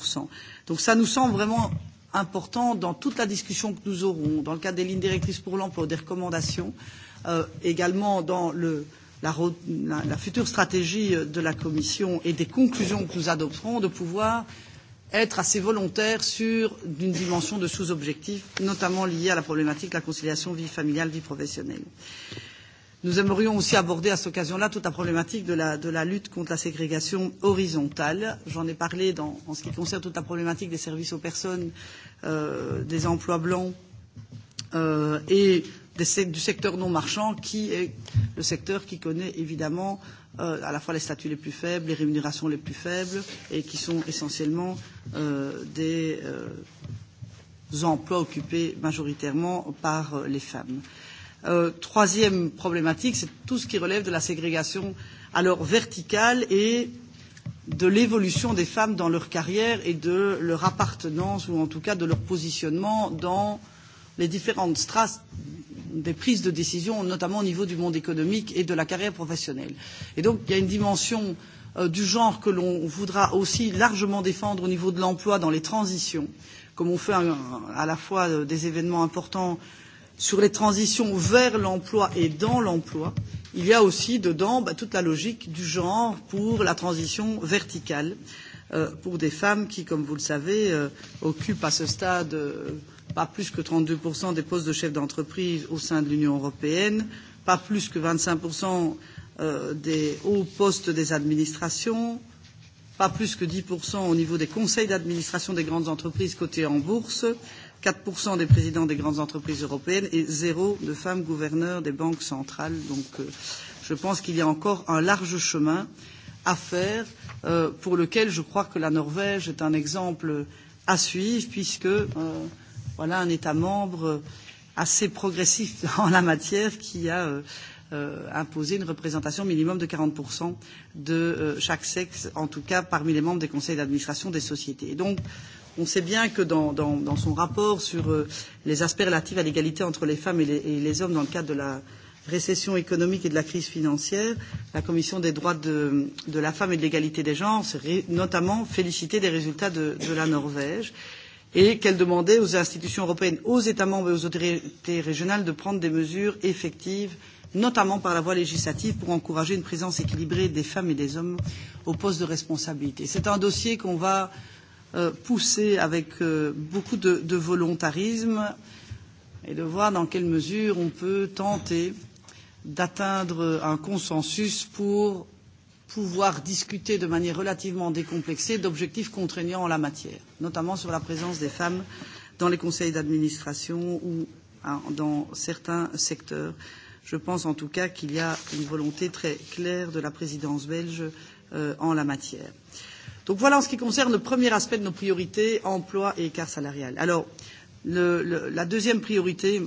Donc cela nous semble vraiment important dans toute la discussion que nous aurons, dans le cadre des lignes directrices pour l'emploi, des recommandations, euh, euh, également dans le, la, la, la future stratégie de la Commission et des conclusions que nous adopterons, de pouvoir être assez volontaire sur une dimension de sous-objectifs, notamment liée à la problématique de la conciliation vie familiale, vie professionnelle. Nous aimerions aussi aborder à cette occasion-là toute la problématique de la, de la lutte contre la ségrégation horizontale. J'en ai parlé dans, en ce qui concerne toute la problématique des services aux personnes, euh, des emplois blancs euh, et des, du secteur non marchand, qui est le secteur qui connaît évidemment euh, à la fois les statuts les plus faibles, les rémunérations les plus faibles, et qui sont essentiellement euh, des euh, emplois occupés majoritairement par euh, les femmes. Euh, troisième problématique, c'est tout ce qui relève de la ségrégation alors verticale et de l'évolution des femmes dans leur carrière et de leur appartenance ou en tout cas de leur positionnement dans les différentes strates des prises de décision, notamment au niveau du monde économique et de la carrière professionnelle. Et donc, il y a une dimension euh, du genre que l'on voudra aussi largement défendre au niveau de l'emploi dans les transitions, comme on fait un, à la fois euh, des événements importants sur les transitions vers l'emploi et dans l'emploi, il y a aussi dedans bah, toute la logique du genre pour la transition verticale euh, pour des femmes qui, comme vous le savez, euh, occupent à ce stade euh, pas plus que 32% des postes de chefs d'entreprise au sein de l'Union européenne, pas plus que 25% euh, des hauts postes des administrations, pas plus que 10% au niveau des conseils d'administration des grandes entreprises cotées en bourse, 4% des présidents des grandes entreprises européennes et zéro de femmes gouverneurs des banques centrales. Donc euh, je pense qu'il y a encore un large chemin à faire euh, pour lequel je crois que la Norvège est un exemple à suivre puisque euh, voilà un État membre euh, assez progressif en la matière qui a euh, euh imposé une représentation minimum de 40% de euh, chaque sexe, en tout cas parmi les membres des conseils d'administration des sociétés. Et donc, on sait bien que dans, dans, dans son rapport sur euh, les aspects relatifs à l'égalité entre les femmes et les, et les hommes dans le cadre de la récession économique et de la crise financière, la Commission des droits de, de la femme et de l'égalité des genres s'est notamment félicitée des résultats de, de la Norvège et qu'elle demandait aux institutions européennes, aux États membres et aux autorités régionales de prendre des mesures effectives, notamment par la voie législative, pour encourager une présence équilibrée des femmes et des hommes aux postes de responsabilité. C'est un dossier qu'on va euh, pousser avec euh, beaucoup de, de volontarisme et de voir dans quelle mesure on peut tenter d'atteindre un consensus pour pouvoir discuter de manière relativement décomplexée d'objectifs contraignants en la matière, notamment sur la présence des femmes dans les conseils d'administration ou dans certains secteurs. Je pense en tout cas qu'il y a une volonté très claire de la présidence belge euh, en la matière. Donc voilà en ce qui concerne le premier aspect de nos priorités, emploi et écart salarial. Alors, le, le, la deuxième priorité,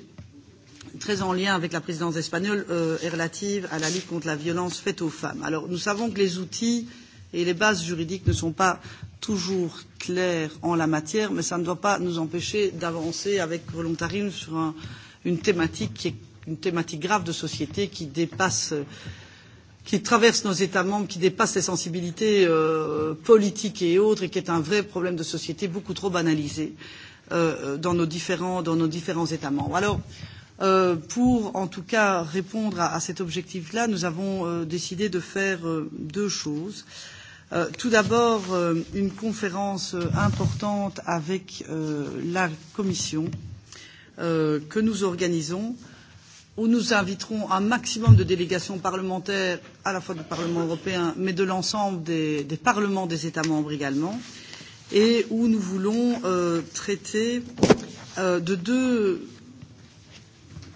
très en lien avec la présidence espagnole euh, est relative à la lutte contre la violence faite aux femmes. Alors nous savons que les outils et les bases juridiques ne sont pas toujours claires en la matière, mais ça ne doit pas nous empêcher d'avancer avec volontarisme sur un, une thématique qui est une thématique grave de société qui dépasse qui traverse nos États membres, qui dépasse les sensibilités euh, politiques et autres, et qui est un vrai problème de société beaucoup trop banalisé euh, dans, nos différents, dans nos différents États membres. Alors, euh, Euh, pour en tout cas répondre à, à cet objectif-là, nous avons euh, décidé de faire euh, deux choses. Euh, tout d'abord, euh, une conférence euh, importante avec euh, la Commission euh, que nous organisons où nous inviterons un maximum de délégations parlementaires, à la fois du Parlement européen, mais de l'ensemble des, des parlements des États membres également, et où nous voulons euh, traiter euh, de deux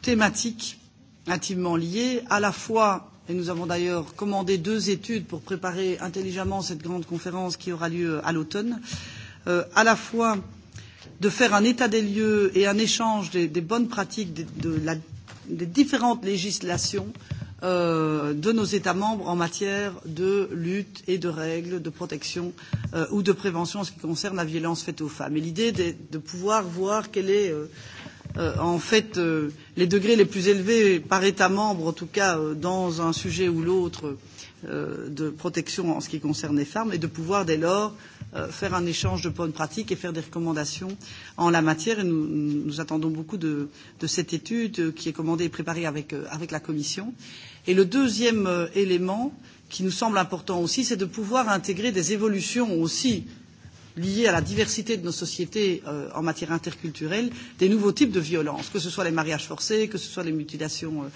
thématiques intimement liées, à la fois, et nous avons d'ailleurs commandé deux études pour préparer intelligemment cette grande conférence qui aura lieu à l'automne, euh, à la fois de faire un état des lieux et un échange des, des bonnes pratiques de, de la, des différentes législations euh, de nos États membres en matière de lutte et de règles de protection euh, ou de prévention en ce qui concerne la violence faite aux femmes. Et l'idée de, de pouvoir voir quelle est euh, euh, en fait euh, les degrés les plus élevés par État membre, en tout cas euh, dans un sujet ou l'autre euh, de protection en ce qui concerne les femmes, et de pouvoir dès lors euh, faire un échange de bonnes pratiques et faire des recommandations en la matière. Et nous, nous attendons beaucoup de, de cette étude qui est commandée et préparée avec, avec la Commission. Et le deuxième élément qui nous semble important aussi, c'est de pouvoir intégrer des évolutions aussi liées à la diversité de nos sociétés euh, en matière interculturelle, des nouveaux types de violences, que ce soit les mariages forcés, que ce soit les mutilations euh,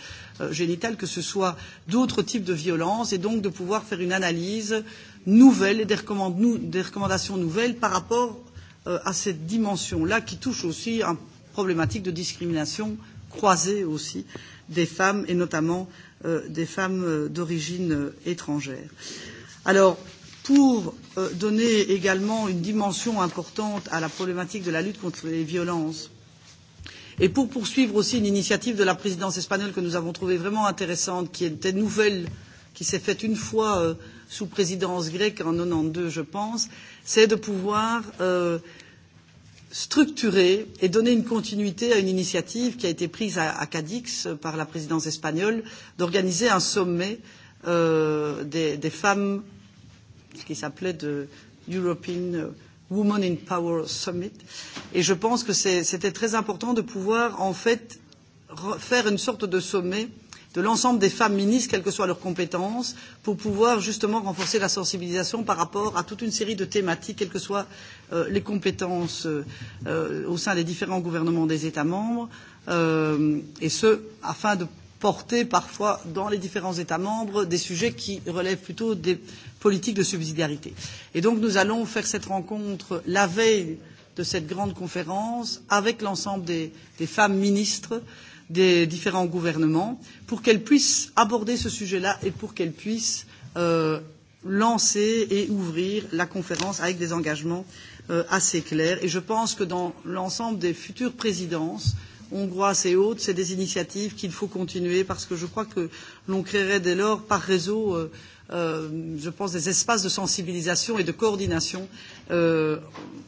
euh, génitales, que ce soit d'autres types de violences, et donc de pouvoir faire une analyse nouvelle et des, recommand nou des recommandations nouvelles par rapport euh, à cette dimension-là qui touche aussi à une problématique de discrimination croisée aussi des femmes et notamment euh, des femmes euh, d'origine euh, étrangère. Alors, pour euh, donner également une dimension importante à la problématique de la lutte contre les violences et pour poursuivre aussi une initiative de la présidence espagnole que nous avons trouvée vraiment intéressante, qui était nouvelle, qui s'est faite une fois euh, sous présidence grecque en 92, je pense, c'est de pouvoir euh, structurer et donner une continuité à une initiative qui a été prise à, Cadix par la présidence espagnole d'organiser un sommet des femmes ce qui s'appelait de European euh, Women in Power Summit. Et je pense que c'était très important de pouvoir, en fait, faire une sorte de sommet de l'ensemble des femmes ministres, quelles que soient leurs compétences, pour pouvoir justement renforcer la sensibilisation par rapport à toute une série de thématiques, quelles que soient euh, les compétences euh, euh au sein des différents gouvernements des États membres, euh, et ce, afin de porter parfois dans les différents États membres des sujets qui relèvent plutôt des politique de subsidiarité. Et donc nous allons faire cette rencontre la veille de cette grande conférence avec l'ensemble des, des femmes ministres des différents gouvernements pour qu'elles puissent aborder ce sujet-là et pour qu'elles puissent euh, lancer et ouvrir la conférence avec des engagements euh, assez clairs. Et je pense que dans l'ensemble des futures présidences, hongroises et autres, c'est des initiatives qu'il faut continuer parce que je crois que l'on créerait dès lors par réseau euh, Euh, je pense, des espaces de sensibilisation et de coordination euh,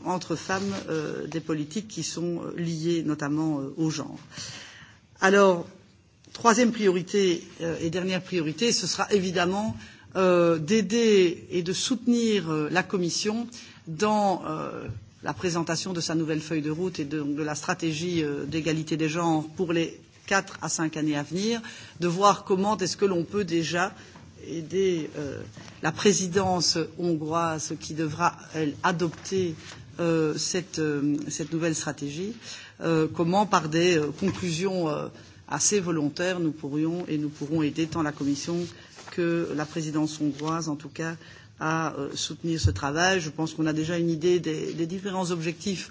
entre femmes euh, des politiques qui sont euh, liées notamment euh, au genre. Alors, troisième priorité euh, et dernière priorité, ce sera évidemment euh, d'aider et de soutenir euh, la Commission dans euh, la présentation de sa nouvelle feuille de route et de, de la stratégie euh, d'égalité des genres pour les quatre à cinq années à venir, de voir comment est-ce que l'on peut déjà aider euh, la présidence hongroise qui devra, elle, adopter euh, cette, euh, cette nouvelle stratégie, euh, comment par des euh, conclusions euh, assez volontaires nous pourrions et nous pourrons aider tant la Commission que la présidence hongroise, en tout cas, à euh, soutenir ce travail. Je pense qu'on a déjà une idée des, des différents objectifs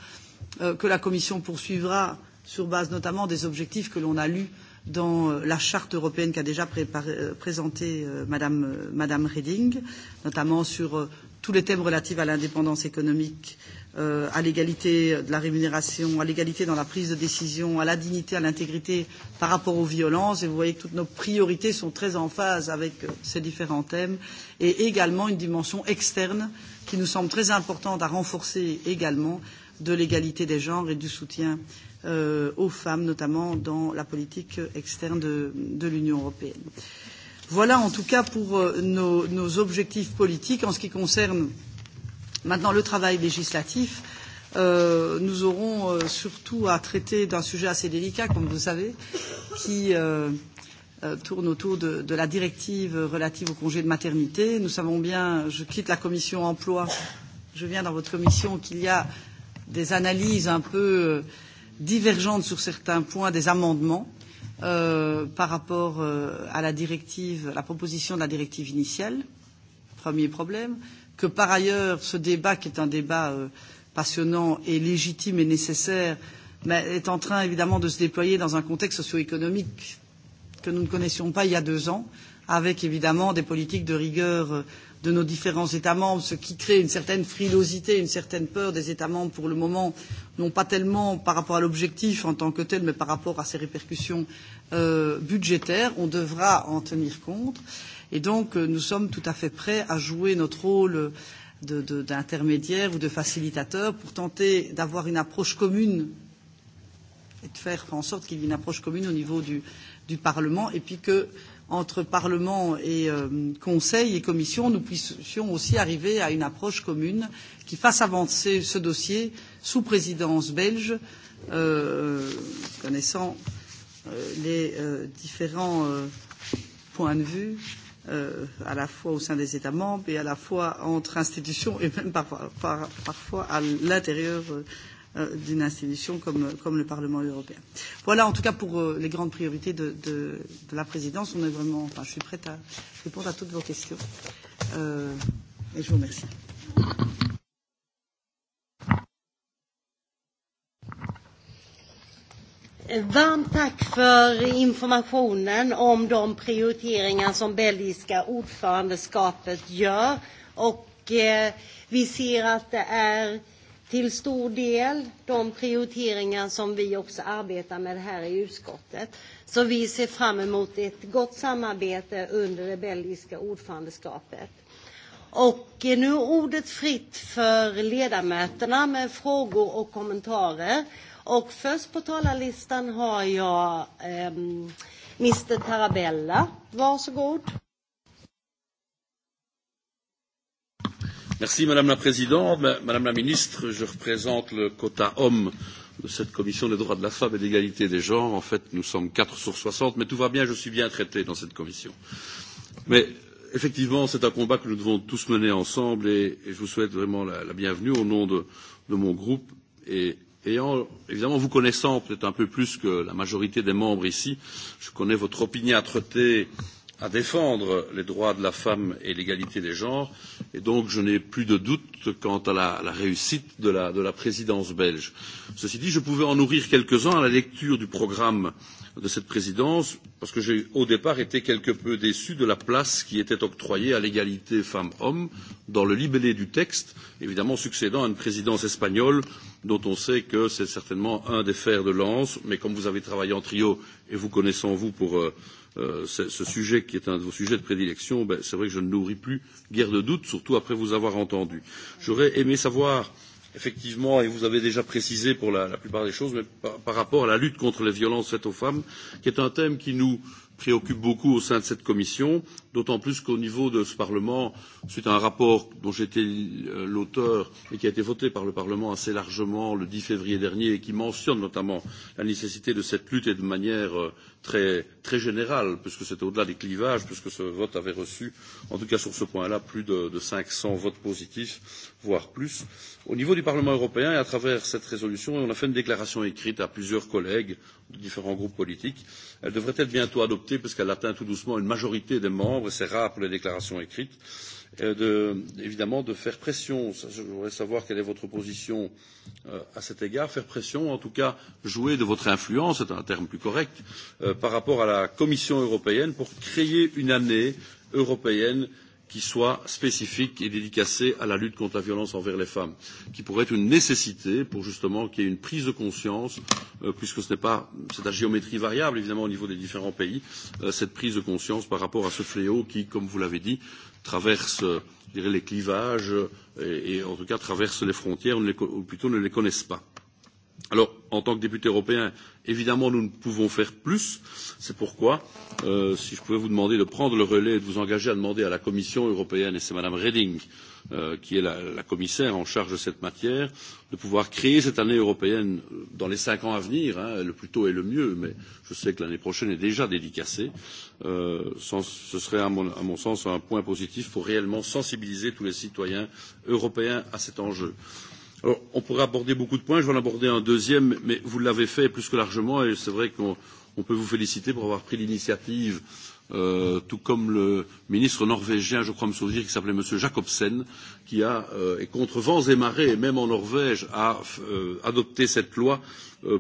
euh, que la Commission poursuivra sur base notamment des objectifs que l'on a lus euh, dans la charte européenne qu'a déjà préparé, euh, présentée euh, Madame, euh, Madame Reding, notamment sur euh, tous les thèmes relatifs à l'indépendance économique, euh, à l'égalité de la rémunération, à l'égalité dans la prise de décision, à la dignité, à l'intégrité par rapport aux violences. Et vous voyez que toutes nos priorités sont très en phase avec euh, ces différents thèmes. Et également une dimension externe qui nous semble très importante à renforcer également de l'égalité des genres et du soutien euh, euh, aux femmes, notamment dans la politique externe de, de l'Union européenne. Voilà en tout cas pour euh, nos, nos objectifs politiques. En ce qui concerne maintenant le travail législatif, euh, nous aurons euh, surtout à traiter d'un sujet assez délicat, comme vous savez, qui euh, euh tourne autour de, de la directive relative au congé de maternité. Nous savons bien, je quitte la commission emploi, je viens dans votre commission, qu'il y a des analyses un peu euh, divergentes sur certains points des amendements euh, par rapport euh, à la directive, à la proposition de la directive initiale. Premier problème. Que par ailleurs, ce débat, qui est un débat euh, passionnant et légitime et nécessaire, mais est en train évidemment de se déployer dans un contexte socio-économique que nous ne connaissions pas il y a deux ans, avec évidemment des politiques de rigueur euh, de nos différents États membres, ce qui crée une certaine frilosité, une certaine peur des États membres pour le moment, non pas tellement par rapport à l'objectif en tant que tel, mais par rapport à ses répercussions euh, budgétaires. On devra en tenir compte. Et donc, euh, nous sommes tout à fait prêts à jouer notre rôle d'intermédiaire ou de facilitateur pour tenter d'avoir une approche commune et de faire en sorte qu'il y ait une approche commune au niveau du, du Parlement et puis que entre Parlement et euh, Conseil et Commission, nous puissions aussi arriver à une approche commune qui fasse avancer ce dossier sous présidence belge, euh, connaissant euh, les euh, différents euh, points de vue euh, à la fois au sein des États membres et à la fois entre institutions et même par, parfois à l'intérieur euh, Euh, d'une institution comme, comme le Parlement européen. Voilà en tout cas pour euh, les grandes priorités de, de, de la présidence. On est vraiment, enfin, je suis prête à répondre à toutes vos questions. Euh, et je vous remercie. Varmt tack för informationen om de prioriteringar som belgiska ordförandeskapet gör. Och eh, vi ser att det är till stor del de prioriteringar som vi också arbetar med här i utskottet. Så vi ser fram emot ett gott samarbete under det belgiska ordförandeskapet. Och eh, nu är ordet fritt för ledamöterna med frågor och kommentarer. Och först på talarlistan har jag eh, Mr Tarabella. Varsågod. Merci Madame la Présidente. Madame la Ministre, je représente le quota homme de cette commission des droits de la femme et de l'égalité des genres. En fait, nous sommes quatre sur soixante, mais tout va bien, je suis bien traité dans cette commission. Mais effectivement, c'est un combat que nous devons tous mener ensemble et, et je vous souhaite vraiment la, la bienvenue au nom de, de mon groupe et ayant, évidemment, vous connaissant peut-être un peu plus que la majorité des membres ici, je connais votre opiniâtreté à défendre les droits de la femme et l'égalité des genres Et donc, je n'ai plus de doute quant à la, la réussite de la, de la présidence belge. Ceci dit, je pouvais en nourrir quelques-uns à la lecture du programme de cette présidence, parce que j'ai au départ été quelque peu déçu de la place qui était octroyée à l'égalité femmes-hommes dans le libellé du texte, évidemment succédant à une présidence espagnole dont on sait que c'est certainement un des fers de lance, mais comme vous avez travaillé en trio et vous connaissant vous pour. Euh, euh, ce sujet qui est un de vos sujets de prédilection, ben, c'est vrai que je ne nourris plus guère de doute, surtout après vous avoir entendu. J'aurais aimé savoir effectivement, et vous avez déjà précisé pour la, la plupart des choses, mais par, par rapport à la lutte contre les violences faites aux femmes, qui est un thème qui nous préoccupe beaucoup au sein de cette commission, d'autant plus qu'au niveau de ce Parlement, suite à un rapport dont j'étais euh, l'auteur et qui a été voté par le Parlement assez largement le 10 février dernier et qui mentionne notamment la nécessité de cette lutte et de manière euh, très, très générale, puisque c'était au-delà des clivages, puisque ce vote avait reçu, en tout cas sur ce point-là, plus de, de 500 votes positifs, voire plus. Au niveau du Parlement européen, et à travers cette résolution, on a fait une déclaration écrite à plusieurs collègues de différents groupes politiques. Elle devrait être bientôt adoptée, puisqu'elle atteint tout doucement une majorité des membres, et c'est rare pour les déclarations écrites de, évidemment de faire pression. Je voudrais savoir quelle est votre position euh, à cet égard. Faire pression, en tout cas jouer de votre influence, c'est un terme plus correct, euh, par rapport à la Commission européenne pour créer une année européenne qui soit spécifique et dédicacée à la lutte contre la violence envers les femmes, qui pourrait être une nécessité pour justement qu'il y ait une prise de conscience, euh, puisque ce n'est pas c'est à géométrie variable évidemment au niveau des différents pays, euh, cette prise de conscience par rapport à ce fléau qui, comme vous l'avez dit, traversent dirais, les clivages et, et en tout cas traversent les frontières ou plutôt ne les connaissent pas. Alors, en tant que député européen, Évidemment, nous ne pouvons faire plus. C'est pourquoi, euh, si je pouvais vous demander de prendre le relais et de vous engager à demander à la Commission européenne, et c'est Madame Reding euh, qui est la, la, commissaire en charge de cette matière, de pouvoir créer cette année européenne euh, dans les cinq ans à venir, hein, le plus tôt est le mieux, mais je sais que l'année prochaine est déjà dédicacée. Euh, sans, ce serait, à mon, à mon sens, un point positif pour réellement sensibiliser tous les citoyens européens à cet enjeu. Alors, on pourrait aborder beaucoup de points, je vais en aborder un deuxième, mais vous l'avez fait plus que largement, et c'est vrai qu'on peut vous féliciter pour avoir pris l'initiative, euh, tout comme le ministre norvégien, je crois me souvenir, qui s'appelait M. Jacobsen, qui a, euh, et contre vents et marées, même en Norvège, a euh, adopté cette loi euh,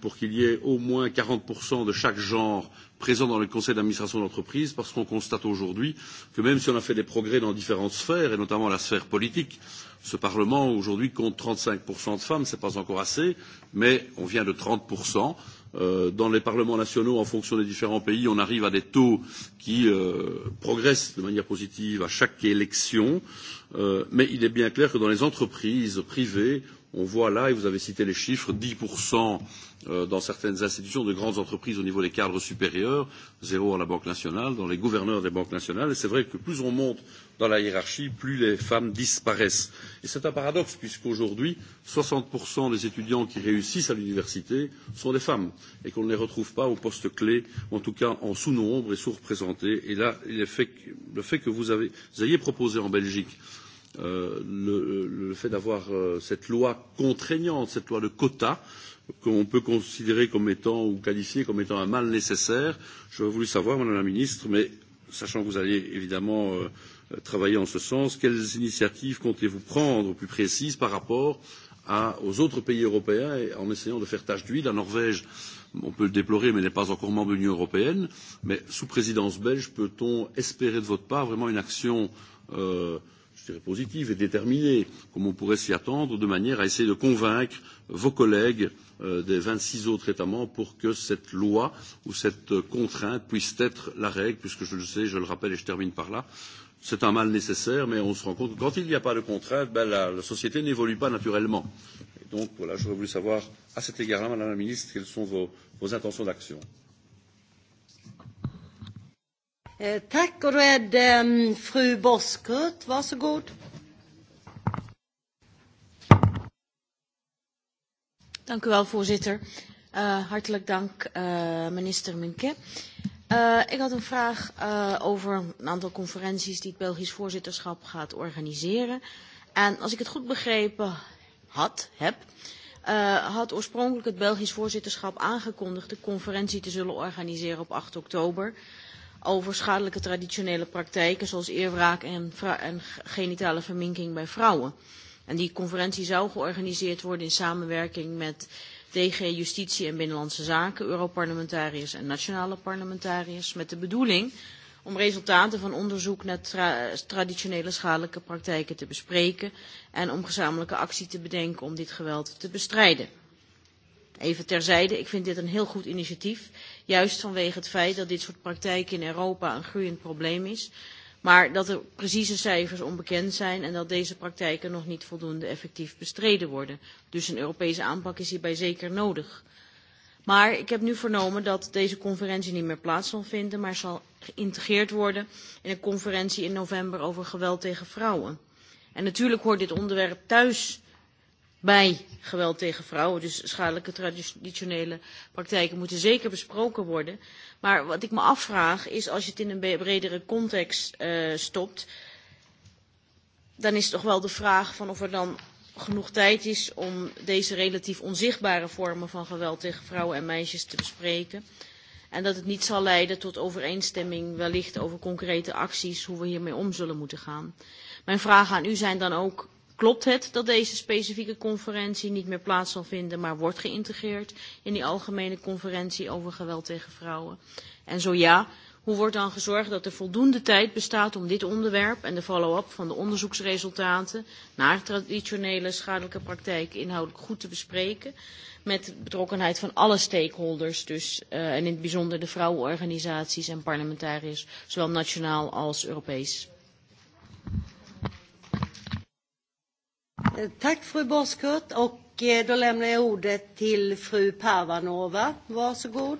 pour qu'il y ait au moins quarante de chaque genre présent dans le conseil d'administration d'entreprise, parce qu'on constate aujourd'hui que même si on a fait des progrès dans différentes sphères, et notamment la sphère politique, Ce Parlement aujourd'hui compte 35% de femmes, ce n'est pas encore assez, mais on vient de 30%. Euh, dans les parlements nationaux, en fonction des différents pays, on arrive à des taux qui euh, progressent de manière positive à chaque élection. Euh, mais il est bien clair que dans les entreprises privées, on voit là, et vous avez cité les chiffres, 10% euh, dans certaines institutions de grandes entreprises au niveau des cadres supérieurs, zéro à la Banque nationale, dans les gouverneurs des banques nationales. Et c'est vrai que plus on monte dans la hiérarchie, plus les femmes disparaissent. Et c'est un paradoxe, puisqu'aujourd'hui, 60% des étudiants qui réussissent à l'université sont des femmes, et qu'on ne les retrouve pas au poste clé, en tout cas en sous-nombre et sous-représentés. Et là, fait, le fait que vous, avez, vous ayez proposé en Belgique euh, le, le fait d'avoir euh, cette loi contraignante, cette loi de quotas, qu'on peut considérer comme étant ou qualifier comme étant un mal nécessaire. J'aurais voulu savoir, Madame la Ministre, mais sachant que vous allez évidemment euh, Euh, travailler en ce sens. Quelles initiatives comptez-vous prendre plus précises par rapport à, aux autres pays européens et en essayant de faire tache d'huile La Norvège, on peut le déplorer, mais n'est pas encore membre de l'Union européenne. Mais sous présidence belge, peut-on espérer de votre part vraiment une action euh, je dirais positive et déterminée, comme on pourrait s'y attendre, de manière à essayer de convaincre vos collègues euh, des vingt six autres États membres pour que cette loi ou cette euh, contrainte puisse être la règle, puisque je le sais, je le rappelle et je termine par là, c'est un mal nécessaire, mais on se rend compte que quand il n'y a pas de contrainte, ben la, la société n'évolue pas naturellement. Et donc, voilà, j'aurais voulu savoir, à cet égard-là, Madame la Ministre, quelles sont vos, vos intentions d'action. Eh, dank u wel, voorzitter. Uh, hartelijk dank, uh, minister Minke. Uh, Uh, ik had een vraag uh, over een aantal conferenties die het Belgisch voorzitterschap gaat organiseren. En als ik het goed begrepen had, heb, uh, had oorspronkelijk het Belgisch voorzitterschap aangekondigd de conferentie te zullen organiseren op 8 oktober over schadelijke traditionele praktijken zoals eerwraak en, en genitale verminking bij vrouwen. En die conferentie zou georganiseerd worden in samenwerking met uh, tegen justitie en binnenlandse zaken, Europarlementariërs en nationale parlementariërs, met de bedoeling om resultaten van onderzoek naar tra traditionele schadelijke praktijken te bespreken en om gezamenlijke actie te bedenken om dit geweld te bestrijden. Even terzijde, ik vind dit een heel goed initiatief, juist vanwege het feit dat dit soort praktijken in Europa een groeiend probleem is maar dat de er precieze cijfers onbekend zijn en dat deze praktijken nog niet voldoende effectief bestreden worden. Dus een Europese aanpak is hierbij zeker nodig. Maar ik heb nu vernomen dat deze conferentie niet meer plaats zal vinden, maar zal geïntegreerd worden in een conferentie in november over geweld tegen vrouwen. En natuurlijk hoort dit onderwerp thuis bij geweld tegen vrouwen, dus schadelijke traditionele praktijken moeten zeker besproken worden. Maar wat ik me afvraag is, als je het in een bredere context uh, stopt, dan is het toch wel de vraag van of er dan genoeg tijd is om deze relatief onzichtbare vormen van geweld tegen vrouwen en meisjes te bespreken. En dat het niet zal leiden tot overeenstemming wellicht over concrete acties, hoe we hiermee om zullen moeten gaan. Mijn vragen aan u zijn dan ook, Klopt het dat deze specifieke conferentie niet meer plaats zal vinden, maar wordt geïntegreerd in die algemene conferentie over geweld tegen vrouwen? En zo ja, hoe wordt dan gezorgd dat er voldoende tijd bestaat om dit onderwerp en de follow-up van de onderzoeksresultaten naar traditionele schadelijke praktijken inhoudelijk goed te bespreken, met betrokkenheid van alle stakeholders, dus, uh, en in het bijzonder de vrouwenorganisaties en parlementariërs, zowel nationaal als Europees? Tack fru Boskurt och eh, då lämnar jag ordet till fru Parvanova. Varsågod.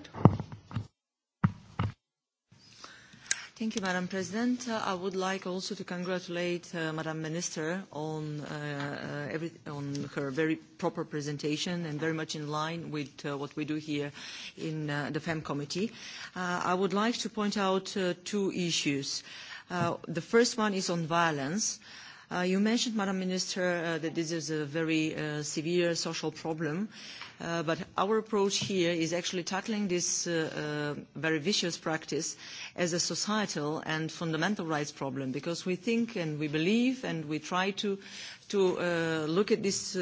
Thank you, Madam President. Uh, I would like also to congratulate uh, Madam Minister on, uh, uh, every, on her very proper presentation and very much in line with uh, what we do here in uh, the FEM committee. Uh, I would like to point out uh, two issues. Uh, the first one is on violence. Uh, Uh, you mentioned, Madam Minister, uh, that this is a very uh, severe social problem, but our approach here is actually tackling this very vicious practice as a societal and fundamental rights problem because we think and we believe and we try to, look at this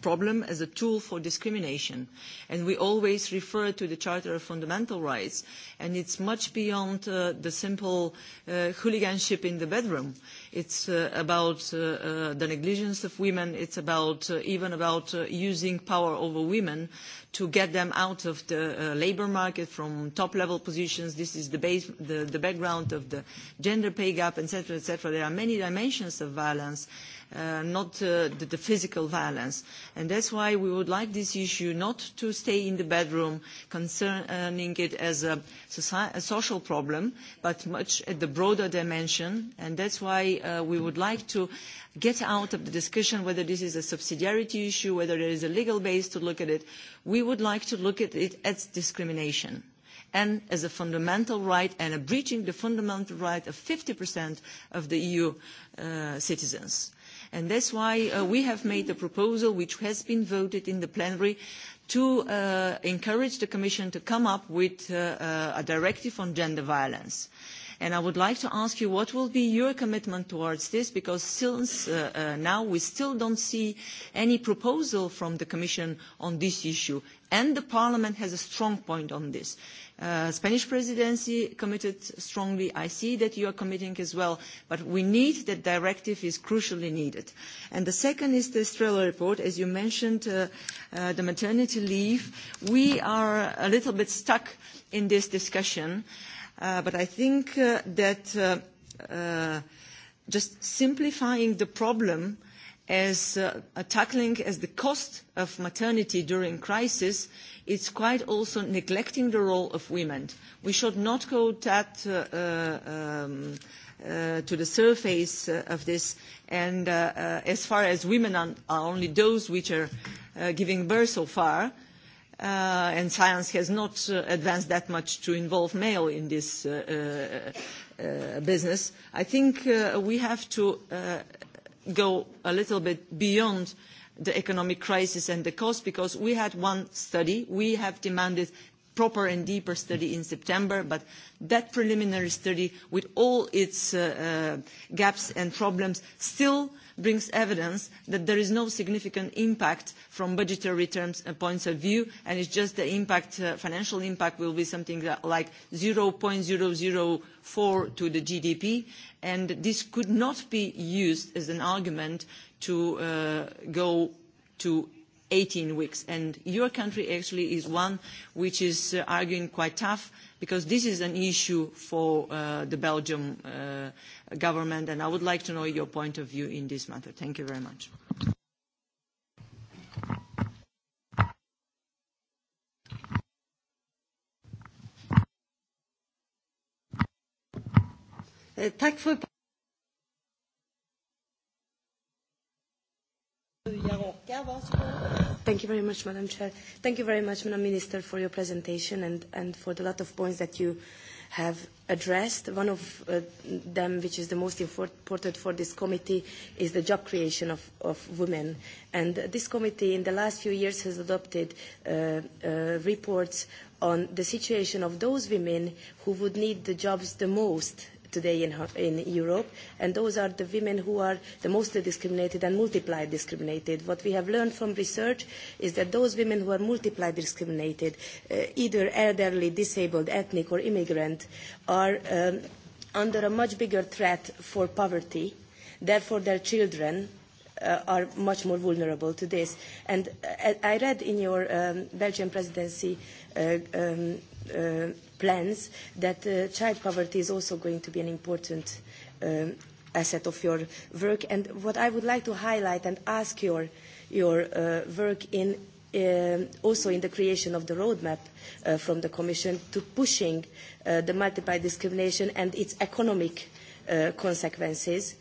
problem as a tool for discrimination. And we always refer to the Charter of Fundamental Rights, and it's much beyond uh, the simple uh, hooliganship in the bedroom. It's uh, about uh, uh, the negligence of women. It's about uh, even about uh, using power over women to get them out of the uh, labour market from top-level positions. This is the, base, the, the background of the gender pay gap, etc., etc. There are many dimensions of violence uh, not uh, the, the physical violence. And that's why we would like this issue not to stay in the bedroom concerning it as a, a social problem, but much at the broader dimension. And that's why uh, we would like to get out of the discussion whether this is a subsidiarity issue, whether there is a legal base to look at it. We would like to look at it as discrimination and as a fundamental right and a breaching the fundamental right of 50% of the EU uh, citizens. And that's why uh, we have made a proposal which has been voted in the plenary to uh, encourage the Commission to come up with uh, a directive on gender violence. And I would like to ask you what will be your commitment towards this because since uh, uh, now we still don't see any proposal from the Commission on this issue and the Parliament has a strong point on this. Uh, Spanish presidency committed strongly. I see that you are committing as well, but we need that directive is crucially needed. And the second is the Estrella report. As you mentioned, uh, uh, the maternity leave. We are a little bit stuck in this discussion. Uh, Uh, but I think uh, that uh, uh, just simplifying the problem as uh, tackling as the cost of maternity during crisis, it's quite also neglecting the role of women. We should not go that uh, uh um, uh, to the surface uh, of this. And uh, uh, as far as women are, are only those which are uh, giving birth so far, uh, and science has not uh, advanced that much to involve male in this uh, uh, uh, business. I think uh, we have to uh, go a little bit beyond the economic crisis and the cost because we had one study. We have demanded proper and deeper study in September, but that preliminary study with all its uh, uh, gaps and problems still brings evidence that there is no significant impact from budgetary terms and uh, points of view, and it's just the impact, uh, financial impact will be something that, like 0.004 to the GDP, and this could not be used as an argument to uh, go to 18 weeks. And your country actually is one which is uh, arguing quite tough because this is an issue for uh, the Belgium uh, government, and I would like to know your point of view in this matter. Thank you very much. Uh, Tack för Thank you very much, Madam Chair. Thank you very much, Madam Minister, for your presentation and, and for the lot of points that you have addressed. One of uh, them, which is the most important for this committee, is the job creation of, of women. And this committee, in the last few years, has adopted uh, uh, reports on the situation of those women who would need the jobs the most today in, in Europe, and those are the women who are the most discriminated and multiply discriminated. What we have learned from research is that those women who are multiply discriminated, uh, either elderly, disabled, ethnic, or immigrant, are um, under a much bigger threat for poverty. Therefore, their children uh, are much more vulnerable to this. And uh, I read in your um, Belgian presidency uh, um, Uh, plans that uh, child poverty is also going to be an important um, asset of your work. And what I would like to highlight and ask your, your uh, work in uh, also in the creation of the roadmap uh, from the Commission to pushing uh, the multiple discrimination and its economic uh, consequences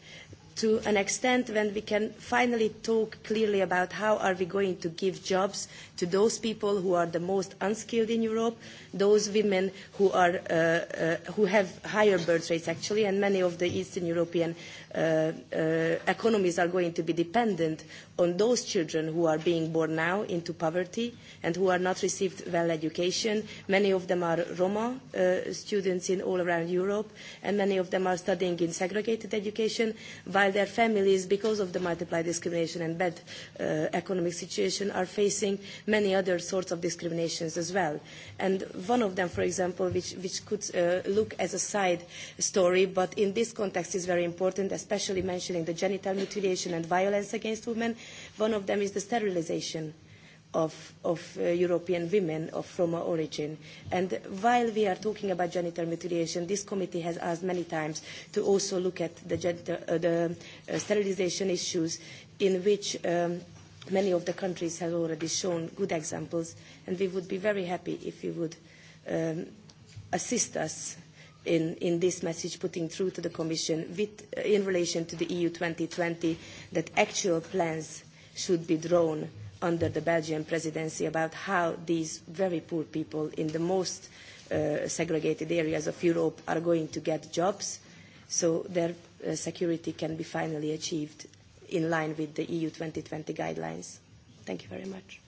to an extent when we can finally talk clearly about how are we going to give jobs to those people who are the most unskilled in Europe, those women who, are, uh, uh, who have higher birth rates actually, and many of the Eastern European Uh, uh, economies are going to be dependent on those children who are being born now into poverty and who are not received well education. Many of them are Roma uh, students in all around Europe, and many of them are studying in segregated education, while their families, because of the multiplied discrimination and bad uh, economic situation, are facing many other sorts of discriminations as well. And one of them, for example, which, which could uh, look as a side story, but in this context is very important, especially mentioning the genital mutilation and violence against women. One of them is the sterilisation of, of uh, European women of Roma origin. And while we are talking about genital mutilation, this committee has asked many times to also look at the, genital, uh, the uh, sterilisation issues in which um, many of the countries have already shown good examples. And we would be very happy if you would um, assist us in, in this message putting through to the Commission with, uh, in relation to the EU 2020 that actual plans should be drawn under the Belgian presidency about how these very poor people in the most uh, segregated areas of Europe are going to get jobs so their uh, security can be finally achieved in line with the EU 2020 guidelines. Thank you very much.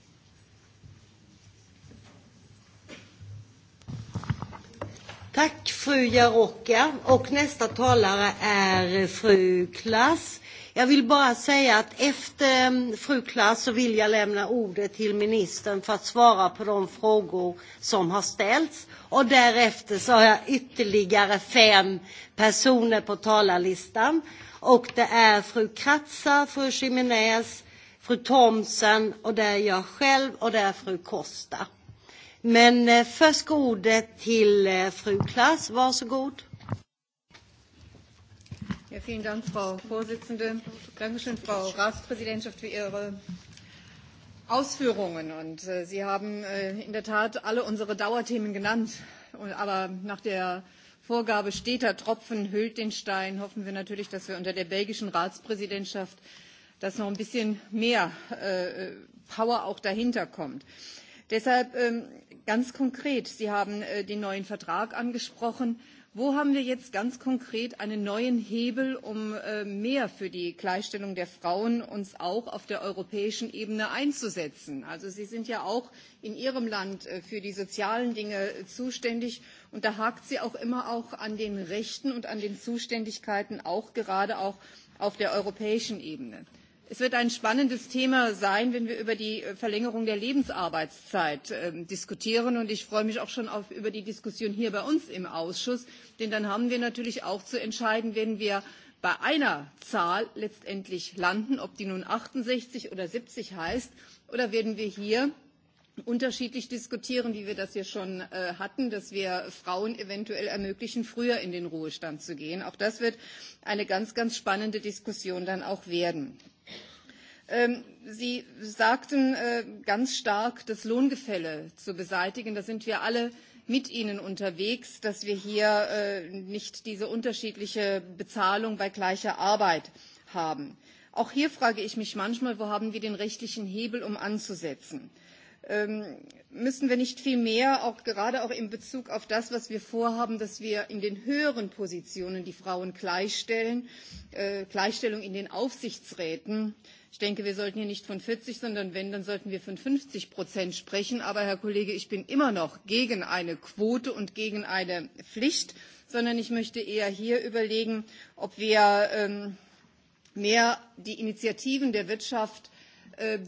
Tack fru Jarocka och nästa talare är eh, fru Klass. Jag vill bara säga att efter eh, fru Klass så vill jag lämna ordet till ministern för att svara på de frågor som har ställts. Och därefter så har jag ytterligare fem personer på talarlistan. Och det är fru Kratsa, fru Jiménez, fru Thomsen och det är jag själv och det är fru Costa. Men eh, först ska ordet till eh, fru Klass. Varsågod. Ja, vielen Dank, Frau Vorsitzende. Dankeschön, Frau Ratspräsidentschaft, für Ihre Ausführungen. Und äh, Sie haben äh, in der Tat alle unsere Dauerthemen genannt. Und, aber nach der Vorgabe steter Tropfen hüllt den Stein hoffen wir natürlich, dass wir unter der belgischen Ratspräsidentschaft dass noch ein bisschen mehr äh, Power auch dahinter kommt. Deshalb ähm, ganz konkret, Sie haben äh, den neuen Vertrag angesprochen. Wo haben wir jetzt ganz konkret einen neuen Hebel, um äh, mehr für die Gleichstellung der Frauen uns auch auf der europäischen Ebene einzusetzen? Also Sie sind ja auch in Ihrem Land äh, für die sozialen Dinge äh, zuständig und da hakt sie auch immer auch an den Rechten und an den Zuständigkeiten auch gerade auch auf der europäischen Ebene. Es wird ein spannendes Thema sein, wenn wir über die äh, Verlängerung der Lebensarbeitszeit äh, diskutieren. Und ich freue mich auch schon auf, über die Diskussion hier bei uns im Ausschuss. Denn dann haben wir natürlich auch zu entscheiden, wenn wir bei einer Zahl letztendlich landen, ob die nun 68 oder 70 heißt, oder werden wir hier unterschiedlich diskutieren, wie wir das hier schon äh, hatten, dass wir Frauen eventuell ermöglichen, früher in den Ruhestand zu gehen. Auch das wird eine ganz, ganz spannende Diskussion dann auch werden. Ähm, Sie sagten äh, ganz stark, das Lohngefälle zu beseitigen. Da sind wir alle mit Ihnen unterwegs, dass wir hier äh, nicht diese unterschiedliche Bezahlung bei gleicher Arbeit haben. Auch hier frage ich mich manchmal, wo haben wir den rechtlichen Hebel, um anzusetzen? Ähm, müssen wir nicht viel mehr, auch gerade auch in Bezug auf das, was wir vorhaben, dass wir in den höheren Positionen die Frauen gleichstellen, äh, Gleichstellung in den Aufsichtsräten, äh, ich denke, wir sollten hier nicht von 40, sondern wenn, dann sollten wir von 50 Prozent sprechen. Aber Herr Kollege, ich bin immer noch gegen eine Quote und gegen eine Pflicht, sondern ich möchte eher hier überlegen, ob wir ähm, mehr die Initiativen der Wirtschaft äh,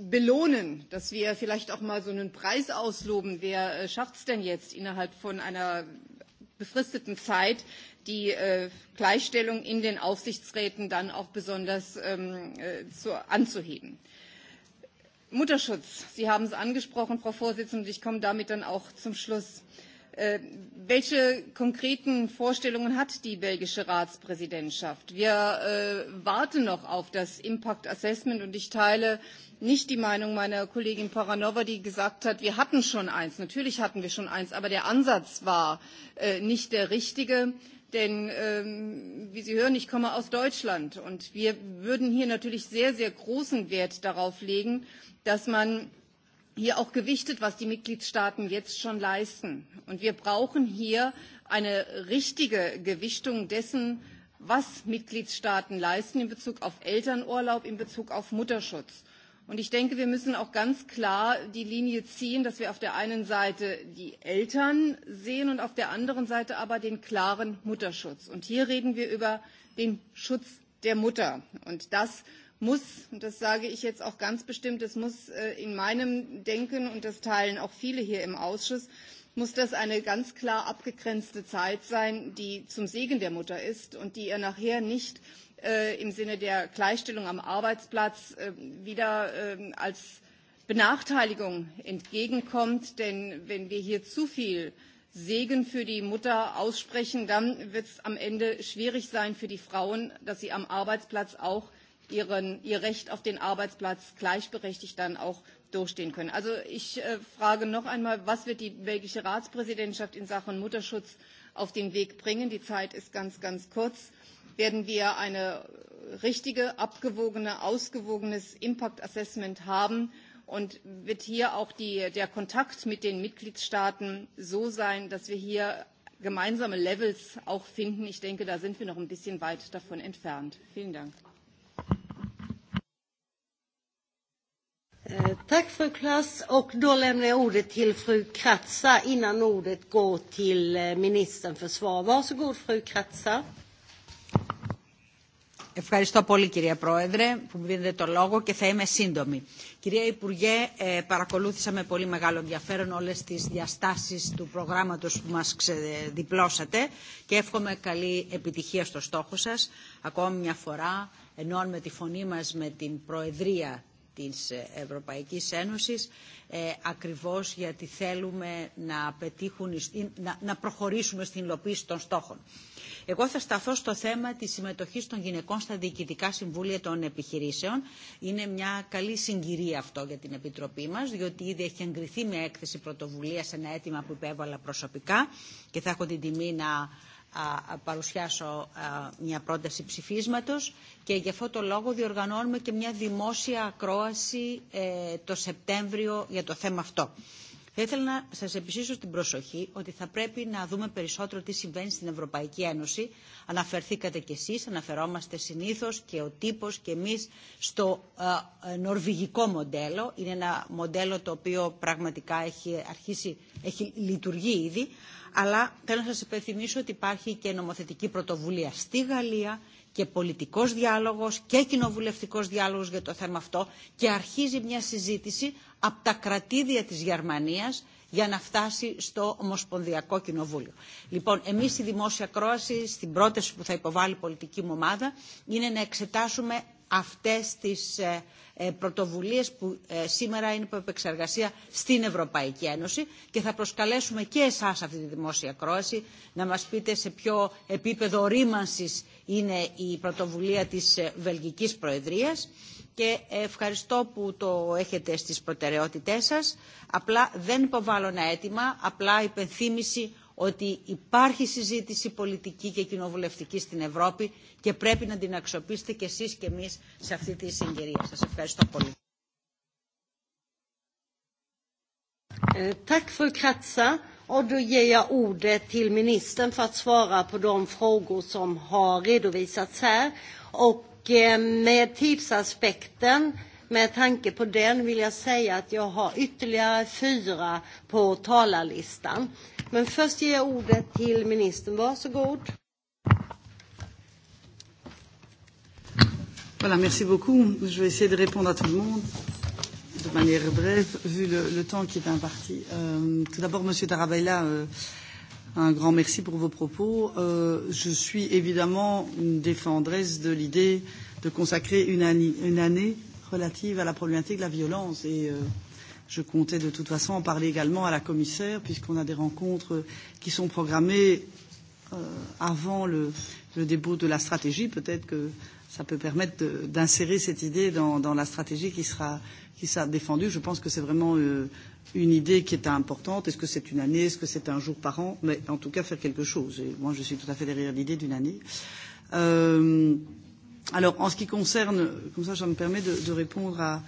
belohnen, dass wir vielleicht auch mal so einen Preis ausloben, wer äh, schafft es denn jetzt innerhalb von einer befristeten Zeit die äh, Gleichstellung in den Aufsichtsräten dann auch besonders ähm, äh, zu, anzuheben. Mutterschutz, Sie haben es angesprochen, Frau Vorsitzende, und ich komme damit dann auch zum Schluss. Äh, welche konkreten Vorstellungen hat die belgische Ratspräsidentschaft? Wir äh, warten noch auf das Impact Assessment und ich teile äh, nicht die Meinung meiner Kollegin Poranova, die gesagt hat, wir hatten schon eins. Natürlich hatten wir schon eins, aber der Ansatz war äh, nicht der richtige. Denn, ähm, wie Sie hören, ich komme aus Deutschland und wir würden hier natürlich sehr, sehr großen Wert darauf legen, dass man hier auch gewichtet, was die Mitgliedstaaten jetzt schon leisten. Und wir brauchen hier eine richtige Gewichtung dessen, was Mitgliedstaaten leisten in Bezug auf Elternurlaub, in Bezug auf Mutterschutz. Und ich denke, wir müssen auch ganz klar die Linie ziehen, dass wir auf der einen Seite die Eltern sehen und auf der anderen Seite aber den klaren Mutterschutz. Und hier reden wir über den Schutz der Mutter. Und das muss, und das sage ich jetzt auch ganz bestimmt, das muss äh, in meinem Denken, und das teilen auch viele hier im Ausschuss, muss das eine ganz klar abgegrenzte Zeit sein, die zum Segen der Mutter ist und die ihr nachher nicht Äh, im Sinne der Gleichstellung am Arbeitsplatz äh, wieder ähm, als Benachteiligung entgegenkommt. Denn wenn wir hier zu viel Segen für die Mutter aussprechen, dann wird es am Ende schwierig sein für die Frauen, dass sie am Arbeitsplatz auch ihren, ihr Recht auf den Arbeitsplatz gleichberechtigt dann auch durchstehen können. Also ich äh, frage noch einmal, was wird die belgische Ratspräsidentschaft in Sachen Mutterschutz auf den Weg bringen? Die Zeit ist ganz, ganz kurz werden wir eine richtige, abgewogene, ausgewogenes Impact Assessment haben und wird hier auch die, der Kontakt mit den Mitgliedstaaten so sein, dass wir hier gemeinsame Levels auch finden. Ich denke, da sind wir noch ein bisschen weit davon entfernt. Vielen Dank. Eh, tack fru Klass och då lämnar jag ordet till fru innan ordet går till eh, ministern för svar. Varsågod fru Ευχαριστώ πολύ κυρία Πρόεδρε που μου δίνετε το λόγο και θα είμαι σύντομη. Κυρία Υπουργέ, ε, παρακολούθησα με πολύ μεγάλο ενδιαφέρον όλες τις διαστάσεις του προγράμματος που μας ξεδιπλώσατε και εύχομαι καλή επιτυχία στο στόχο σας. Ακόμη μια φορά ενώνουμε τη φωνή μας με την Προεδρία της Ευρωπαϊκής Ένωσης ακριβώς γιατί θέλουμε να, πετύχουν, να προχωρήσουμε στην υλοποίηση των στόχων. Εγώ θα σταθώ στο θέμα της συμμετοχής των γυναικών στα διοικητικά συμβούλια των επιχειρήσεων. Είναι μια καλή συγκυρία αυτό για την Επιτροπή μας, διότι ήδη έχει εγκριθεί με έκθεση πρωτοβουλία σε ένα αίτημα που υπέβαλα προσωπικά και θα έχω την τιμή να παρουσιάσω μια πρόταση ψηφίσματος και γι' αυτό το λόγο διοργανώνουμε και μια δημόσια ακρόαση το Σεπτέμβριο για το θέμα αυτό. Θα ήθελα να σα επισήσω την προσοχή ότι θα πρέπει να δούμε περισσότερο τι συμβαίνει στην Ευρωπαϊκή Ένωση. Αναφερθήκατε κι εσεί, αναφερόμαστε συνήθω και ο τύπο και εμεί στο ε, νορβηγικό μοντέλο. Είναι ένα μοντέλο το οποίο πραγματικά έχει, αρχίσει, έχει λειτουργεί ήδη. Αλλά θέλω να σα υπενθυμίσω ότι υπάρχει και νομοθετική πρωτοβουλία στη Γαλλία, και πολιτικός διάλογος και κοινοβουλευτικός διάλογος για το θέμα αυτό και αρχίζει μια συζήτηση από τα κρατήδια της Γερμανίας για να φτάσει στο Ομοσπονδιακό Κοινοβούλιο. Λοιπόν, εμείς η δημόσια κρόαση στην πρόταση που θα υποβάλει η πολιτική μου ομάδα είναι να εξετάσουμε αυτές τις ε, ε, πρωτοβουλίες που ε, σήμερα είναι υπό επεξεργασία στην Ευρωπαϊκή Ένωση και θα προσκαλέσουμε και εσάς αυτή τη δημόσια κρόαση να μας πείτε σε ποιο επίπεδο ρήμανσης είναι η πρωτοβουλία της Βελγικής Προεδρίας και ευχαριστώ που το έχετε στις προτεραιότητές σας. Απλά δεν υποβάλλω ένα αίτημα, απλά υπενθύμηση ότι υπάρχει συζήτηση πολιτική και κοινοβουλευτική στην Ευρώπη και πρέπει να την αξιοποιήσετε και εσείς και εμείς σε αυτή τη συγκυρία. Σας ευχαριστώ πολύ. Ε, Och då ger jag ordet till ministern för att svara på de frågor som har redovisats här. Och eh, med tidsaspekten, med tanke på den vill jag säga att jag har ytterligare fyra på talarlistan. Men först ger jag ordet till ministern. Varsågod. Voilà, merci beaucoup. Je vais essayer de répondre à tout le monde de manière brève, vu le, le temps qui est imparti. Euh, tout d'abord, Monsieur Tarabella, euh, un grand merci pour vos propos. Euh, je suis évidemment une défendresse de l'idée de consacrer une année, une année relative à la problématique de la violence et euh, je comptais de toute façon en parler également à la commissaire puisqu'on a des rencontres qui sont programmées euh, avant le, le dépôt de la stratégie. Peut-être que ça peut permettre d'insérer cette idée dans, dans la stratégie qui sera, qui sera défendue. Je pense que c'est vraiment euh, une idée qui est importante. Est-ce que c'est une année Est-ce que c'est un jour par an Mais en tout cas, faire quelque chose. Et moi, je suis tout à fait derrière l'idée d'une année. Euh, alors, en ce qui concerne, comme ça, ça me permet de, de répondre à,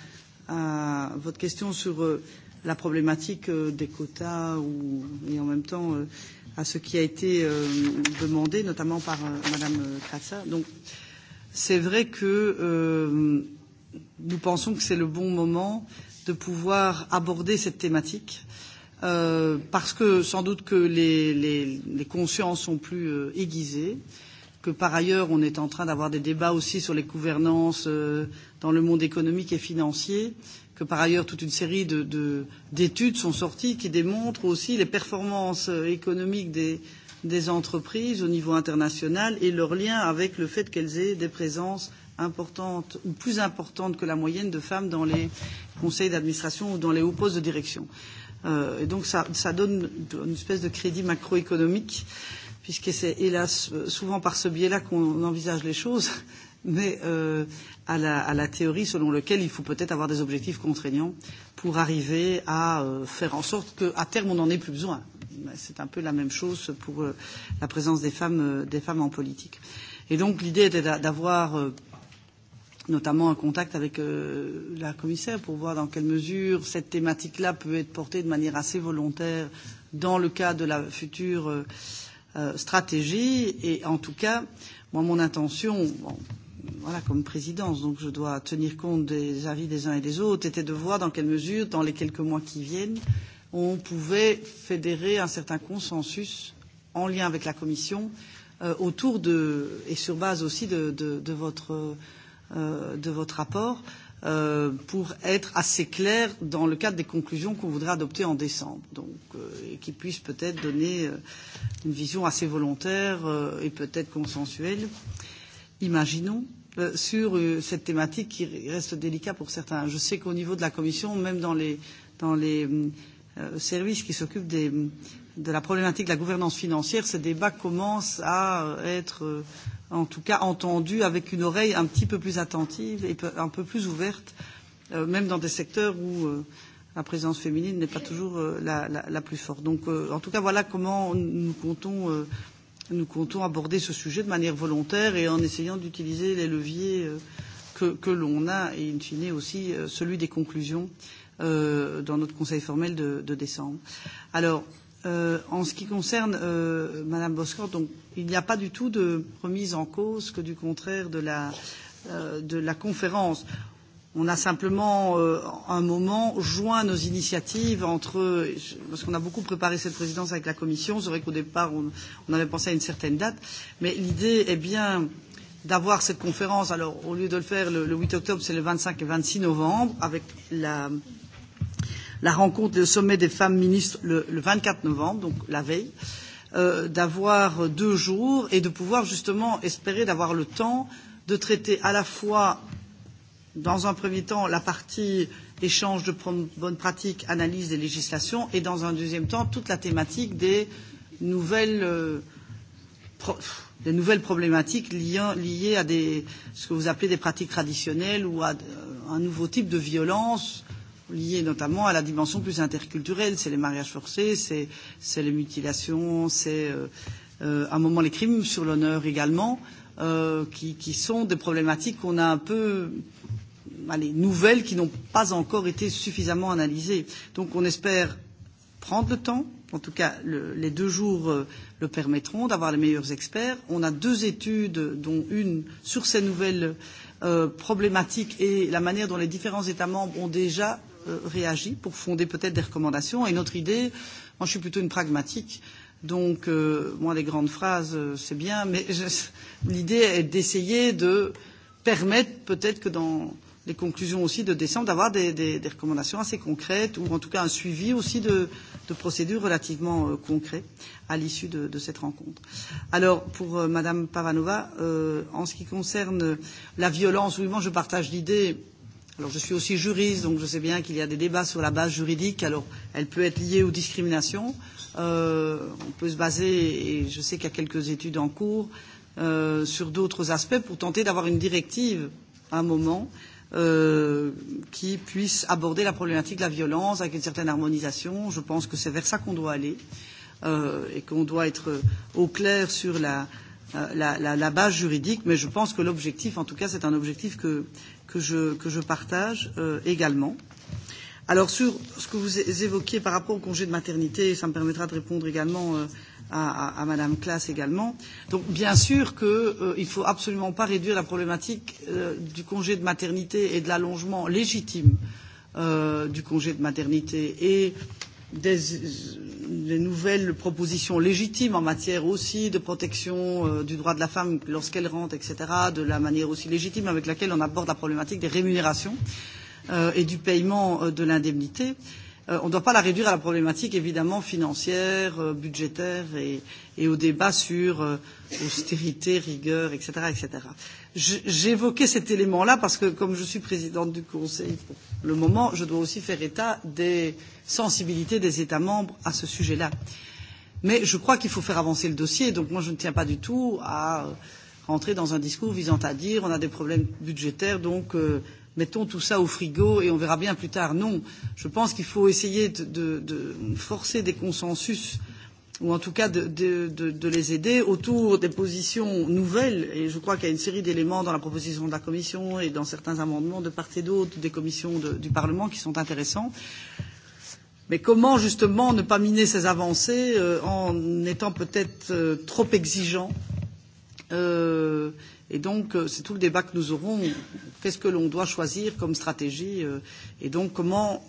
à votre question sur euh, la problématique euh, des quotas ou, et en même temps euh, à ce qui a été euh, demandé, notamment par euh, Madame Kratza. Donc, euh, c'est vrai que euh, nous pensons que c'est le bon moment de pouvoir aborder cette thématique. Euh, parce que sans doute que les, les, les consciences sont plus euh, aiguisées, que par ailleurs on est en train d'avoir des débats aussi sur les gouvernances euh, dans le monde économique et financier, que par ailleurs toute une série d'études de, de, sont sorties qui démontrent aussi les performances euh, économiques des, des entreprises au niveau international et leur lien avec le fait qu'elles aient des présences importantes ou plus importantes que la moyenne de femmes dans les conseils d'administration ou dans les hauts postes de direction. Euh, et donc ça, ça donne une espèce de crédit macroéconomique, puisque c'est hélas souvent par ce biais-là qu'on envisage les choses mais euh, à, la, à la théorie selon laquelle il faut peut-être avoir des objectifs contraignants pour arriver à euh, faire en sorte qu'à terme, on n'en ait plus besoin. C'est un peu la même chose pour euh, la présence des femmes, euh, des femmes en politique. Et donc l'idée était d'avoir euh, notamment un contact avec euh, la commissaire pour voir dans quelle mesure cette thématique-là peut être portée de manière assez volontaire dans le cadre de la future euh, euh, stratégie. Et en tout cas, moi, mon intention, bon, voilà, comme présidence, donc je dois tenir compte des avis des uns et des autres, était de voir dans quelle mesure, dans les quelques mois qui viennent, on pouvait fédérer un certain consensus en lien avec la Commission euh, autour de et sur base aussi de, de, de, votre, euh, de votre rapport euh, pour être assez clair dans le cadre des conclusions qu'on voudrait adopter en décembre, donc euh, et qui puisse peut-être donner euh, une vision assez volontaire euh, et peut-être consensuelle euh, imaginons, euh, sur euh, cette thématique qui reste délicate pour certains. Je sais qu'au niveau de la Commission, même dans les, dans les euh, euh services qui s'occupent des, de la problématique de la gouvernance financière, ce débat commence à être, en tout cas, entendu avec une oreille un petit peu plus attentive et un peu plus ouverte, euh, même dans des secteurs où euh, la présence féminine n'est pas toujours la, la, la plus forte. Donc, en tout cas, voilà comment nous comptons nous comptons aborder ce sujet de manière volontaire et en essayant d'utiliser les leviers euh, que, que l'on a et in fine aussi euh, celui des conclusions euh, dans notre conseil formel de, de décembre. Alors, euh, en ce qui concerne euh, Madame Boscor, donc il n'y a pas du tout de remise en cause que du contraire de la, euh, de la conférence. On a simplement, euh, à un moment, joint nos initiatives entre, parce qu'on a beaucoup préparé cette présidence avec la Commission, c'est vrai qu'au départ, on, on avait pensé à une certaine date, mais l'idée est bien d'avoir cette conférence, alors au lieu de le faire le, le 8 octobre, c'est le 25 et 26 novembre, avec la, la rencontre, le sommet des femmes ministres le, le 24 novembre, donc la veille, euh, d'avoir deux jours et de pouvoir justement espérer d'avoir le temps de traiter à la fois dans un premier temps, la partie échange de bonnes pratiques, analyse des législations, et dans un deuxième temps, toute la thématique des nouvelles, euh, pro, des nouvelles problématiques liées, liées à des, ce que vous appelez des pratiques traditionnelles ou à euh, un nouveau type de violence liée notamment à la dimension plus interculturelle. C'est les mariages forcés, c'est les mutilations, c'est euh, euh, à un moment les crimes sur l'honneur également, euh, qui, qui sont des problématiques qu'on a un peu euh, allez, nouvelles qui n'ont pas encore été suffisamment analysées. Donc on espère prendre le temps, en tout cas le, les deux jours euh, le permettront, d'avoir les meilleurs experts. On a deux études, dont une sur ces nouvelles euh, problématiques et la manière dont les différents États membres ont déjà euh, réagi pour fonder peut-être des recommandations. Et notre idée, moi je suis plutôt une pragmatique, donc euh, moi les grandes phrases euh, c'est bien, mais l'idée est d'essayer de permettre peut-être que dans les conclusions aussi de décembre, d'avoir des, des, des recommandations assez concrètes ou en tout cas un suivi aussi de, de procédures relativement euh, concrets à l'issue de, de cette rencontre. Alors pour euh, Madame Pavanova, euh, en ce qui concerne la violence, oui, moi je partage l'idée. Alors je suis aussi juriste, donc je sais bien qu'il y a des débats sur la base juridique. Alors elle peut être liée aux discriminations. Euh, on peut se baser, et je sais qu'il y a quelques études en cours, euh, sur d'autres aspects pour tenter d'avoir une directive à un moment euh, Euh, qui puisse aborder la problématique de la violence avec une certaine harmonisation. Je pense que c'est vers ça qu'on doit aller euh, et qu'on doit être au clair sur la, euh, la, la, la base juridique, mais je pense que l'objectif, en tout cas, c'est un objectif que, que, je, que je partage euh, également. Euh, Alors sur ce que vous évoquiez par rapport au congé de maternité, ça me permettra de répondre également euh, à, à, à Madame Klaas également. Donc bien sûr qu'il euh, ne faut absolument pas réduire la problématique euh, du congé de maternité et de l'allongement légitime euh, du congé de maternité et des, des nouvelles propositions légitimes en matière aussi de protection euh, du droit de la femme lorsqu'elle rentre, etc., de la manière aussi légitime avec laquelle on aborde la problématique des rémunérations. Euh, euh, et du paiement euh, de l'indemnité, euh, on ne doit pas la réduire à la problématique évidemment financière, euh, budgétaire et, et au débat sur euh, austérité, rigueur, etc. etc. J'évoquais cet élément-là parce que comme je suis présidente du Conseil pour le moment, je dois aussi faire état des sensibilités des États membres à ce sujet-là. Mais je crois qu'il faut faire avancer le dossier, donc moi je ne tiens pas du tout à rentrer dans un discours visant à dire on a des problèmes budgétaires, donc euh, mettons tout ça au frigo et on verra bien plus tard. Non, je pense qu'il faut essayer de, de, de forcer des consensus ou en tout cas de, de, de, de les aider autour des positions nouvelles. Et je crois qu'il y a une série d'éléments dans la proposition de la Commission et dans certains amendements de part et d'autre des commissions de, du Parlement qui sont intéressants. Mais comment justement ne pas miner ces avancées euh, en étant peut-être euh, trop exigeant euh, Et donc, euh, c'est tout le débat que nous aurons. Qu'est-ce que l'on doit choisir comme stratégie euh, Et donc, comment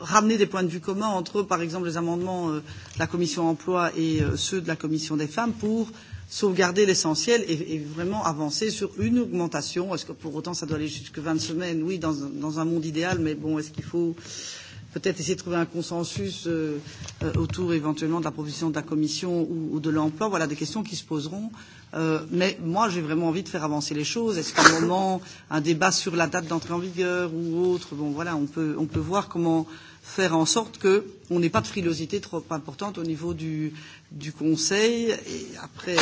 ramener des points de vue communs entre, par exemple, les amendements euh, de la commission emploi et ceux de la commission des femmes pour sauvegarder l'essentiel et, et vraiment avancer sur une augmentation. Est-ce que pour autant ça doit aller jusque 20 semaines Oui, dans, dans un monde idéal, mais bon, est-ce qu'il faut euh, peut-être essayer de trouver un consensus euh, euh, autour éventuellement de la proposition de la Commission ou, ou de l'emploi. Voilà des questions qui se poseront. Euh, mais moi, j'ai vraiment envie de faire avancer les choses. Est-ce qu'à un moment, un débat sur la date d'entrée en vigueur ou autre, bon voilà, on peut, on peut voir comment faire en sorte qu'on n'ait pas de frilosité trop importante au niveau du, du Conseil. Et après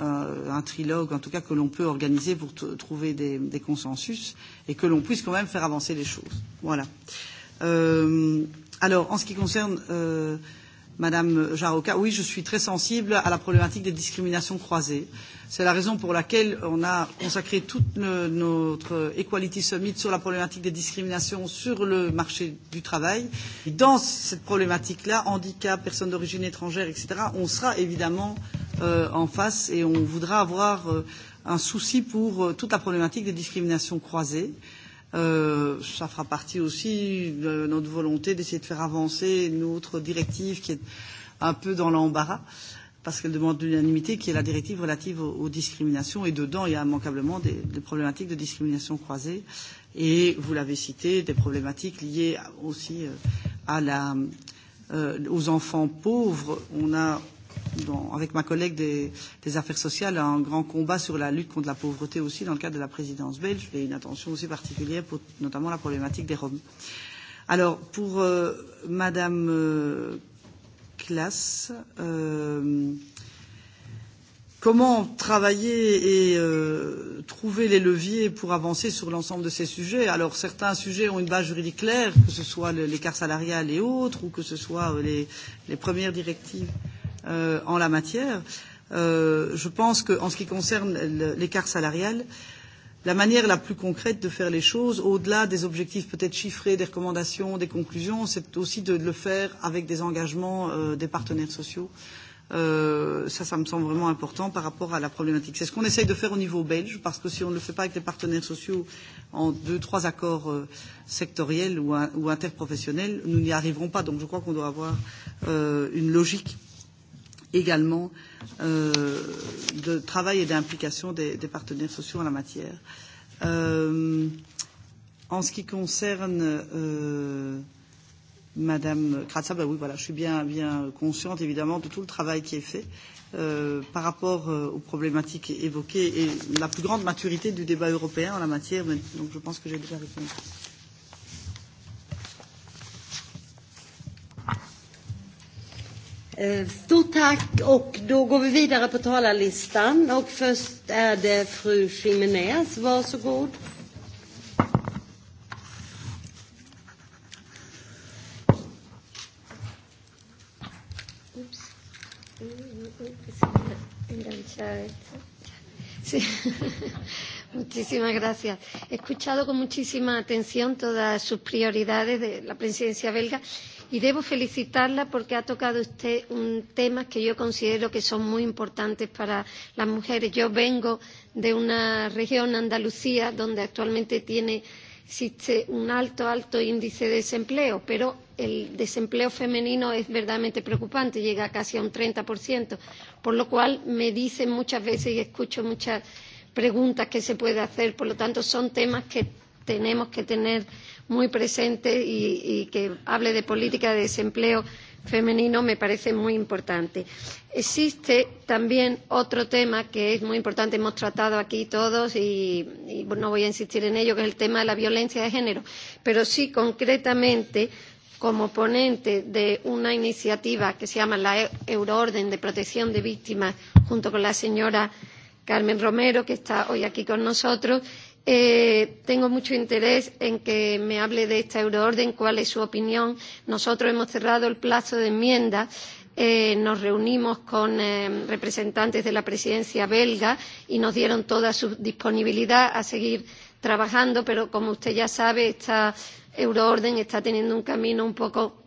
euh, un trilogue, en tout cas, que l'on peut organiser pour trouver des, des consensus et que l'on puisse quand même faire avancer les choses. Voilà. Euh, Euh, alors, en ce qui concerne euh, Madame Jaroka, oui, je suis très sensible à la problématique des discriminations croisées. C'est la raison pour laquelle on a consacré tout le, no, notre Equality Summit sur la problématique des discriminations sur le marché du travail. Dans cette problématique-là, handicap, personnes d'origine étrangère, etc., on sera évidemment euh, en face et on voudra avoir euh, un souci pour euh, toute la problématique des discriminations croisées. Euh, Euh, ça fera partie aussi de notre volonté d'essayer de faire avancer une autre directive qui est un peu dans l'embarras parce qu'elle demande l'unanimité, qui est la directive relative aux, aux discriminations. Et dedans, il y a immanquablement des, des problématiques de discrimination croisée. Et vous l'avez cité, des problématiques liées aussi euh, à la, euh, aux enfants pauvres. On a dans, avec ma collègue des, des affaires sociales un grand combat sur la lutte contre la pauvreté aussi dans le cadre de la présidence belge et une attention aussi particulière pour notamment la problématique des Roms. Alors pour euh, Madame euh, Classe, euh, comment travailler et euh, trouver les leviers pour avancer sur l'ensemble de ces sujets. Alors certains sujets ont une base juridique claire, que ce soit l'écart salarial et autres, ou que ce soit euh, les, les premières directives euh, euh, en la matière. Euh, je pense qu'en ce qui concerne l'écart salarial, la manière la plus concrète de faire les choses, au-delà des objectifs peut-être chiffrés, des recommandations, des conclusions, c'est aussi de, le faire avec des engagements euh, des partenaires sociaux. Euh, ça, ça me semble vraiment important par rapport à la problématique. C'est ce qu'on essaye de faire au niveau belge, parce que si on ne le fait pas avec les partenaires sociaux en deux, trois accords euh, sectoriels ou, un, ou interprofessionnels, nous n'y arriverons pas. Donc je crois qu'on doit avoir euh, une logique également euh, de travail et d'implication des, des partenaires sociaux en la matière. Euh, en ce qui concerne euh, Madame Kratza, ben oui, voilà, je suis bien, bien consciente évidemment de tout le travail qui est fait euh, par rapport euh, aux problématiques évoquées et la plus grande maturité du débat européen en la matière, mais, donc je pense que j'ai déjà répondu. Stort tack och då går vi vidare på talarlistan och först är det fru Jiménez. Varsågod. Sí. Muchísimas gracias. He escuchado con muchísima atención todas sus prioridades de la presidencia belga y debo felicitarla porque ha tocado usted un, tema que yo considero que son muy importantes para las mujeres. Yo vengo de una región, Andalucía, donde actualmente tiene, existe un alto, alto índice de desempleo, pero el desempleo femenino es verdaderamente preocupante, llega casi a un 30%, por lo cual me dicen muchas veces y escucho muchas preguntas que se puede hacer. Por lo tanto, son temas que tenemos que tener muy presente y, y que hable de política de desempleo femenino me parece muy importante. Existe también otro tema que es muy importante, hemos tratado aquí todos y, y no voy a insistir en ello, que es el tema de la violencia de género, pero sí concretamente como ponente de una iniciativa que se llama la e-, Euroorden de Protección de Víctimas junto con la señora Carmen Romero, que está hoy aquí con nosotros, Eh, tengo mucho interés en que me hable de esta euroorden, cuál es su opinión. Nosotros hemos cerrado el plazo de enmiendas. Eh, nos reunimos con eh, representantes de la presidencia belga y nos dieron toda su disponibilidad a seguir trabajando, pero como usted ya sabe, esta euroorden está teniendo un camino un poco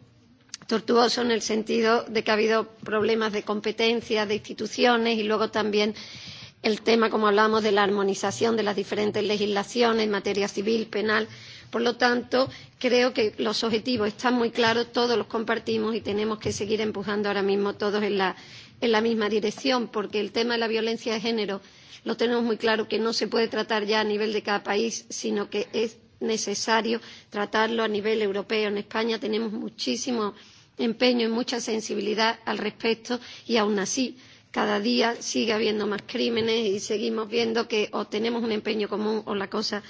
tortuoso en el sentido de que ha habido problemas de competencias de instituciones y luego también eh, el tema, como hablábamos, de la armonización de las diferentes legislaciones en materia civil, penal. Por lo tanto, creo que los objetivos están muy claros, todos los compartimos y tenemos que seguir empujando ahora mismo todos en la, en la misma dirección, porque el tema de la violencia de género lo tenemos muy claro que no se puede tratar ya a nivel de cada país, sino que es necesario tratarlo a nivel europeo. En España tenemos muchísimo empeño y mucha sensibilidad al respecto y aun así cada día sigue habiendo más crímenes y seguimos viendo que o tenemos un empeño común o la cosa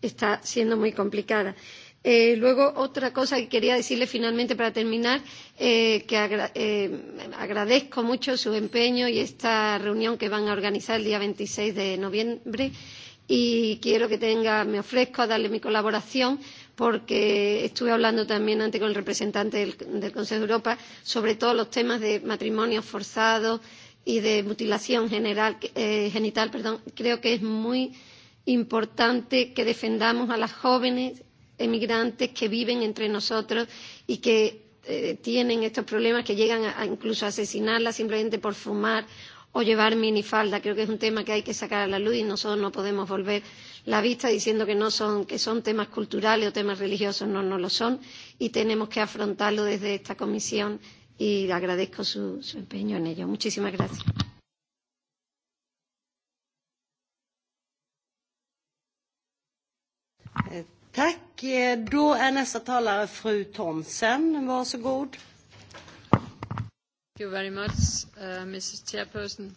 está siendo muy complicada. Eh, luego, otra cosa que quería decirle finalmente para terminar, eh, que agra eh, agradezco mucho su empeño y esta reunión que van a organizar el día veintiséis de noviembre y quiero que tenga, me ofrezco a darle mi colaboración porque estuve hablando también antes con el representante del, del Consejo de Europa sobre todos los temas de matrimonios forzados, y de mutilación general, eh, genital, perdón, creo que es muy importante que defendamos a las jóvenes emigrantes que viven entre nosotros y que eh, tienen estos problemas, que llegan a, a incluso a asesinarlas simplemente por fumar o llevar minifalda. Creo que es un tema que hay que sacar a la luz y nosotros no podemos volver la vista diciendo que, no son, que son temas culturales o temas religiosos. No, no lo son y tenemos que afrontarlo desde esta comisión y agradezco su, su empeño en ello. Muchísimas gracias. Eh, tack. Eh, då är nästa talare fru Thomsen. Varsågod. Thank you very much, uh, Mrs. Chairperson.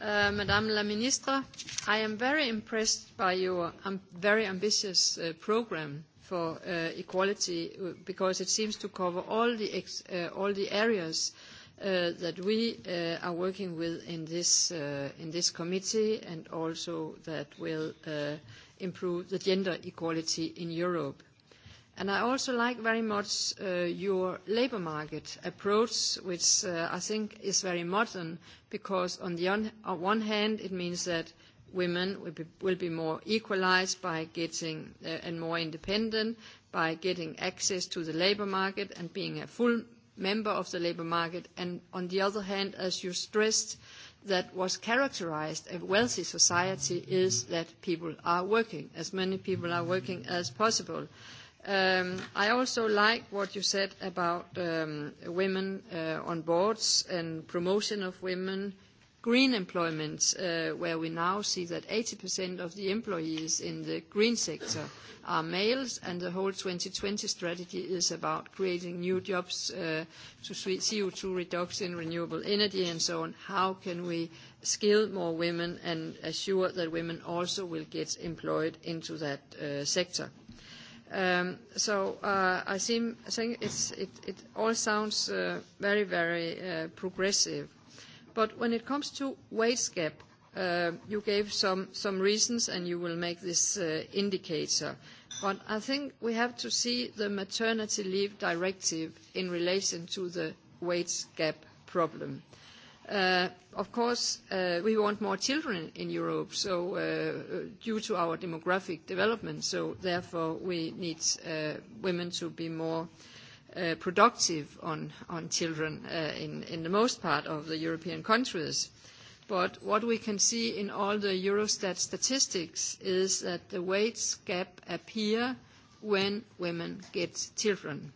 Uh, Madame la Ministre, I am very impressed by your um, very ambitious uh, program for uh, equality uh, because it seems to cover all the, ex uh, all the areas uh, that we uh, are working with in this, uh, in this committee and also that will uh, improve the gender equality in Europe. And I also like very much uh, your labour market approach, which uh, I think is very modern, because on the on one hand it means that women will be, will be more equalized by getting uh, and more independent by getting access to the labor market and being a full member of the labor market. And on the other hand, as you stressed, that what characterised a wealthy society is that people are working, as many people are working as possible. Um, I also like what you said about um, women uh, on boards and promotion of women green employment, uh, where we now see that 80% of the employees in the green sector are males, and the whole 2020 strategy is about creating new jobs uh, to CO2 reduction, renewable energy, and so on. How can we skill more women and assure that women also will get employed into that uh, sector? Um, so uh, I seem, I think it, it all sounds uh, very, very uh, progressive. But when it comes to wage gap, uh, you gave some, some reasons, and you will make this uh, indicator. But I think we have to see the maternity leave directive in relation to the wage gap problem. Uh, of course, uh, we want more children in Europe, so uh, due to our demographic development, so therefore we need uh, women to be more Uh, productive on, on children uh, in, in the most part of the European countries. But what we can see in all the Eurostat statistics is that the wage gap appear when women get children.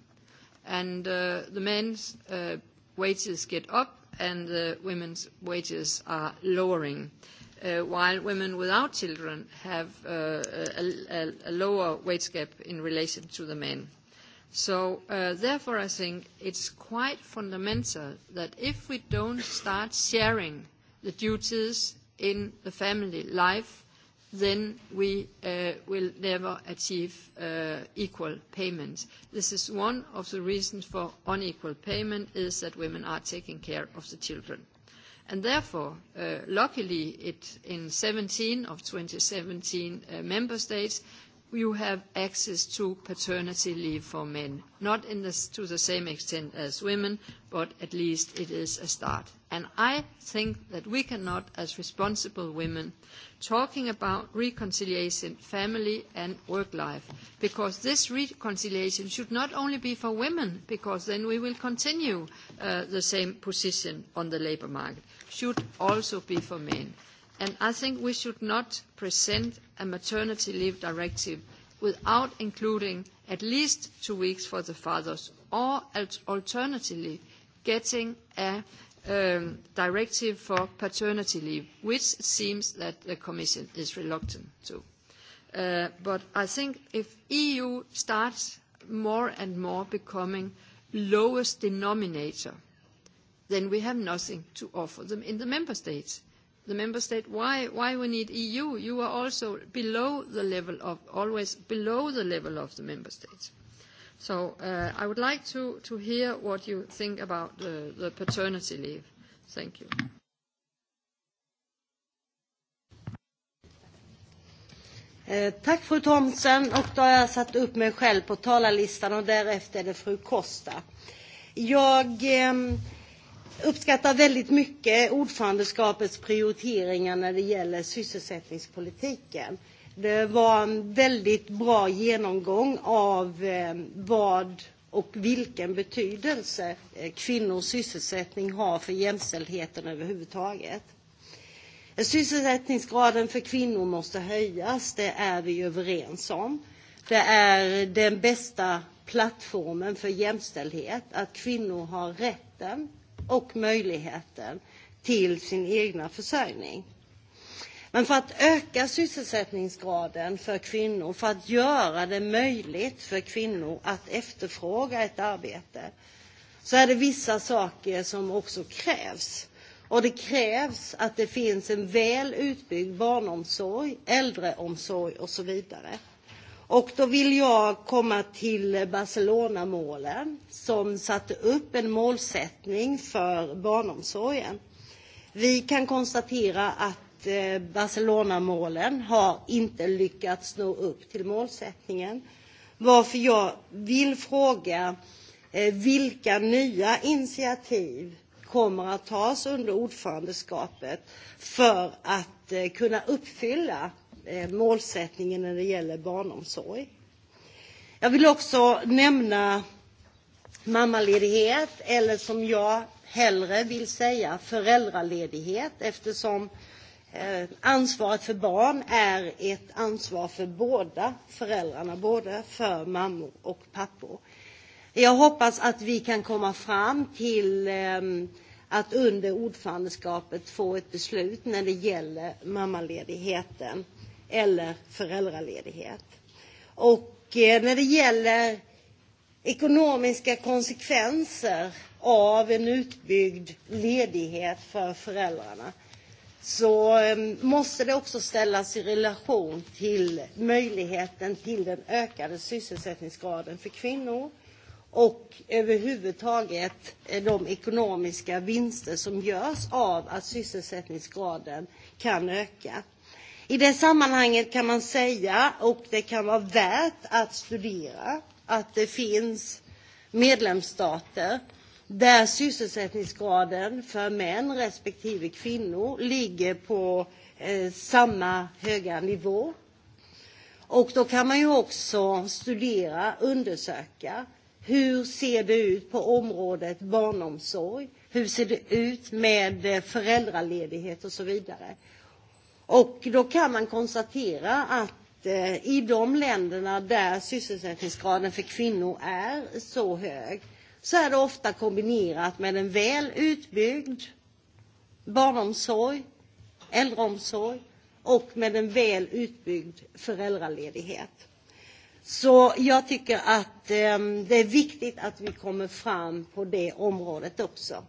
And uh, the men's uh, wages get up and the women's wages are lowering, uh, while women without children have uh, a, a lower wage gap in relation to the men. So uh, therefore, I think it's quite fundamental that if we don't start sharing the duties in the family life, then we uh, will never achieve uh, equal payment. This is one of the reasons for unequal payment is that women are taking care of the children. And therefore, uh, luckily, it, in 17 of 2017 uh, member states, you have access to paternity leave for men, not the, to the same extent as women, but at least it is a start. And I think that we cannot, as responsible women, talking about reconciliation, family and work life, because this reconciliation should not only be for women, because then we will continue uh, the same position on the labour market, should also be for men. And I think we should not present a maternity leave directive without including at least two weeks for the fathers, or alternatively, getting a um, directive for paternity leave, which seems that the Commission is reluctant to. Uh, but I think if the EU starts more and more becoming lowest denominator, then we have nothing to offer them in the member states the member state why, why we need EU. You are also below the level of, always below the level of the member states. So uh, I would like to, to hear what you think about the, the paternity leave. Thank you. Eh, tack fru Thomsen och då har jag satt upp mig själv på talarlistan och därefter är det fru Jag eh, uppskattar väldigt mycket ordförandeskapets prioriteringar när det gäller sysselsättningspolitiken. Det var en väldigt bra genomgång av eh, vad och vilken betydelse eh, kvinnors sysselsättning har för jämställdheten överhuvudtaget. Sysselsättningsgraden för kvinnor måste höjas, det är vi överens om. Det är den bästa plattformen för jämställdhet, att kvinnor har rätten och möjligheten till sin egna försörjning. Men för att öka sysselsättningsgraden för kvinnor, för att göra det möjligt för kvinnor att efterfråga ett arbete, så är det vissa saker som också krävs. Och det krävs att det finns en väl utbyggd barnomsorg, äldreomsorg och så vidare. Och då vill jag komma till Barcelona-målen som satte upp en målsättning för barnomsorgen. Vi kan konstatera att eh, Barcelona-målen har inte lyckats nå upp till målsättningen. Varför jag vill fråga eh, vilka nya initiativ kommer att tas under ordförandeskapet för att eh, kunna uppfylla Eh, målsättningen när det gäller barnomsorg. Jag vill också nämna mammaledighet eller som jag hellre vill säga föräldraledighet eftersom eh, ansvaret för barn är ett ansvar för båda föräldrarna, både för mammor och pappor. Jag hoppas att vi kan komma fram till eh, att under ordförandeskapet få ett beslut när det gäller mammaledigheten eller föräldraledighet. Och eh, när det gäller ekonomiska konsekvenser av en utbyggd ledighet för föräldrarna så eh, måste det också ställas i relation till möjligheten till den ökade sysselsättningsgraden för kvinnor och överhuvudtaget eh, de ekonomiska vinster som görs av att sysselsättningsgraden kan öka. I det sammanhanget kan man säga, och det kan vara värt att studera, att det finns medlemsstater där sysselsättningsgraden för män respektive kvinnor ligger på eh, samma höga nivå. Och då kan man ju också studera, undersöka, hur ser det ut på området barnomsorg? Hur ser det ut med eh, föräldraledighet och så vidare? Och då kan man konstatera att eh, i de länderna där sysselsättningsgraden för kvinnor är så hög så är det ofta kombinerat med en väl utbyggd barnomsorg, äldreomsorg och med en väl utbyggd föräldraledighet. Så jag tycker att ehm, det är viktigt att vi kommer fram på det området också.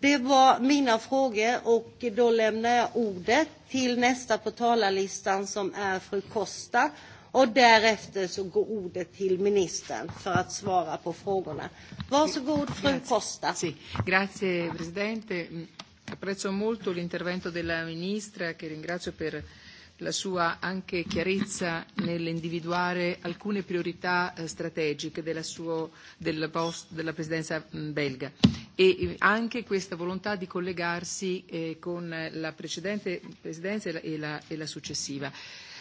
Det var mina frågor och då lämnar jag ordet till nästa på talarlistan som är fru Costa. Och därefter så går ordet till ministern för att svara på frågorna. Varsågod fru Costa. Sì. Grazie Presidente. Apprezzo molto l'intervento della Ministra che ringrazio per la sua anche chiarezza nell'individuare alcune priorità eh, strategiche della, suo, della, post, della presidenza mm, belga e eh, anche questa volontà di collegarsi eh, con la precedente presidenza e la, e la, e la successiva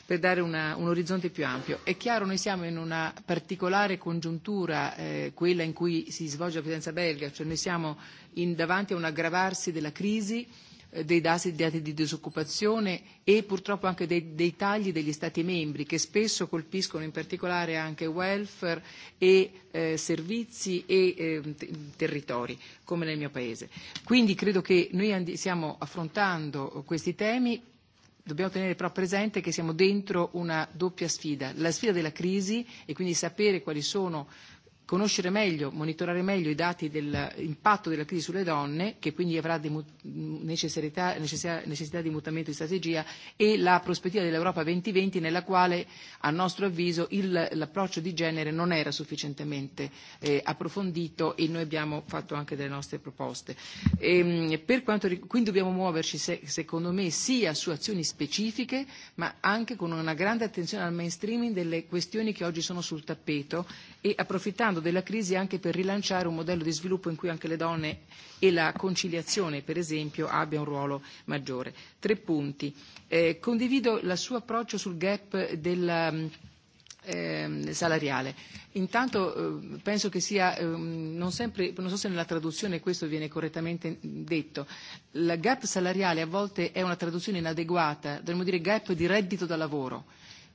per dare una, un orizzonte più ampio. È chiaro, noi siamo in una particolare congiuntura, eh, quella in cui si svolge la presidenza belga, cioè noi siamo in, davanti a un aggravarsi della crisi Eh, dei dati, dati di disoccupazione e purtroppo anche dei, dei tagli degli Stati membri che spesso colpiscono in particolare anche welfare e eh, servizi e eh, territori come nel mio Paese. Quindi credo che noi stiamo affrontando oh, questi temi dobbiamo tenere però presente che siamo dentro una doppia sfida, la sfida della crisi e quindi sapere quali sono conoscere meglio, monitorare meglio i dati dell'impatto della crisi sulle donne, che quindi avrà di necessità, necessità, necessità di mutamento di strategia, e la prospettiva dell'Europa 2020 nella quale, a nostro avviso, il, l'approccio di genere non era sufficientemente eh, approfondito e noi abbiamo fatto anche delle nostre proposte. E, per quanto, quindi dobbiamo muoverci, se, secondo me, sia su azioni specifiche, ma anche con una grande attenzione al mainstreaming delle questioni che oggi sono sul tappeto e approfittando approfittando della crisi anche per rilanciare un modello di sviluppo in cui anche le donne e la conciliazione, per esempio, abbia un ruolo maggiore. Tre punti. Eh, condivido il suo approccio sul gap del mm, ehm, salariale. Intanto eh, penso che sia, ehm, non, sempre, non so se nella traduzione questo viene correttamente detto, il gap salariale a volte è una traduzione inadeguata, dovremmo dire gap di reddito da lavoro,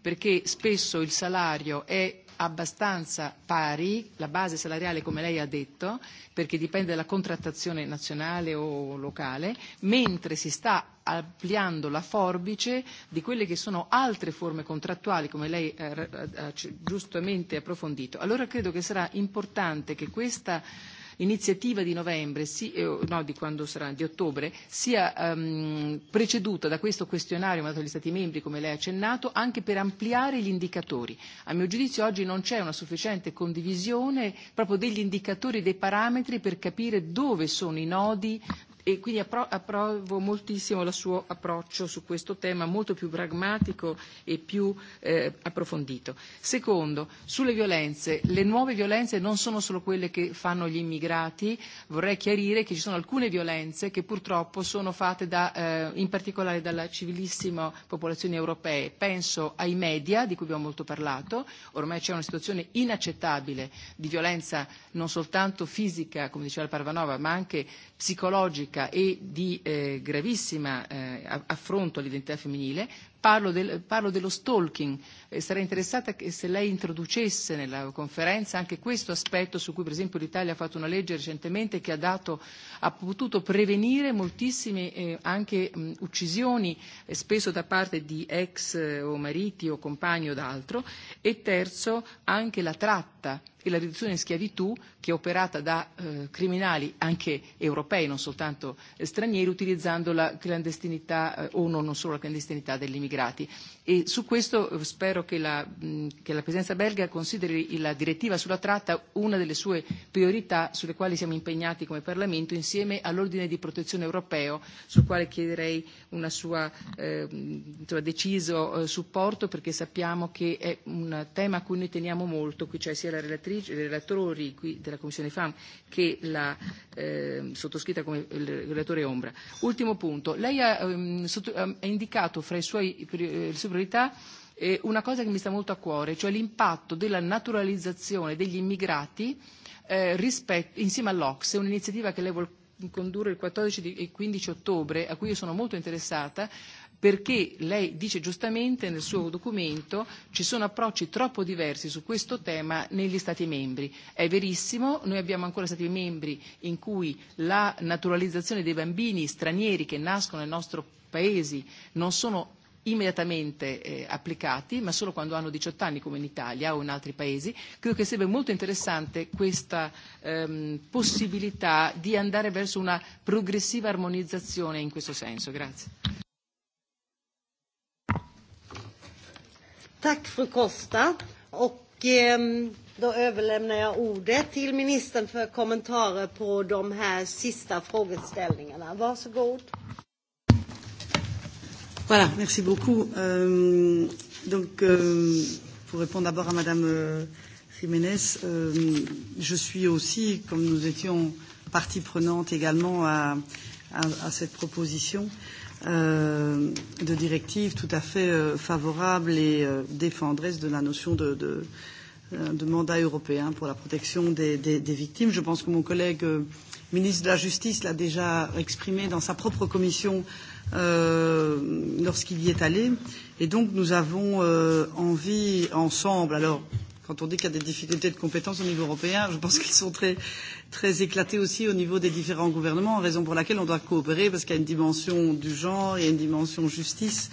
perché spesso il salario è abbastanza pari, la base salariale come lei ha detto, perché dipende dalla contrattazione nazionale o locale, mentre si sta ampliando la forbice di quelle che sono altre forme contrattuali, come lei eh, eh, ha giustamente approfondito. Allora credo che sarà importante che questa iniziativa di novembre, eh, no, di quando sarà, di ottobre, sia ehm, preceduta da questo questionario mandato agli Stati membri, come lei ha accennato, anche per ampliare gli indicatori. A mio giudizio oggi non c'è una sufficiente condivisione proprio degli indicatori e dei parametri per capire dove sono i nodi e quindi appro- approvo moltissimo il suo approccio su questo tema, molto più pragmatico e più eh, approfondito. Secondo, sulle violenze, le nuove violenze non sono solo quelle che fanno gli immigrati, vorrei chiarire che ci sono alcune violenze che purtroppo sono fatte da, eh, in particolare dalla civilissima popolazione europea, penso ai media di cui abbiamo molto parlato, ormai c'è una situazione inaccettabile di violenza non soltanto fisica, come diceva il Parvanova, ma anche psicologica, economica e di eh, gravissima eh, affronto all'identità femminile, parlo, del, parlo dello stalking. Eh, sarei interessata che se lei introducesse nella conferenza anche questo aspetto su cui per esempio l'Italia ha fatto una legge recentemente che ha, dato, ha potuto prevenire moltissime eh, anche mh, uccisioni eh, spesso da parte di ex eh, o mariti o compagni o d'altro e terzo anche la tratta e la riduzione in schiavitù, che è operata da eh, criminali anche europei, non soltanto eh, stranieri, utilizzando la clandestinità eh, o non, non solo la clandestinità degli immigrati. E su questo eh, spero che la, mh, che la presenza belga consideri la direttiva sulla tratta una delle sue priorità sulle quali siamo impegnati come Parlamento insieme all'ordine di protezione europeo, sul quale chiederei una sua, eh, deciso eh, supporto perché sappiamo che è un tema a cui noi teniamo molto, qui c'è cioè sia la relatrice relatrice, del relatore qui della Commissione FAM che la eh, sottoscritta come il relatore Ombra. Ultimo punto, lei ha, ehm, ha indicato fra i suoi, eh, le sue priorità eh, una cosa che mi sta molto a cuore, cioè l'impatto della naturalizzazione degli immigrati eh, rispetto, insieme all'Ox, è un'iniziativa che lei vuole condurre il 14 e 15 ottobre, a cui io sono molto interessata, perché lei dice giustamente nel suo documento ci sono approcci troppo diversi su questo tema negli Stati membri. È verissimo, noi abbiamo ancora Stati membri in cui la naturalizzazione dei bambini stranieri che nascono nel nostro Paese non sono immediatamente eh, applicati, ma solo quando hanno 18 anni come in Italia o in altri paesi, credo che sarebbe molto interessante questa ehm, possibilità di andare verso una progressiva armonizzazione in questo senso. Grazie. Tack fru Costa. Och ehm, då överlämnar jag ordet till ministern för kommentarer på de här sista frågeställningarna. Varsågod. Voilà, merci beaucoup. Euh, donc, euh, pour répondre d'abord à Madame euh, Jiménez, euh, je suis aussi, comme nous étions partie prenante également à, à, à cette proposition, euh, euh, de directive tout à fait euh, favorable et euh, défendresse de la notion de, de, euh, de mandat européen pour la protection des, des, des victimes. Je pense que mon collègue euh, ministre de la Justice l'a déjà exprimé dans sa propre commission euh, lorsqu'il y est allé. Et donc nous avons euh, envie ensemble, alors quand on dit qu'il y a des difficultés de compétences au niveau européen, je pense qu'elles sont très très éclaté aussi au niveau des différents gouvernements, raison pour laquelle on doit coopérer parce qu'il y a une dimension du genre, il y a une dimension justice.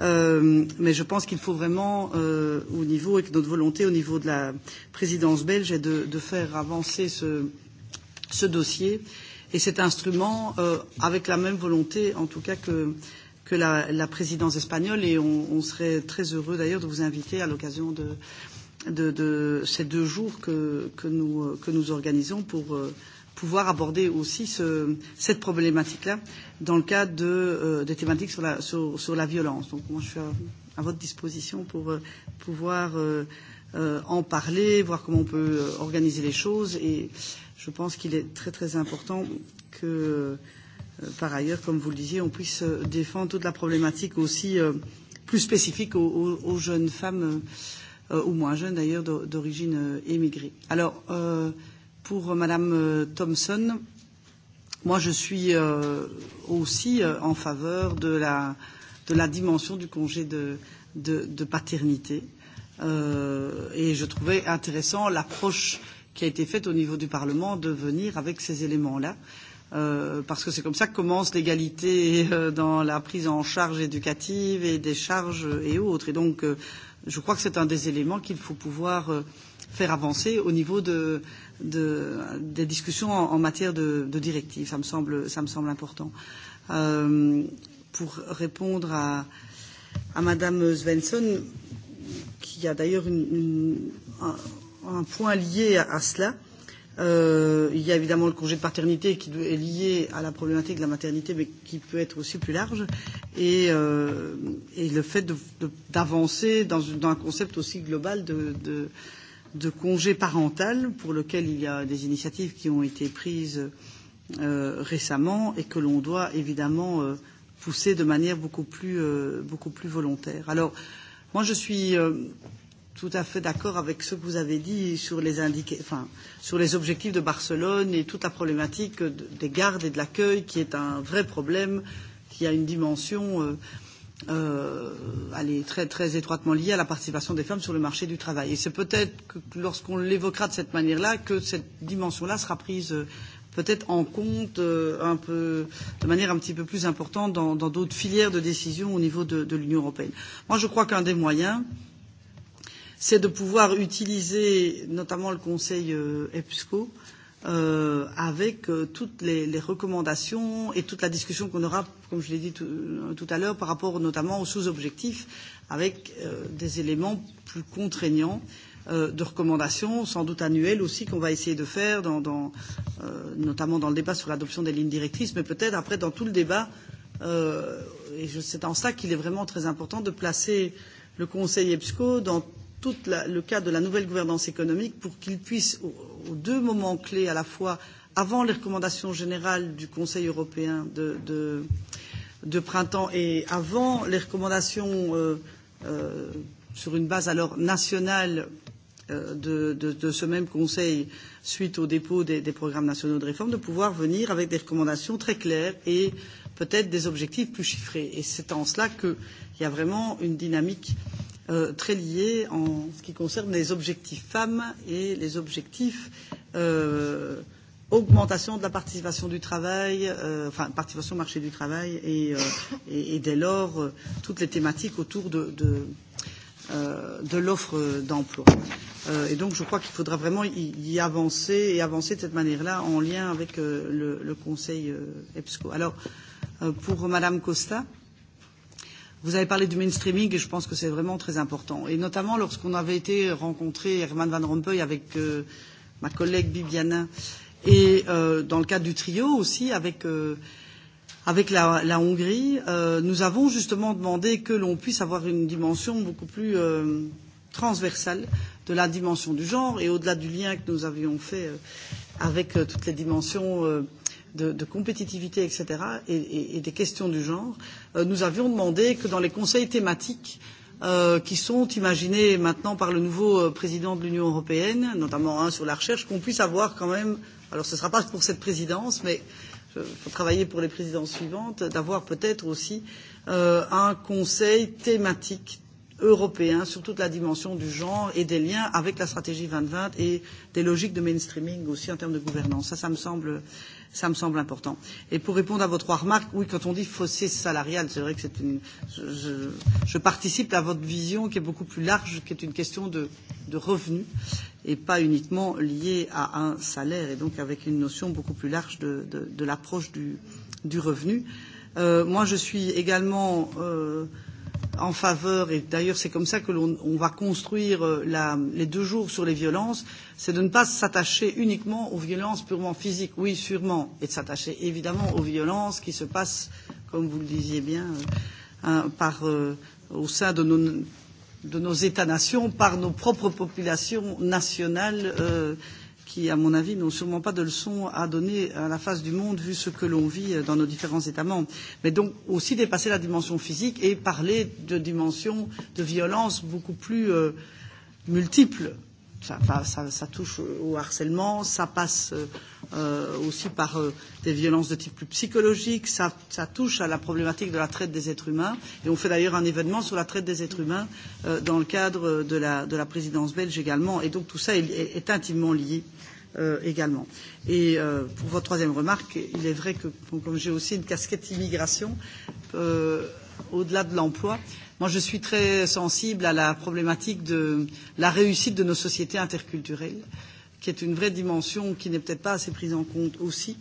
Euh, mais je pense qu'il faut vraiment, euh, au niveau et que notre volonté au niveau de la présidence belge est de, de faire avancer ce, ce dossier et cet instrument euh, avec la même volonté, en tout cas que, que la, la présidence espagnole. Et on, on serait très heureux d'ailleurs de vous inviter à l'occasion de, de, de ces deux jours que, que, nous, euh, que nous organisons pour euh, pouvoir aborder aussi ce, cette problématique-là dans le cadre de, euh, des thématiques sur la, sur, sur la violence. Donc moi, je suis à, à votre disposition pour pouvoir euh, en parler, voir comment on peut organiser les choses. Et je pense qu'il est très très important que par ailleurs, comme vous le disiez, on puisse défendre toute la problématique aussi euh, plus spécifique aux, aux, aux jeunes femmes. Euh, euh, ou moins jeunes d'ailleurs, d'origine euh, émigrée. Alors, euh, pour Madame euh, Thompson, moi je suis euh, aussi euh, en faveur de la, de la dimension du congé de, de, de paternité. Euh, et je trouvais intéressant l'approche qui a été faite au niveau du Parlement de venir avec ces éléments-là. Euh, parce que c'est comme ça que commence l'égalité euh, dans la prise en charge éducative et des charges euh, et autres. Et donc, euh, je crois que c'est un des éléments qu'il faut pouvoir euh, faire avancer au niveau de, de, des discussions en, en matière de, de directive. Ça me semble, ça me semble important. Euh, pour répondre à, à Madame Svensson, qui a d'ailleurs une, une, un, un point lié à, à cela, euh, Euh, il y a évidemment le congé de paternité qui est lié à la problématique de la maternité, mais qui peut être aussi plus large. Et, euh, et le fait d'avancer dans, dans un concept aussi global de, de, de congé parental, pour lequel il y a des initiatives qui ont été prises euh, récemment et que l'on doit évidemment euh, pousser de manière beaucoup plus, euh, beaucoup plus volontaire. Alors, moi, je suis. Euh, tout à fait d'accord avec ce que vous avez dit sur les, indiqués, enfin, sur les objectifs de Barcelone et toute la problématique des gardes et de l'accueil qui est un vrai problème, qui a une dimension euh, euh, est très, très étroitement liée à la participation des femmes sur le marché du travail. Et c'est peut-être que lorsqu'on l'évoquera de cette manière-là que cette dimension-là sera prise euh, peut-être en compte euh, un peu, de manière un petit peu plus importante dans d'autres filières de décision au niveau de, de l'Union européenne. Moi, je crois qu'un des moyens, euh, c'est de pouvoir utiliser notamment le Conseil euh, EPSCO euh, avec euh, toutes les, les recommandations et toute la discussion qu'on aura, comme je l'ai dit tout, euh, tout à l'heure, par rapport notamment aux sous-objectifs, avec euh, des éléments plus contraignants euh, de recommandations, sans doute annuelles aussi, qu'on va essayer de faire, dans, dans, euh, notamment dans le débat sur l'adoption des lignes directrices, mais peut-être après dans tout le débat. Euh, et c'est en ça qu'il est vraiment très important de placer le Conseil EBSCO dans tout la, le cadre de la nouvelle gouvernance économique pour qu'ils puissent, aux, aux deux moments clés à la fois, avant les recommandations générales du Conseil européen de, de, de printemps et avant les recommandations euh, euh, sur une base alors nationale euh, de, de, de ce même Conseil suite au dépôt des, des programmes nationaux de réforme, de pouvoir venir avec des recommandations très claires et peut-être des objectifs plus chiffrés. Et c'est en cela qu'il y a vraiment une dynamique euh, euh, très liées en ce qui concerne les objectifs femmes et les objectifs euh, augmentation de la participation du travail, euh, enfin participation au marché du travail et, euh, et, et dès lors euh, toutes les thématiques autour de, de, euh, de l'offre d'emploi. Euh, et donc je crois qu'il faudra vraiment y, y avancer et avancer de cette manière-là en lien avec euh, le, le Conseil euh, EBSCO. Alors euh, pour Madame Costa. Euh, Vous avez parlé du mainstreaming et je pense que c'est vraiment très important. Et notamment lorsqu'on avait été rencontré Herman Van Rompuy avec euh, ma collègue Bibiana et euh, dans le cadre du trio aussi avec, euh, avec la, la Hongrie, euh, nous avons justement demandé que l'on puisse avoir une dimension beaucoup plus euh, transversale de la dimension du genre et au-delà du lien que nous avions fait euh, avec euh, toutes les dimensions euh, de, de compétitivité, etc., et, et, et des questions du genre, euh, nous avions demandé que dans les conseils thématiques euh, qui sont imaginés maintenant par le nouveau euh, président de l'Union européenne, notamment un hein, sur la recherche, qu'on puisse avoir quand même, alors ce ne sera pas pour cette présidence, mais euh, il faut travailler pour les présidences suivantes, d'avoir peut-être aussi euh, un conseil thématique européen sur toute la dimension du genre et des liens avec la stratégie 2020 et des logiques de mainstreaming aussi en termes de gouvernance. Ça, ça me semble Ça me semble important. Et pour répondre à vos trois remarques, oui, quand on dit fossé salarial, c'est vrai que c'est une. Je, je, je participe à votre vision qui est beaucoup plus large, qui est une question de, de revenus et pas uniquement liée à un salaire, et donc avec une notion beaucoup plus large de, de, de l'approche du, du revenu. Euh, moi, je suis également. Euh, en faveur, et d'ailleurs c'est comme ça que l'on va construire euh, la, les deux jours sur les violences, c'est de ne pas s'attacher uniquement aux violences purement physiques, oui sûrement, et de s'attacher évidemment aux violences qui se passent, comme vous le disiez bien, euh, hein, par, euh, au sein de nos, de nos États-nations, par nos propres populations nationales. Euh, qui, à mon avis, n'ont sûrement pas de leçons à donner à la face du monde, vu ce que l'on vit euh, dans nos différents États membres. Mais donc aussi dépasser la dimension physique et parler de dimensions de violence beaucoup plus euh, multiples ça, ça, ça touche au harcèlement, ça passe euh, aussi par euh, des violences de type plus psychologique, ça, ça touche à la problématique de la traite des êtres humains. Et on fait d'ailleurs un événement sur la traite des êtres humains euh, dans le cadre de la, de la présidence belge également. Et donc tout ça est, est, est intimement lié euh, également. Et euh, pour votre troisième remarque, il est vrai que, comme j'ai aussi une casquette immigration, euh, au-delà de l'emploi, euh, Moi, je suis très sensible à la problématique de la réussite de nos sociétés interculturelles qui est une vraie dimension qui n'est peut-être pas assez prise en compte aussi.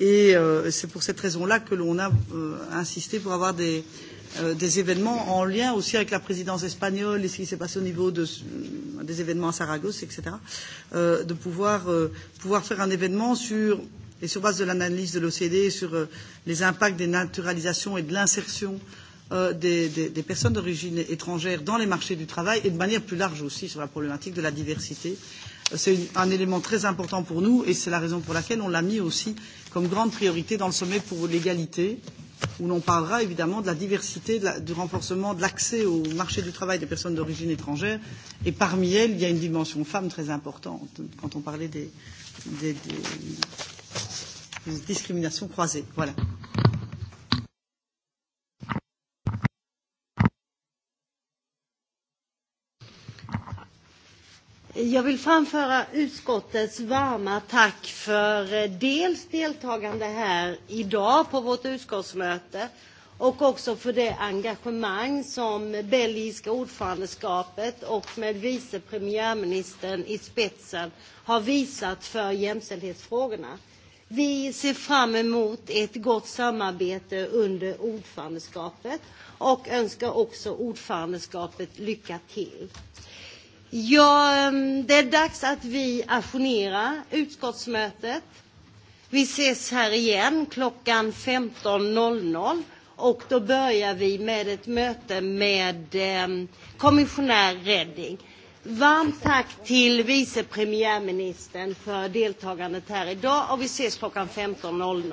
Et euh, c'est pour cette raison-là que l'on a euh, insisté pour avoir des, euh, des événements en lien aussi avec la présidence espagnole et ce qui s'est passé au niveau de, euh, des événements à Saragosse, etc. Euh, de pouvoir, euh, pouvoir faire un événement sur et sur base de l'analyse de l'OCDE sur euh, les impacts des naturalisations et de l'insertion euh, euh, des, des, des personnes d'origine étrangère dans les marchés du travail et de manière plus large aussi sur la problématique de la diversité. Euh, c'est un élément très important pour nous et c'est la raison pour laquelle on l'a mis aussi comme grande priorité dans le sommet pour l'égalité, où l'on parlera évidemment de la diversité, de la, du renforcement de l'accès au marché du travail des personnes d'origine étrangère. Et parmi elles, il y a une dimension femme très importante quand on parlait des, des, des, des discriminations croisées. Voilà. Jag vill framföra utskottets varma tack för eh, dels deltagande här idag på vårt utskottsmöte och också för det engagemang som belgiska ordförandeskapet och med vice premiärministern i spetsen har visat för jämställdhetsfrågorna. Vi ser fram emot ett gott samarbete under ordförandeskapet och önskar också ordförandeskapet lycka till. Ja, det är dags att vi ajournerar utskottsmötet. Vi ses här igen klockan 15.00 och då börjar vi med ett möte med kommissionär Redding. Varmt tack till vice premiärministern för deltagandet här idag och vi ses klockan 15.00.